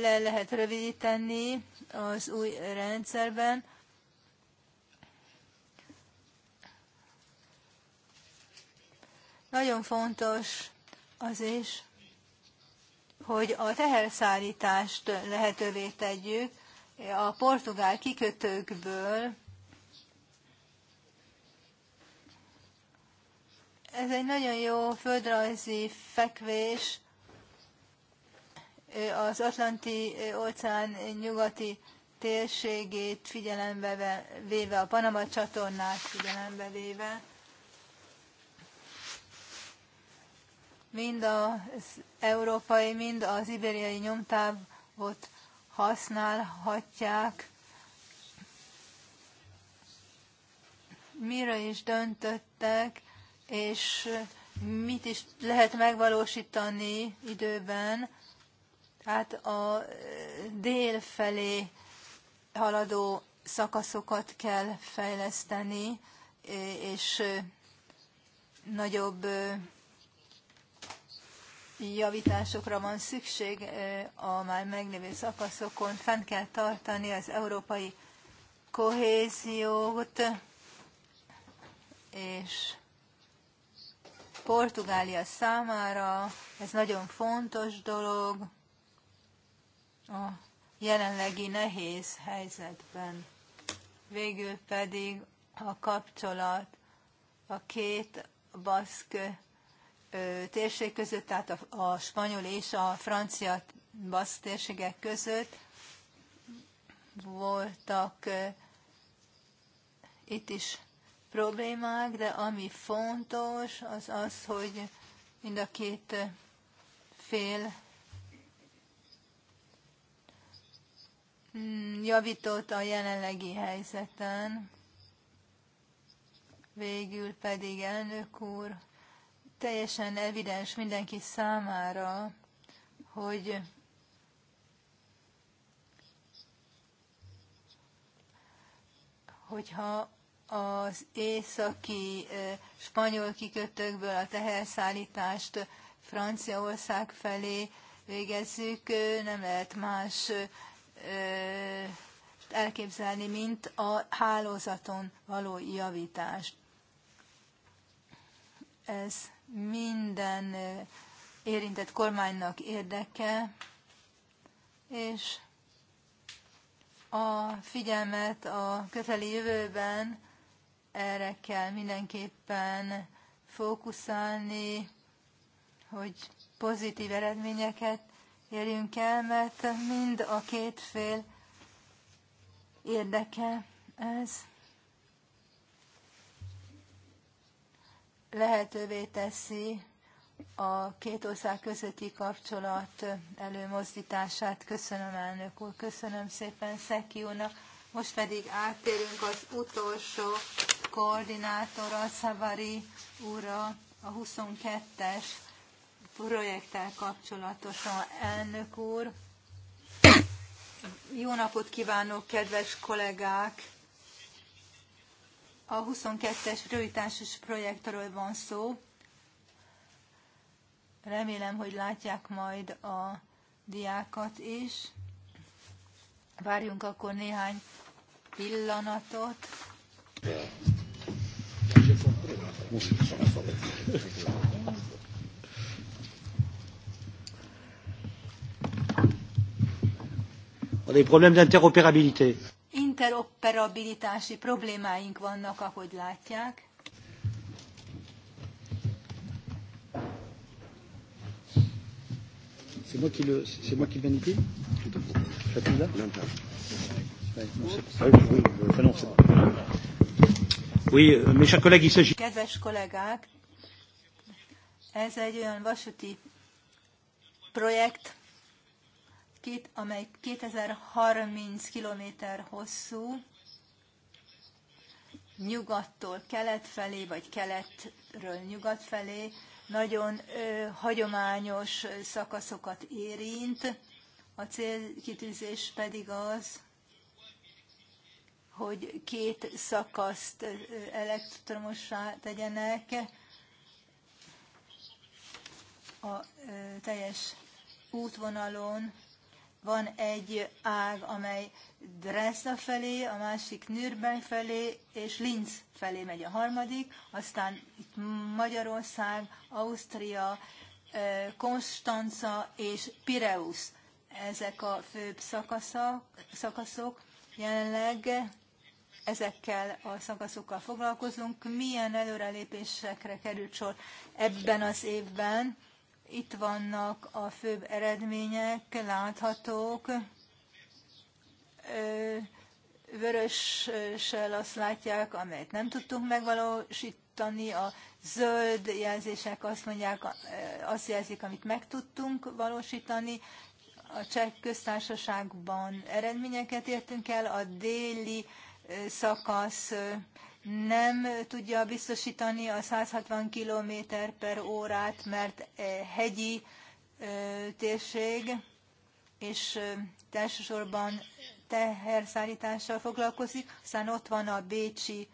le lehet rövidíteni az új rendszerben. Nagyon fontos az is, hogy a teherszállítást lehetővé tegyük a portugál kikötőkből. Ez egy nagyon jó földrajzi fekvés, az Atlanti óceán nyugati térségét figyelembe véve, a Panama csatornát figyelembe véve, mind az európai, mind az ibériai nyomtávot használhatják. Mire is döntöttek, és mit is lehet megvalósítani időben tehát a dél felé haladó szakaszokat kell fejleszteni, és nagyobb javításokra van szükség a már meglévő szakaszokon. Fent kell tartani az európai kohéziót, és Portugália számára ez nagyon fontos dolog a jelenlegi nehéz helyzetben. Végül pedig a kapcsolat a két baszk térség között, tehát a, a spanyol és a francia baszk térségek között voltak itt is problémák, de ami fontos, az az, hogy mind a két fél Hmm, javított a jelenlegi helyzeten. Végül pedig elnök úr, teljesen evidens mindenki számára, hogy hogyha az északi spanyol kikötőkből a teherszállítást Franciaország felé végezzük, nem lehet más elképzelni, mint a hálózaton való javítás. Ez minden érintett kormánynak érdeke, és a figyelmet a közeli jövőben erre kell mindenképpen fókuszálni, hogy pozitív eredményeket érjünk el, mert mind a két fél érdeke ez. Lehetővé teszi a két ország közötti kapcsolat előmozdítását. Köszönöm, elnök úr, köszönöm szépen Szekiónak. Most pedig áttérünk az utolsó koordinátora, Szavari úra, a 22-es projekttel kapcsolatosan, elnök úr. Jó napot kívánok, kedves kollégák! A 22-es rövidtársas projektről van szó. Remélem, hogy látják majd a diákat is. Várjunk akkor néhány pillanatot. Yeah. des problèmes d'interopérabilité. Interoperabilitási problémáink vannak, ahogy látják. C'est moi qui le, c'est moi qui le valide. J'appuie là. Oui, euh, mes chers collègues, il s'agit. Kedves kollégák, ez egy olyan vasúti projekt, két, amely 2030 km hosszú, nyugattól kelet felé, vagy keletről nyugat felé, nagyon ö, hagyományos szakaszokat érint. A célkitűzés pedig az, hogy két szakaszt elektromossá tegyenek a ö, teljes útvonalon van egy ág, amely Dresda felé, a másik Nürnberg felé, és Linz felé megy a harmadik, aztán itt Magyarország, Ausztria, eh, Konstanza és Pireus. Ezek a főbb szakaszok, szakaszok. Jelenleg ezekkel a szakaszokkal foglalkozunk. Milyen előrelépésekre került sor ebben az évben? Itt vannak a főbb eredmények, láthatók. Vörössel azt látják, amelyet nem tudtunk megvalósítani, a zöld jelzések azt mondják, azt jelzik, amit meg tudtunk valósítani, a cseh köztársaságban eredményeket értünk el, a déli szakasz nem tudja biztosítani a 160 km per órát, mert eh, hegyi eh, térség, és eh, elsősorban teherszállítással foglalkozik, aztán ott van a Bécsi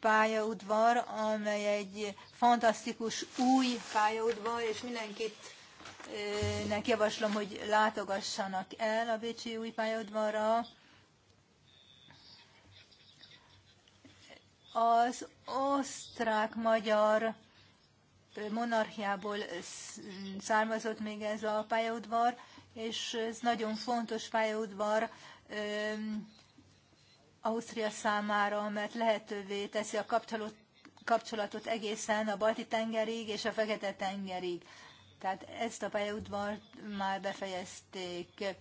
pályaudvar, amely egy fantasztikus új pályaudvar, és mindenkit nek javaslom, hogy látogassanak el a Bécsi új pályaudvarra. az osztrák-magyar monarchiából származott még ez a pályaudvar, és ez nagyon fontos pályaudvar Ausztria számára, mert lehetővé teszi a kapcsolat, kapcsolatot egészen a Balti-tengerig és a Fekete-tengerig. Tehát ezt a pályaudvart már befejezték.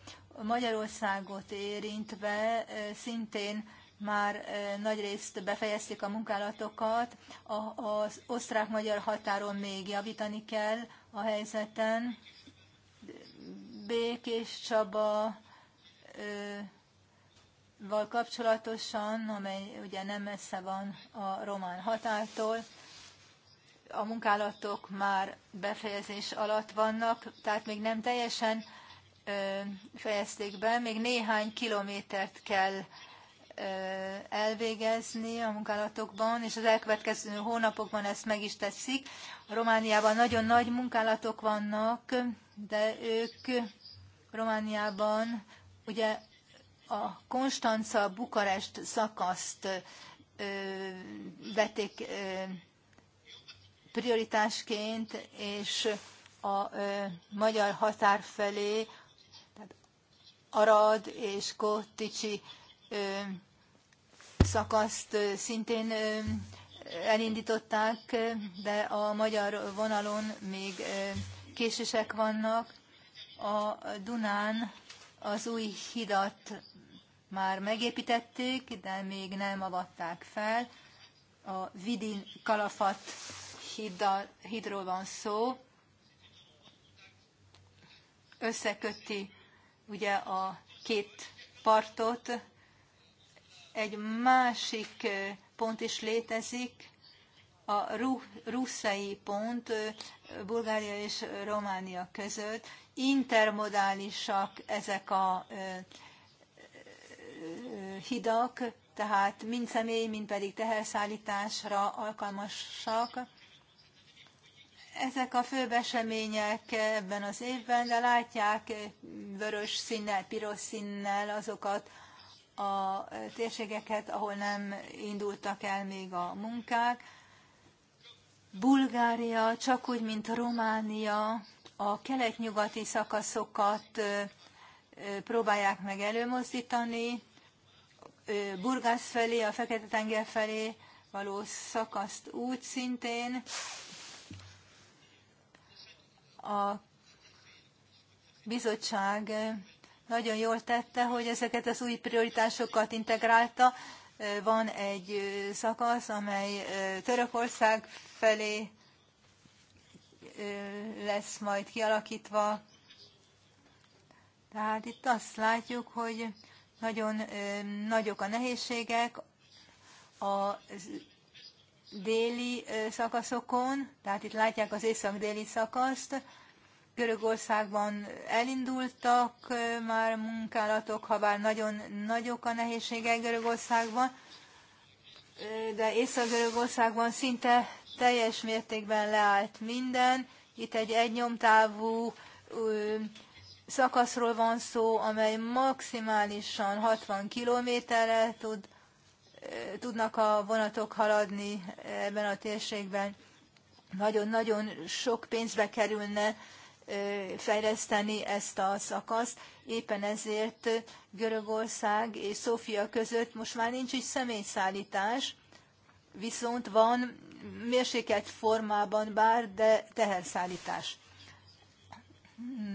Magyarországot érintve szintén már nagyrészt befejezték a munkálatokat, az osztrák-magyar határon még javítani kell a helyzeten. Békés Csaba val kapcsolatosan, amely ugye nem messze van a román határtól, a munkálatok már befejezés alatt vannak, tehát még nem teljesen fejezték be, még néhány kilométert kell elvégezni a munkálatokban, és az elkövetkező hónapokban ezt meg is teszik. Romániában nagyon nagy munkálatok vannak, de ők Romániában ugye a Konstanca-Bukarest szakaszt vették prioritásként, és a ö, magyar határ felé, tehát Arad és Kotticsi szakaszt szintén elindították, de a magyar vonalon még késések vannak. A Dunán az új hidat már megépítették, de még nem avatták fel. A Vidin Kalafat hidról van szó. Összeköti ugye a két partot, egy másik pont is létezik, a russzai pont Bulgária és Románia között. Intermodálisak ezek a hidak, tehát mind személy, mind pedig teherszállításra alkalmasak. Ezek a főbb események ebben az évben, de látják vörös színnel, piros színnel azokat a térségeket, ahol nem indultak el még a munkák. Bulgária csak úgy, mint Románia a kelet-nyugati szakaszokat próbálják meg előmozdítani, Burgász felé, a Fekete-tenger felé való szakaszt úgy szintén. A bizottság nagyon jól tette, hogy ezeket az új prioritásokat integrálta. Van egy szakasz, amely Törökország felé lesz majd kialakítva. Tehát itt azt látjuk, hogy nagyon nagyok a nehézségek a déli szakaszokon, tehát itt látják az észak-déli szakaszt, Görögországban elindultak már munkálatok, ha bár nagyon nagyok a nehézségek Görögországban, de Észak-Görögországban szinte teljes mértékben leállt minden. Itt egy egynyomtávú szakaszról van szó, amely maximálisan 60 kilométerre tud, tudnak a vonatok haladni ebben a térségben. Nagyon-nagyon sok pénzbe kerülne fejleszteni ezt a szakaszt. Éppen ezért Görögország és Szófia között most már nincs is személyszállítás, viszont van mérsékelt formában bár, de teherszállítás.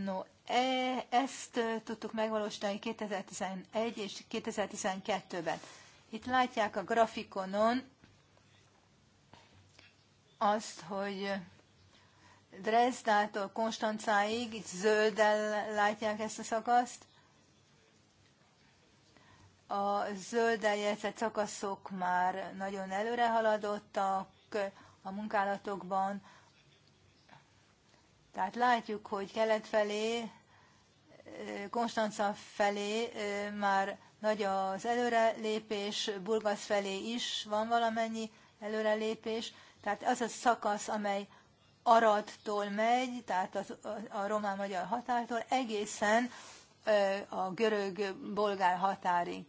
No, e, ezt tudtuk megvalósítani 2011 és 2012-ben. Itt látják a grafikonon azt, hogy Dresdától Konstancáig, itt zölddel látják ezt a szakaszt. A zölddel jelzett szakaszok már nagyon előre haladottak a munkálatokban, tehát látjuk, hogy kelet felé, Konstanca felé már nagy az előrelépés, Burgasz felé is van valamennyi előrelépés, tehát az a szakasz, amely Aradtól megy, tehát az, a, a román-magyar határtól egészen a görög-bolgár határig.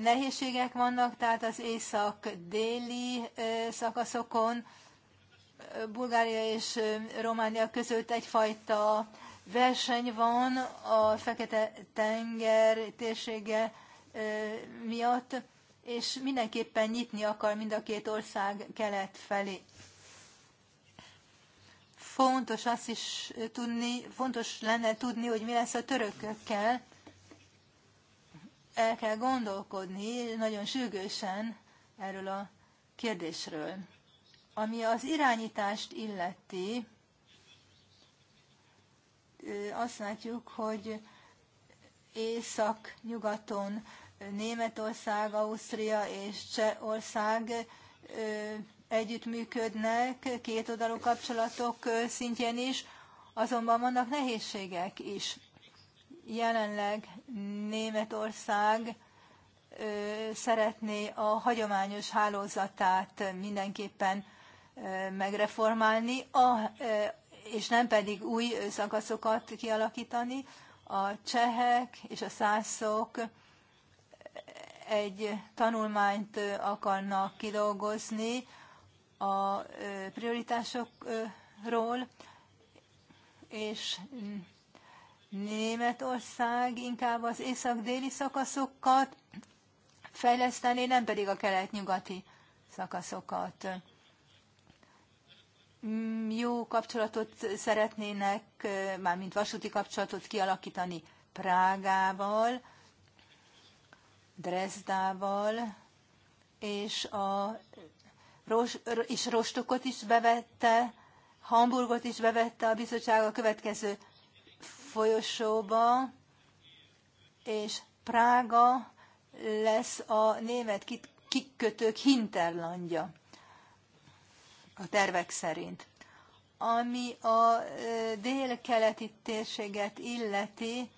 Nehézségek vannak, tehát az észak-déli szakaszokon, Bulgária és Románia között egyfajta verseny van a Fekete-tenger térsége miatt, és mindenképpen nyitni akar mind a két ország kelet felé fontos azt is tudni, fontos lenne tudni, hogy mi lesz a törökökkel. El kell gondolkodni nagyon sürgősen erről a kérdésről. Ami az irányítást illeti, azt látjuk, hogy észak-nyugaton Németország, Ausztria és Csehország együttműködnek kétoldalú kapcsolatok szintjén is, azonban vannak nehézségek is. Jelenleg Németország szeretné a hagyományos hálózatát mindenképpen megreformálni, a, és nem pedig új szakaszokat kialakítani. A csehek és a szászok egy tanulmányt akarnak kidolgozni a prioritásokról, és Németország inkább az észak-déli szakaszokat fejleszteni, nem pedig a kelet-nyugati szakaszokat. Mm, jó kapcsolatot szeretnének, mármint vasúti kapcsolatot kialakítani Prágával, Dresdával és a és Rostokot is bevette, Hamburgot is bevette a bizottság a következő folyosóba, és Prága lesz a német kikötők hinterlandja a tervek szerint. Ami a délkeleti térséget illeti,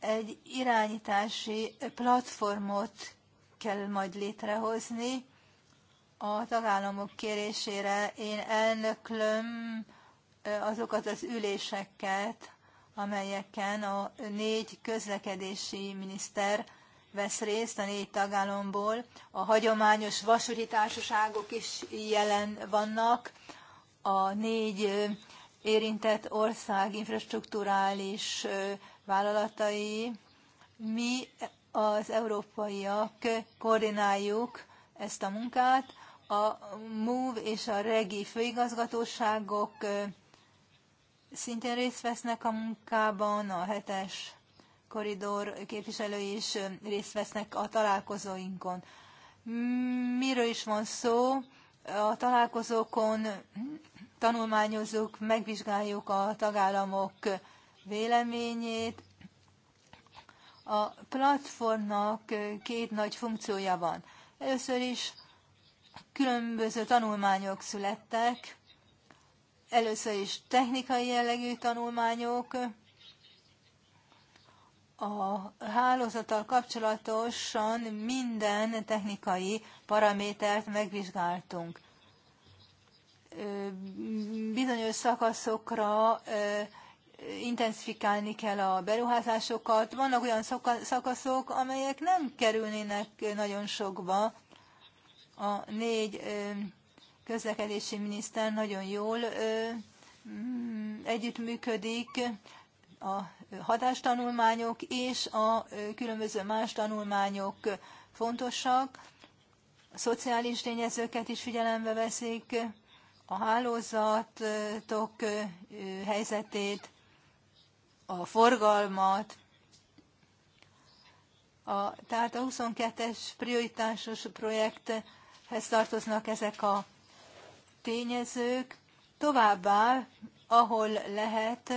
egy irányítási platformot kell majd létrehozni, a tagállamok kérésére én elnöklöm azokat az üléseket, amelyeken a négy közlekedési miniszter vesz részt a négy tagállamból. A hagyományos vasúti társaságok is jelen vannak, a négy érintett ország infrastruktúrális vállalatai. Mi az európaiak koordináljuk ezt a munkát, a MOVE és a REGI főigazgatóságok szintén részt vesznek a munkában, a hetes koridor képviselői is részt vesznek a találkozóinkon. Miről is van szó? A találkozókon tanulmányozzuk, megvizsgáljuk a tagállamok véleményét. A platformnak két nagy funkciója van. Először is Különböző tanulmányok születtek, először is technikai jellegű tanulmányok, a hálózattal kapcsolatosan minden technikai paramétert megvizsgáltunk. Bizonyos szakaszokra intenzifikálni kell a beruházásokat. Vannak olyan szakaszok, amelyek nem kerülnének nagyon sokba, a négy közlekedési miniszter nagyon jól mm, együttműködik, a hatástanulmányok és a különböző más tanulmányok fontosak, a szociális tényezőket is figyelembe veszik, a hálózatok helyzetét, a forgalmat, a, tehát a 22-es prioritásos projekt tartoznak ezek a tényezők. Továbbá, ahol lehet,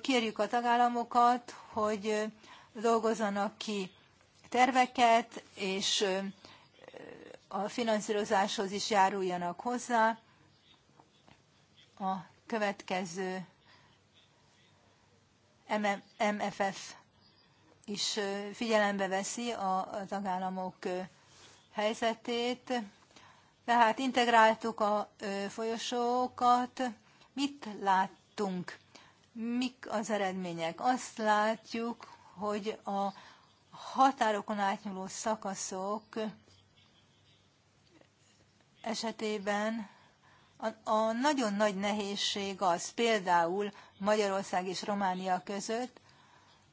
kérjük a tagállamokat, hogy dolgozzanak ki terveket, és a finanszírozáshoz is járuljanak hozzá. A következő MFF is figyelembe veszi a tagállamok helyzetét, tehát integráltuk a folyosókat. Mit láttunk? Mik az eredmények? Azt látjuk, hogy a határokon átnyúló szakaszok esetében a, a nagyon nagy nehézség az például Magyarország és Románia között,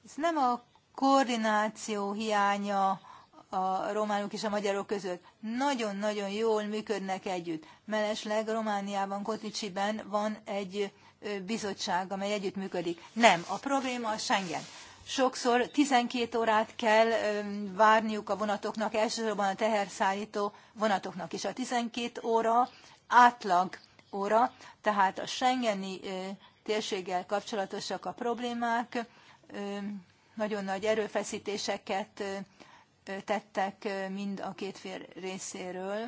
ez nem a koordináció hiánya a románok és a magyarok között. Nagyon-nagyon jól működnek együtt. Melesleg Romániában, Koticsiben van egy bizottság, amely együtt működik. Nem, a probléma a Schengen. Sokszor 12 órát kell várniuk a vonatoknak, elsősorban a teherszállító vonatoknak is. A 12 óra átlag óra, tehát a Schengeni térséggel kapcsolatosak a problémák, nagyon nagy erőfeszítéseket tettek mind a két fél részéről.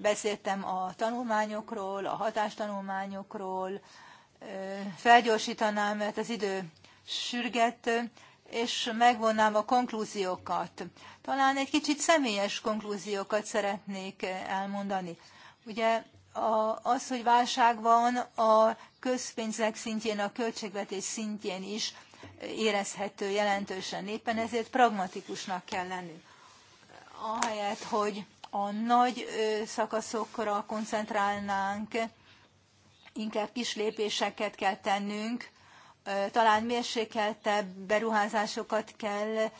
Beszéltem a tanulmányokról, a hatástanulmányokról, felgyorsítanám, mert az idő sürget, és megvonnám a konklúziókat. Talán egy kicsit személyes konklúziókat szeretnék elmondani. Ugye a, az, hogy válság van a közpénzek szintjén, a költségvetés szintjén is, érezhető jelentősen. Éppen ezért pragmatikusnak kell lenni, Ahelyett, hogy a nagy szakaszokra koncentrálnánk, inkább kis lépéseket kell tennünk, talán mérsékeltebb beruházásokat kell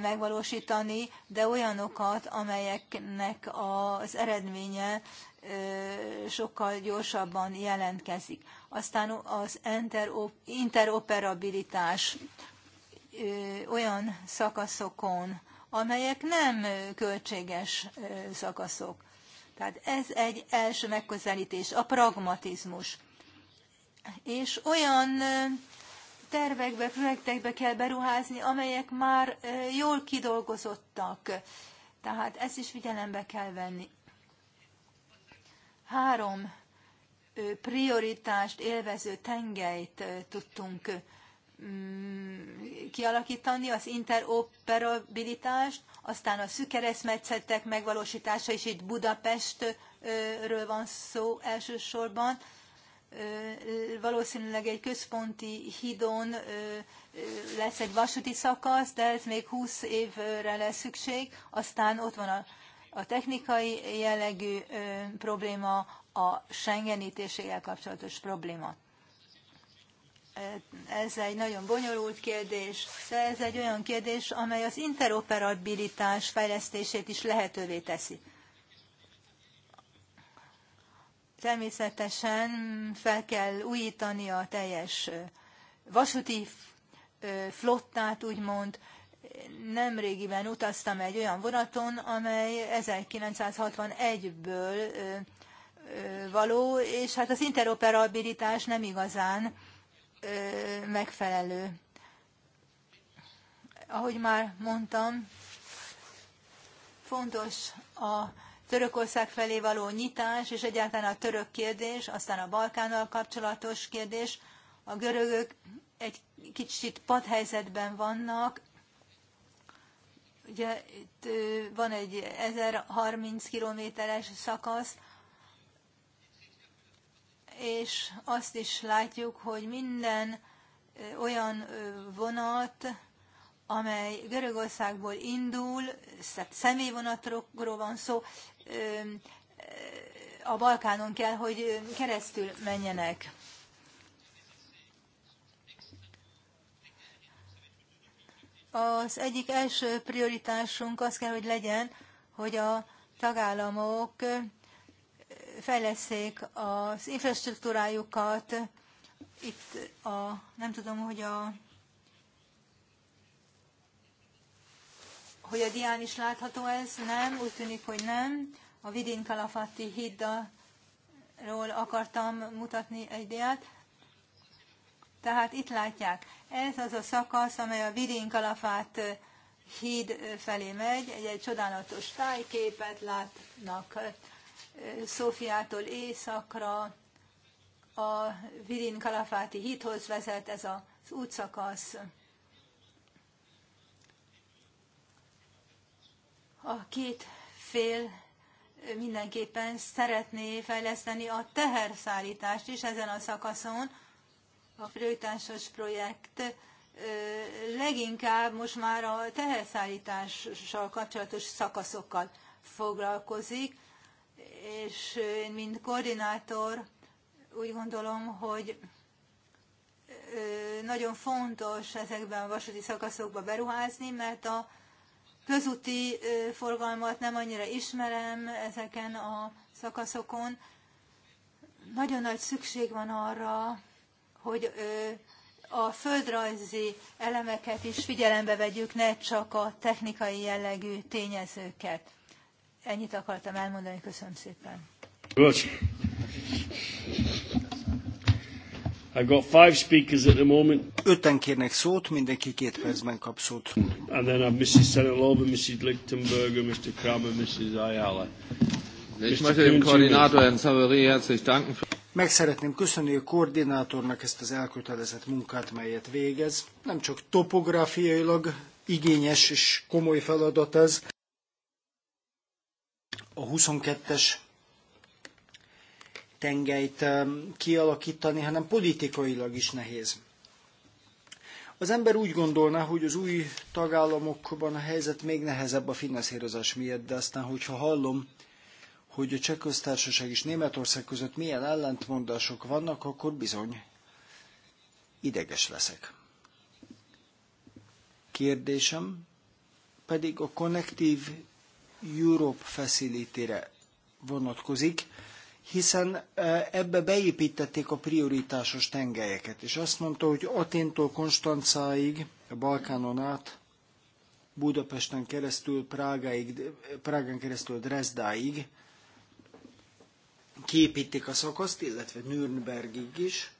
megvalósítani, de olyanokat, amelyeknek az eredménye sokkal gyorsabban jelentkezik. Aztán az interoperabilitás olyan szakaszokon, amelyek nem költséges szakaszok. Tehát ez egy első megközelítés, a pragmatizmus. És olyan tervekbe, projektekbe kell beruházni, amelyek már jól kidolgozottak. Tehát ezt is figyelembe kell venni. Három prioritást élvező tengelyt tudtunk mm, kialakítani, az interoperabilitást, aztán a szűk megvalósítása is itt Budapestről van szó elsősorban. Valószínűleg egy központi hídon lesz egy vasúti szakasz, de ez még 20 évre lesz szükség. Aztán ott van a technikai jellegű probléma, a Schengeni kapcsolatos probléma. Ez egy nagyon bonyolult kérdés, de ez egy olyan kérdés, amely az interoperabilitás fejlesztését is lehetővé teszi. Természetesen fel kell újítani a teljes vasúti flottát, úgymond. Nemrégiben utaztam egy olyan vonaton, amely 1961-ből való, és hát az interoperabilitás nem igazán megfelelő. Ahogy már mondtam, fontos a Törökország felé való nyitás, és egyáltalán a török kérdés, aztán a Balkánnal kapcsolatos kérdés. A görögök egy kicsit padhelyzetben vannak, ugye itt van egy 1030 kilométeres szakasz, és azt is látjuk, hogy minden olyan vonat, amely Görögországból indul, személyvonatról van szó, a Balkánon kell, hogy keresztül menjenek. Az egyik első prioritásunk az kell, hogy legyen, hogy a tagállamok fejleszék az infrastruktúrájukat. Itt a, nem tudom, hogy a hogy a dián is látható ez, nem? Úgy tűnik, hogy nem. A Vidin Kalafati hídról akartam mutatni egy diát. Tehát itt látják, ez az a szakasz, amely a Vidin Kalafát híd felé megy, egy, egy csodálatos tájképet látnak. Szófiától északra, a Vidin Kalafáti híthoz vezet ez az útszakasz. A két fél mindenképpen szeretné fejleszteni a teherszállítást is ezen a szakaszon. A prioritásos projekt leginkább most már a teherszállítással kapcsolatos szakaszokkal foglalkozik és én, mint koordinátor úgy gondolom, hogy nagyon fontos ezekben a vasúti szakaszokba beruházni, mert a közúti forgalmat nem annyira ismerem ezeken a szakaszokon. Nagyon nagy szükség van arra, hogy a földrajzi elemeket is figyelembe vegyük, ne csak a technikai jellegű tényezőket. Ennyit akartam elmondani, köszönöm szépen. Good. I've got five speakers at the moment. Öten kérnek szót, mindenki két percben kap szót. And then I've Mrs. Senelova, Mrs. Lichtenberger, Mr. Kramer, Mrs. Ayala. Ich möchte dem Koordinator Herrn Savary herzlich danken. Meg szeretném köszönni a koordinátornak ezt az elkötelezett munkát, melyet végez. Nem csak topográfiailag igényes és komoly feladat ez, a 22-es tengelyt um, kialakítani, hanem politikailag is nehéz. Az ember úgy gondolná, hogy az új tagállamokban a helyzet még nehezebb a finanszírozás miatt, de aztán, hogyha hallom, hogy a Csehköztársaság és Németország között milyen ellentmondások vannak, akkor bizony ideges leszek. Kérdésem pedig a konnektív Europe facility vonatkozik, hiszen e, ebbe beépítették a prioritásos tengelyeket, és azt mondta, hogy Aténtól Konstancáig, a Balkánon át, Budapesten keresztül, Prágáig, Prágán keresztül Dresdáig képítik a szakaszt, illetve Nürnbergig is,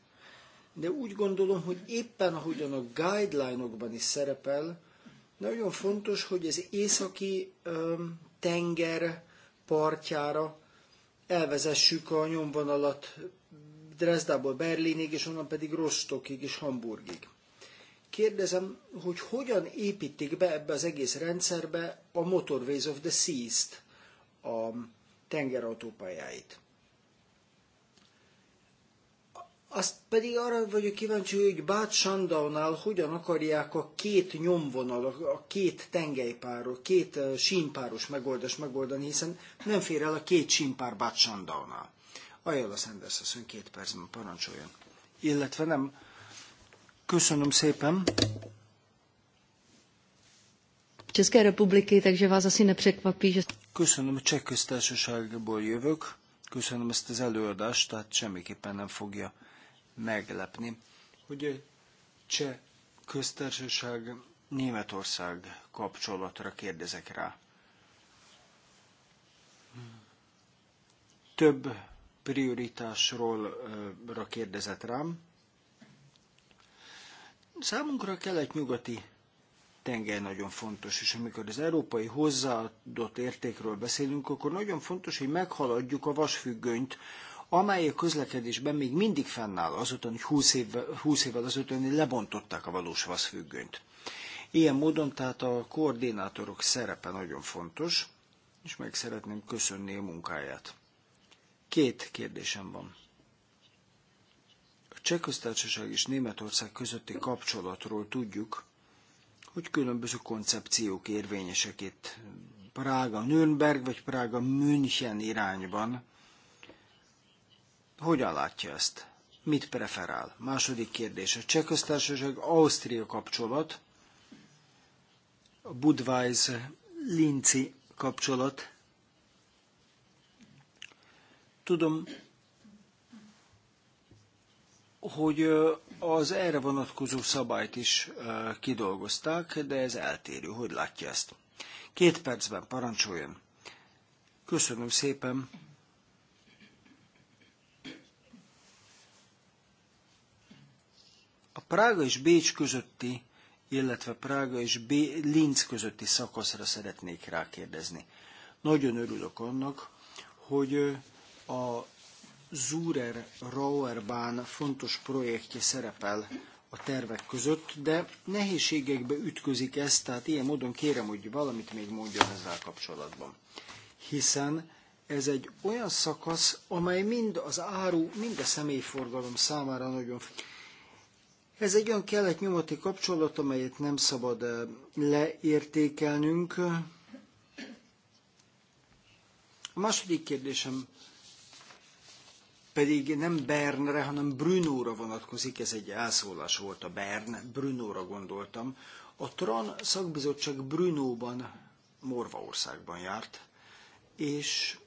de úgy gondolom, hogy éppen ahogyan a guideline-okban is szerepel, nagyon fontos, hogy az északi tenger partjára elvezessük a nyomvonalat Dresdából Berlinig, és onnan pedig Rostokig és Hamburgig. Kérdezem, hogy hogyan építik be ebbe az egész rendszerbe a Motorways of the Seas-t, a tengerautópályáit. Azt pedig arra vagyok kíváncsi, hogy Bát Sandaunál hogyan akarják a két nyomvonal, a két tengelypáros, két sínpáros megoldást megoldani, hiszen nem fér el a két sínpár Bát Sandaunál. Ajala Sanders asszony két percben parancsoljon. Illetve nem. Köszönöm szépen. České republiky, takže vás asi nepřekvapí, že... Köszönöm, a Cseh köztársaságból jövök. Köszönöm ezt az előadást, tehát semmiképpen nem fogja meglepni, hogy a cseh köztársaság Németország kapcsolatra kérdezek rá. Több prioritásról kérdezett rám. Számunkra a kelet-nyugati tenger nagyon fontos, és amikor az európai hozzáadott értékről beszélünk, akkor nagyon fontos, hogy meghaladjuk a vasfüggönyt, amely a közlekedésben még mindig fennáll azután, hogy 20 évvel, 20 évvel azután, lebontották a valós vaszfüggönyt. Ilyen módon tehát a koordinátorok szerepe nagyon fontos, és meg szeretném köszönni a munkáját. Két kérdésem van. A Csehköztársaság és Németország közötti kapcsolatról tudjuk, hogy különböző koncepciók érvényesek itt. Prága Nürnberg vagy Prága München irányban. Hogyan látja ezt? Mit preferál? Második kérdés. A Csehköztársaság Ausztria kapcsolat, a budweis linci kapcsolat. Tudom, hogy az erre vonatkozó szabályt is kidolgozták, de ez eltérő. Hogy látja ezt? Két percben parancsoljon. Köszönöm szépen. Prága és Bécs közötti, illetve Prága és B- Linz közötti szakaszra szeretnék rákérdezni. Nagyon örülök annak, hogy a Zúrer Rauerbán fontos projektje szerepel a tervek között, de nehézségekbe ütközik ez, tehát ilyen módon kérem, hogy valamit még mondjon ezzel kapcsolatban. Hiszen ez egy olyan szakasz, amely mind az áru, mind a személyforgalom számára nagyon fontos. Ez egy olyan kelet-nyugati kapcsolat, amelyet nem szabad eh, leértékelnünk. A második kérdésem pedig nem Bernre, hanem Brunóra vonatkozik, ez egy elszólás volt a Bern, Brunóra gondoltam. A TRAN szakbizottság Brunóban, Morvaországban járt, és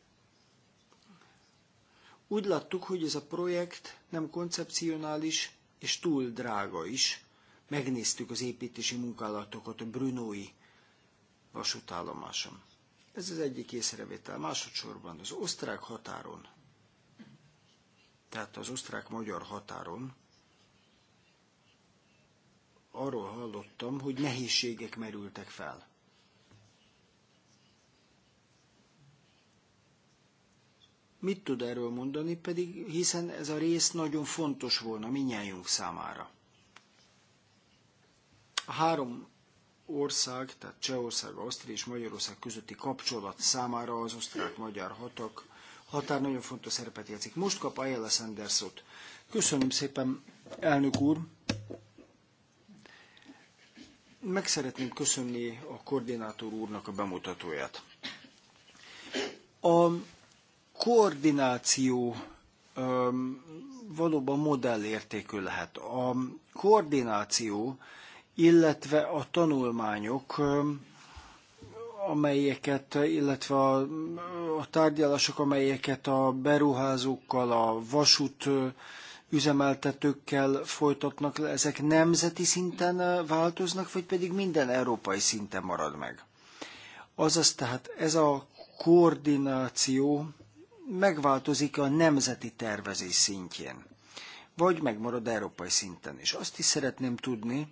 úgy láttuk, hogy ez a projekt nem koncepcionális, és túl drága is. Megnéztük az építési munkálatokat a Brunói vasútállomáson. Ez az egyik észrevétel. Másodszorban az osztrák határon, tehát az osztrák-magyar határon, arról hallottam, hogy nehézségek merültek fel. Mit tud erről mondani, pedig hiszen ez a rész nagyon fontos volna minnyájunk számára. A három ország, tehát Csehország, Ausztria és Magyarország közötti kapcsolat számára az osztrák-magyar hatak, határ nagyon fontos szerepet játszik. Most kap Ayala Sandersot. Köszönöm szépen, elnök úr! Meg szeretném köszönni a koordinátor úrnak a bemutatóját. A koordináció valóban modellértékű lehet. A koordináció, illetve a tanulmányok, amelyeket, illetve a, a tárgyalások, amelyeket a beruházókkal, a vasút üzemeltetőkkel folytatnak le, ezek nemzeti szinten változnak, vagy pedig minden európai szinten marad meg? Azaz tehát ez a koordináció megváltozik a nemzeti tervezés szintjén, vagy megmarad európai szinten. És azt is szeretném tudni,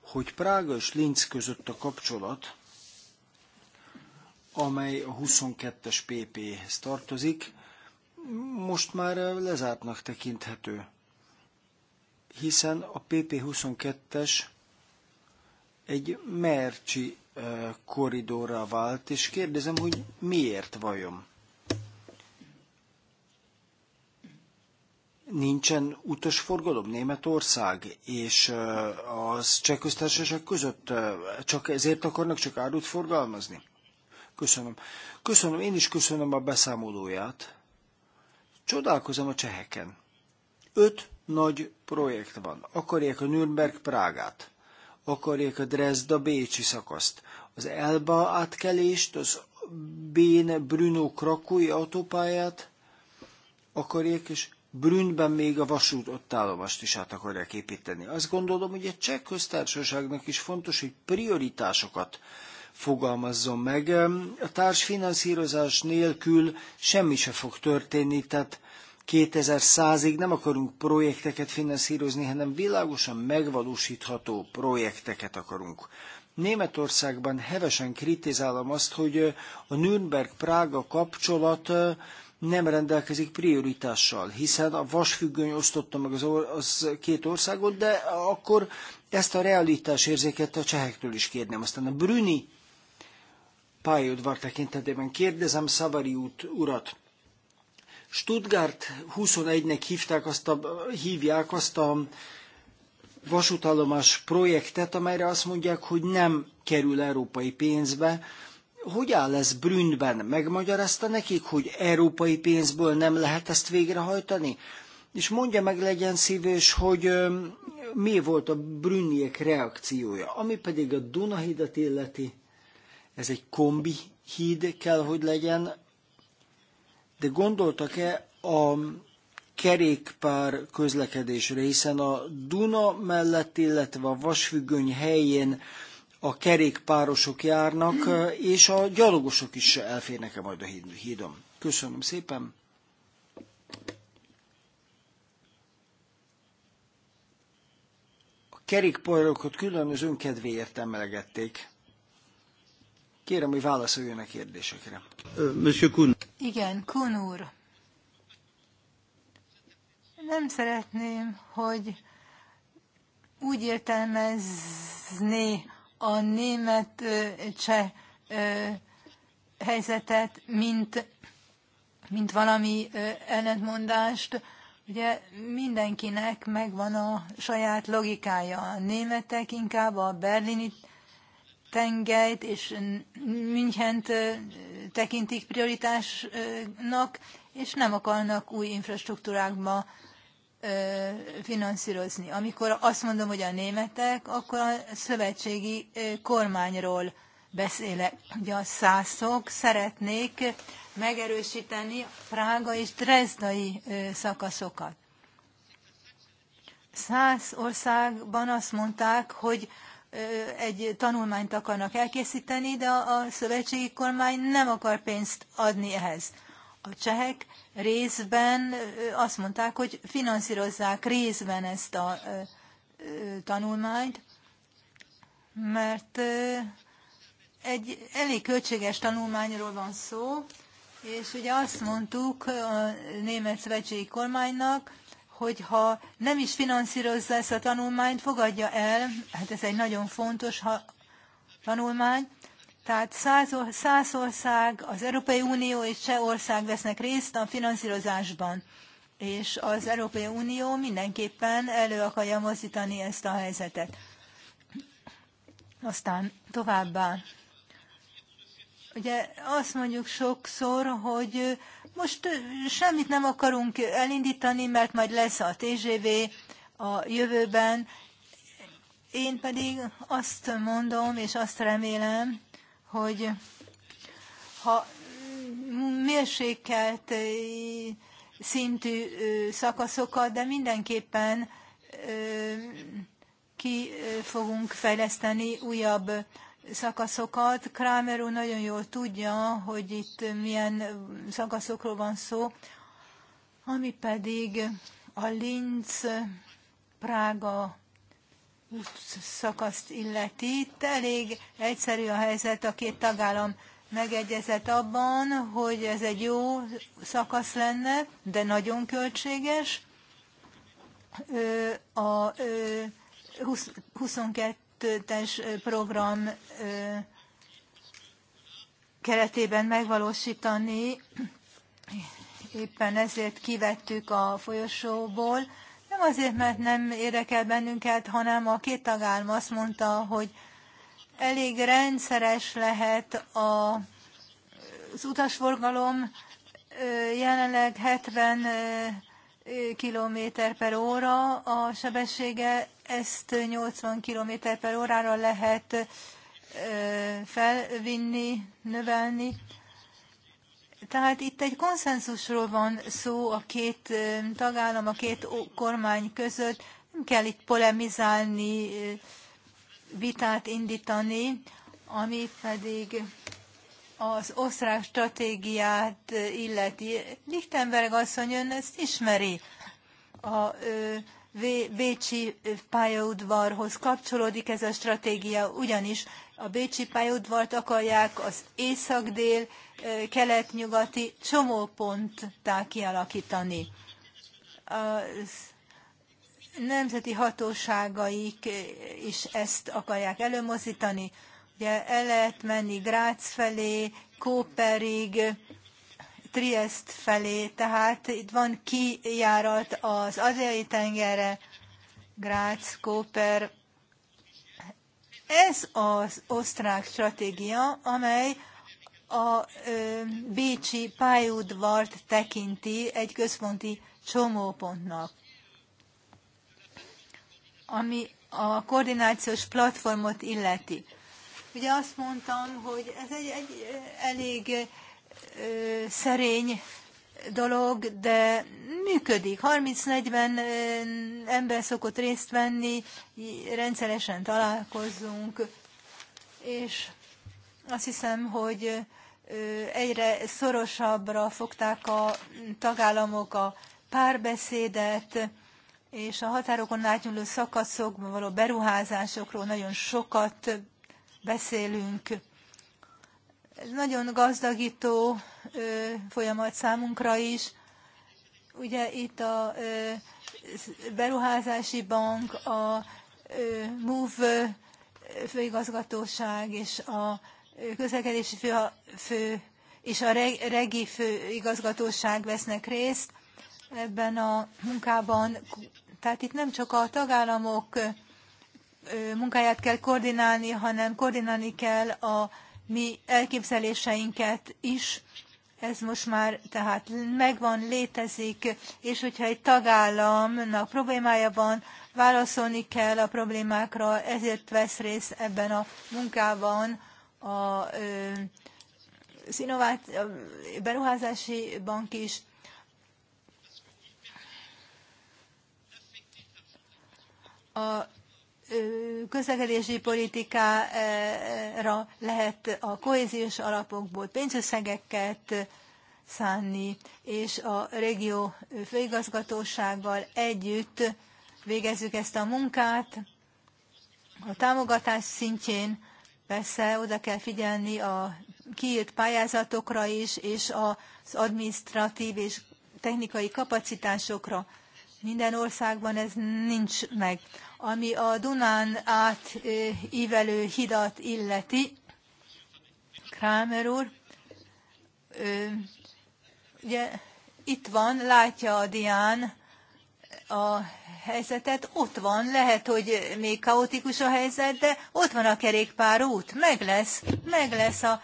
hogy Prága és Linz között a kapcsolat, amely a 22-es PP-hez tartozik, most már lezártnak tekinthető, hiszen a PP22-es egy mercsi eh, korridorra vált, és kérdezem, hogy miért vajon? nincsen utasforgalom Németország és az cseh köztársaság között, csak ezért akarnak csak árut forgalmazni? Köszönöm. Köszönöm, én is köszönöm a beszámolóját. Csodálkozom a cseheken. Öt nagy projekt van. Akarják a Nürnberg Prágát, akarják a Dresda Bécsi szakaszt, az Elba átkelést, az Bén Bruno Krakói autópályát, akarják, és Brünnben még a vasút ott állomást is át akarják építeni. Azt gondolom, hogy a cseh köztársaságnak is fontos, hogy prioritásokat fogalmazzon meg. A társfinanszírozás nélkül semmi se fog történni, tehát 2100-ig nem akarunk projekteket finanszírozni, hanem világosan megvalósítható projekteket akarunk. Németországban hevesen kritizálom azt, hogy a Nürnberg-Prága kapcsolat nem rendelkezik prioritással, hiszen a vasfüggöny osztotta meg az, or- az két országot, de akkor ezt a realitás érzéket a csehektől is kérném. Aztán a Brüni pályaudvar tekintetében kérdezem Szavari út urat. Stuttgart 21-nek hívták azt a, hívják azt a vasútállomás projektet, amelyre azt mondják, hogy nem kerül európai pénzbe, hogy áll ez Brünnben? Megmagyarázta nekik, hogy európai pénzből nem lehet ezt végrehajtani? És mondja meg, legyen szívős, hogy ö, mi volt a brünniek reakciója. Ami pedig a Dunahidat illeti, ez egy kombi híd kell, hogy legyen, de gondoltak-e a kerékpár közlekedésre, hiszen a Duna mellett, illetve a vasfüggöny helyén a kerékpárosok járnak, eh, és a gyalogosok is elférnek-e majd a hídon. Köszönöm szépen! kerékpárokat külön az önkedvéért emelegették. Kérem, hogy válaszoljon a kérdésekre. Monsieur Kun. Igen, Kun úr. Nem szeretném, hogy úgy értelmezni a német cseh helyzetet, mint, mint valami ellentmondást. Ugye mindenkinek megvan a saját logikája. A németek inkább a berlini tengelyt és Münchent tekintik prioritásnak, és nem akarnak új infrastruktúrákba finanszírozni. Amikor azt mondom, hogy a németek, akkor a szövetségi kormányról beszélek. Ugye a szászok szeretnék megerősíteni Prága és Dresdai szakaszokat. Száz országban azt mondták, hogy egy tanulmányt akarnak elkészíteni, de a szövetségi kormány nem akar pénzt adni ehhez a csehek részben azt mondták, hogy finanszírozzák részben ezt a tanulmányt, mert egy elég költséges tanulmányról van szó, és ugye azt mondtuk a német szövetségi kormánynak, hogy ha nem is finanszírozza ezt a tanulmányt, fogadja el, hát ez egy nagyon fontos tanulmány, tehát száz, ország, az Európai Unió és Csehország vesznek részt a finanszírozásban, és az Európai Unió mindenképpen elő akarja mozdítani ezt a helyzetet. Aztán továbbá. Ugye azt mondjuk sokszor, hogy most semmit nem akarunk elindítani, mert majd lesz a TGV a jövőben. Én pedig azt mondom, és azt remélem, hogy ha mérsékelt szintű szakaszokat, de mindenképpen ki fogunk fejleszteni újabb szakaszokat. Kramer úr nagyon jól tudja, hogy itt milyen szakaszokról van szó, ami pedig a Linz, Prága szakaszt illeti. Itt elég egyszerű a helyzet, a két tagállam megegyezett abban, hogy ez egy jó szakasz lenne, de nagyon költséges. A 22-es program keretében megvalósítani, éppen ezért kivettük a folyosóból nem azért, mert nem érdekel bennünket, hanem a két tagállam azt mondta, hogy elég rendszeres lehet a, az utasforgalom, jelenleg 70 km per óra a sebessége, ezt 80 km per órára lehet felvinni, növelni. Tehát itt egy konszenzusról van szó a két tagállam, a két kormány között. Nem kell itt polemizálni, vitát indítani, ami pedig az osztrák stratégiát illeti. Lichtenberg asszony ön ezt ismeri. A Bécsi pályaudvarhoz kapcsolódik ez a stratégia, ugyanis a Bécsi pályaudvart akarják az észak-dél kelet-nyugati csomóponttá kialakítani. A nemzeti hatóságaik is ezt akarják előmozdítani. Ugye el lehet menni Grác felé, Kóperig, Triest felé, tehát itt van kijárat az Adriai tengerre, Grác, Kóper. Ez az osztrák stratégia, amely a Bécsi pályaudvart tekinti egy központi csomópontnak. Ami a koordinációs platformot illeti. Ugye azt mondtam, hogy ez egy, egy elég ö, szerény dolog, de működik. 30-40 ember szokott részt venni, rendszeresen találkozunk, és azt hiszem, hogy egyre szorosabbra fogták a tagállamok a párbeszédet, és a határokon átnyúló szakaszokban való beruházásokról nagyon sokat beszélünk. Ez nagyon gazdagító folyamat számunkra is. Ugye itt a beruházási bank, a MOVE főigazgatóság és a közlekedési fő, fő és a regi főigazgatóság vesznek részt ebben a munkában. Tehát itt nem csak a tagállamok munkáját kell koordinálni, hanem koordinálni kell a mi elképzeléseinket is. Ez most már tehát megvan, létezik, és hogyha egy tagállamnak problémája van, válaszolni kell a problémákra, ezért vesz részt ebben a munkában a, az innováció, beruházási bank is. A közlekedési politikára lehet a kohéziós alapokból pénzösszegeket szánni, és a régió főigazgatósággal együtt végezzük ezt a munkát a támogatás szintjén Persze oda kell figyelni a kiírt pályázatokra is, és az administratív és technikai kapacitásokra. Minden országban ez nincs meg. Ami a Dunán átívelő hidat illeti, Kramer úr, ugye itt van, látja a dián a helyzetet, ott van, lehet, hogy még kaotikus a helyzet, de ott van a kerékpárút, meg lesz, meg lesz a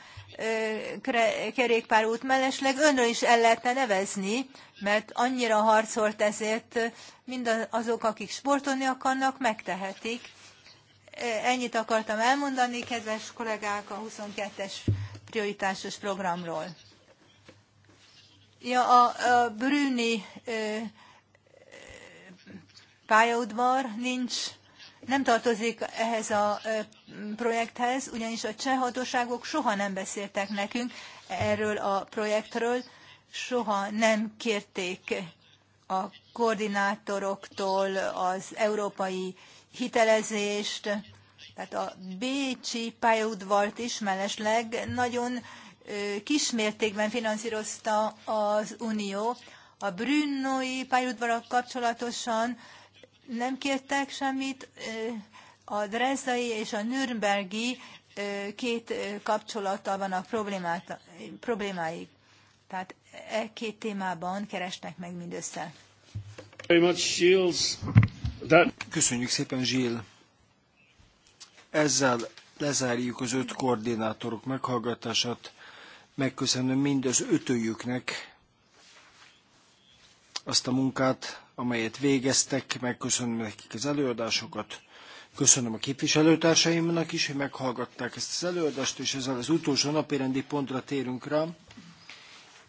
kerékpárút mellesleg önről is el lehetne nevezni, mert annyira harcolt ezért mindazok, akik sportolni akarnak, megtehetik. Ennyit akartam elmondani, kedves kollégák, a 22-es prioritásos programról. Ja, a, a Brüni pályaudvar nincs, nem tartozik ehhez a projekthez, ugyanis a cseh hatóságok soha nem beszéltek nekünk erről a projektről, soha nem kérték a koordinátoroktól az európai hitelezést, tehát a bécsi pályaudvart is mellesleg nagyon kismértékben finanszírozta az Unió. A Brünnói pályaudvarak kapcsolatosan nem kértek semmit. A Drezai és a Nürnbergi két kapcsolattal vannak problémáik. Tehát e két témában keresnek meg mindössze. Köszönjük szépen, Zsíl. Ezzel lezárjuk az öt koordinátorok meghallgatását. Megköszönöm mind az ötöjüknek azt a munkát, amelyet végeztek, megköszönöm nekik az előadásokat, köszönöm a képviselőtársaimnak is, hogy meghallgatták ezt az előadást, és ezzel az utolsó napirendi pontra térünk rá,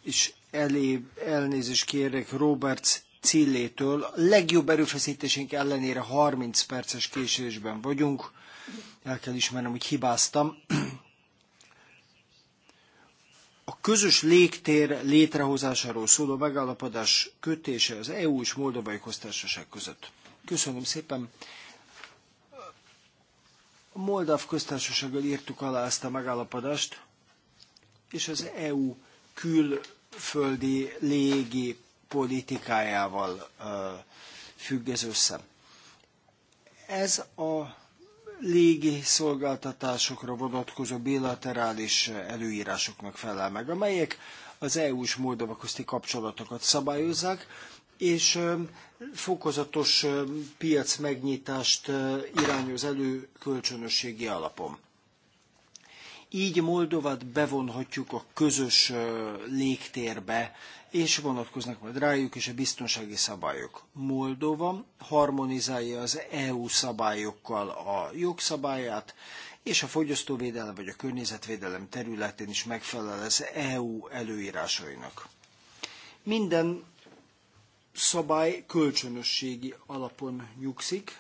és elé, elnézést kérek Roberts Cillétől. A legjobb erőfeszítésünk ellenére 30 perces késésben vagyunk. El kell ismernem, hogy hibáztam, közös légtér létrehozásáról szóló megállapodás kötése az EU és Moldovai Köztársaság között. Köszönöm szépen. A Moldav köztársasággal írtuk alá ezt a megállapodást, és az EU külföldi légi politikájával függ ez össze. Ez a légi szolgáltatásokra vonatkozó bilaterális előírásoknak felel meg, amelyek az EU-s Moldova közti kapcsolatokat szabályozzák, és fokozatos piac megnyitást irányoz elő kölcsönösségi alapon. Így Moldovat bevonhatjuk a közös légtérbe, és vonatkoznak majd rájuk is a biztonsági szabályok. Moldova harmonizálja az EU szabályokkal a jogszabályát, és a fogyasztóvédelem vagy a környezetvédelem területén is megfelel az EU előírásainak. Minden szabály kölcsönösségi alapon nyugszik,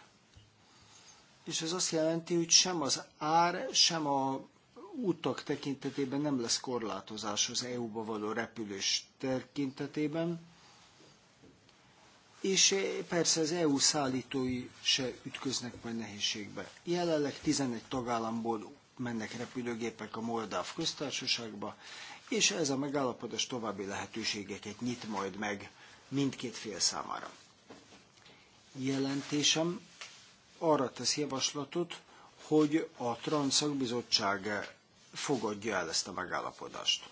és ez azt jelenti, hogy sem az ár, sem a utak tekintetében nem lesz korlátozás az EU-ba való repülés tekintetében, és eh, persze az EU szállítói se ütköznek majd nehézségbe. Jelenleg 11 tagállamból mennek repülőgépek a Moldáv köztársaságba, és ez a megállapodás további lehetőségeket nyit majd meg mindkét fél számára. Jelentésem arra tesz javaslatot, hogy a Transzakbizottság fogadja el ezt a megállapodást.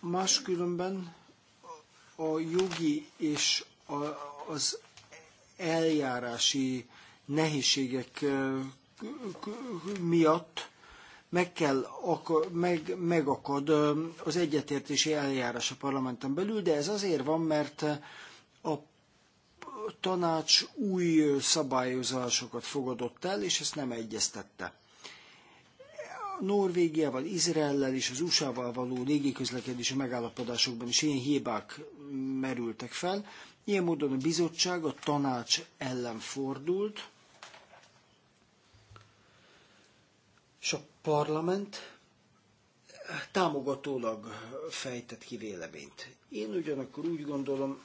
Máskülönben a jogi és a, az eljárási nehézségek miatt meg kell, meg, megakad az egyetértési eljárás a parlamenten belül, de ez azért van, mert a tanács új szabályozásokat fogadott el, és ezt nem egyeztette. Norvégiával, Izraellel és az USA-val való légiközlekedési megállapodásokban is ilyen hibák merültek fel. Ilyen módon a bizottság a tanács ellen fordult, és a parlament támogatólag fejtett ki véleményt. Én ugyanakkor úgy gondolom,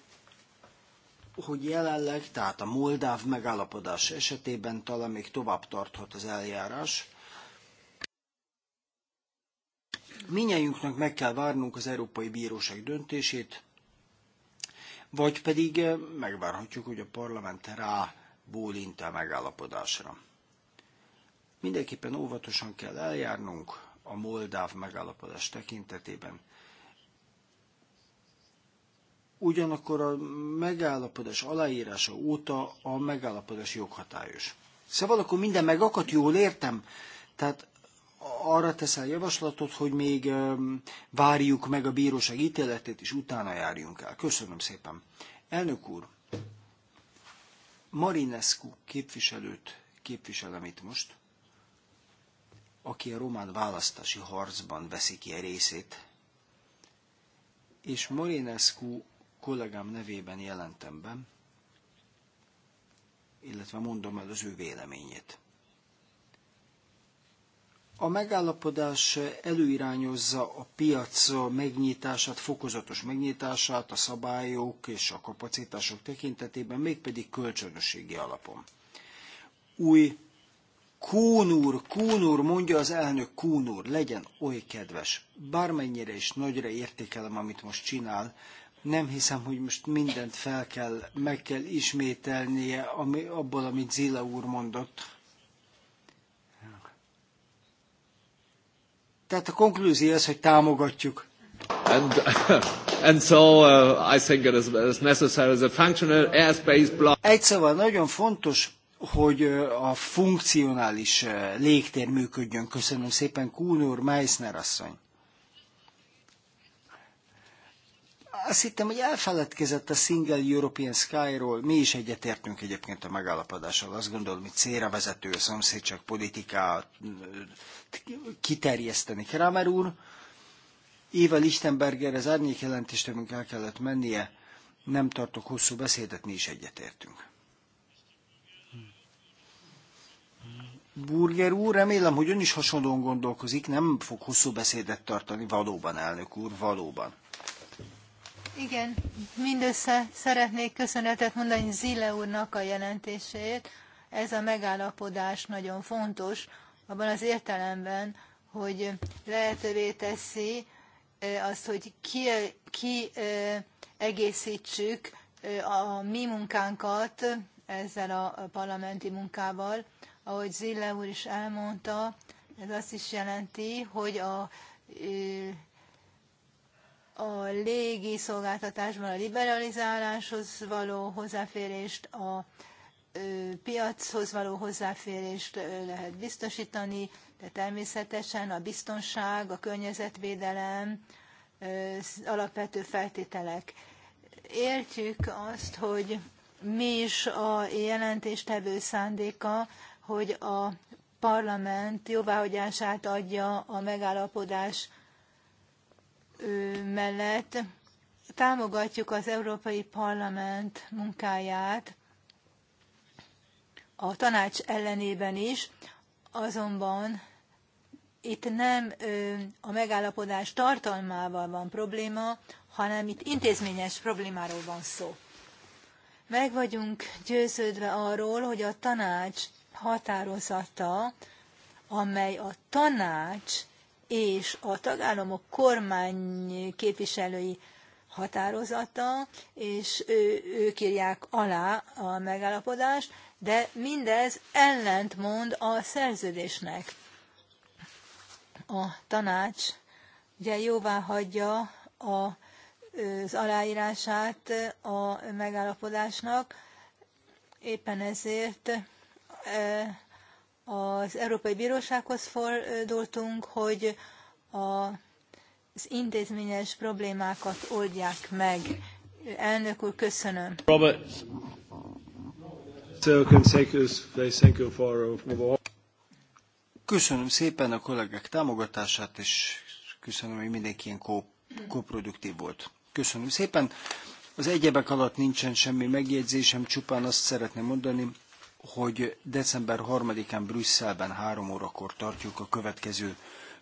hogy jelenleg, tehát a moldáv megállapodás esetében talán még tovább tarthat az eljárás. Minnyájunknak meg kell várnunk az Európai Bíróság döntését, vagy pedig eh, megvárhatjuk, hogy a parlament rá bólint a megállapodásra. Mindenképpen óvatosan kell eljárnunk a moldáv megállapodás tekintetében, ugyanakkor a megállapodás aláírása óta a megállapodás joghatályos. Szóval akkor minden megakadt, jól értem? Tehát arra teszel javaslatot, hogy még várjuk meg a bíróság ítéletét, és utána járjunk el. Köszönöm szépen. Elnök úr, Marinescu képviselőt képviselem itt most, aki a román választási harcban veszi ki a részét, és Marinescu kollégám nevében jelentem be, illetve mondom el az ő véleményét. A megállapodás előirányozza a piac megnyitását, fokozatos megnyitását a szabályok és a kapacitások tekintetében, mégpedig kölcsönösségi alapon. Új Kúnúr, Kúnúr, mondja az elnök Kúnúr, legyen oly kedves. Bármennyire is nagyra értékelem, amit most csinál, nem hiszem, hogy most mindent fel kell, meg kell ismételnie ami, abból, amit Zila úr mondott. Tehát a konklúzió az, hogy támogatjuk. And, and so uh, I think it is, is necessary as a functional airspace block. Egy szóval nagyon fontos, hogy uh, a funkcionális uh, légtér működjön. Köszönöm szépen, Kúnor Meissner asszony. azt hittem, hogy elfeledkezett a Single European Sky-ról. Mi is egyetértünk egyébként a megállapodással. Azt gondolom, hogy célra vezető a szomszédság politikát kiterjeszteni Kramer úr. Éva Lichtenberger az árnyék jelentéstőmünk el kellett mennie. Nem tartok hosszú beszédet, mi is egyetértünk. Burger úr, remélem, hogy ön is hasonlóan gondolkozik, nem fog hosszú beszédet tartani, valóban elnök úr, valóban. Igen, mindössze szeretnék köszönetet mondani Zile úrnak a jelentését. Ez a megállapodás nagyon fontos, abban az értelemben, hogy lehetővé teszi azt, hogy ki ki, a mi munkánkat ezzel a parlamenti munkával. Ahogy Zille úr is elmondta, ez azt is jelenti, hogy a a légi szolgáltatásban a liberalizáláshoz való hozzáférést, a piachoz való hozzáférést lehet biztosítani, de természetesen a biztonság, a környezetvédelem alapvető feltételek. Értjük azt, hogy mi is a jelentéstevő szándéka, hogy a parlament jóváhagyását adja a megállapodás mellett támogatjuk az Európai Parlament munkáját a tanács ellenében is, azonban itt nem a megállapodás tartalmával van probléma, hanem itt intézményes problémáról van szó. Meg vagyunk győződve arról, hogy a tanács határozata, amely a tanács és a tagállamok kormány képviselői határozata, és ő, ők írják alá a megállapodást, de mindez ellentmond a szerződésnek. A tanács ugye jóvá hagyja a, az aláírását a megállapodásnak, éppen ezért e, az Európai Bírósághoz fordultunk, hogy az intézményes problémákat oldják meg. Elnök úr, köszönöm. Robert. Köszönöm szépen a kollégák támogatását, és köszönöm, hogy mindenki ilyen koproduktív volt. Köszönöm szépen. Az egyebek alatt nincsen semmi megjegyzésem, csupán azt szeretném mondani, hogy december 3-án Brüsszelben három órakor tartjuk a következő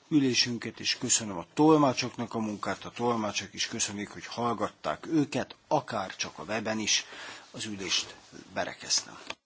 ülésünket, és köszönöm a tolmácsoknak a munkát, a tolmácsok is köszönik, hogy hallgatták őket, akár csak a weben is, az ülést berekeztem.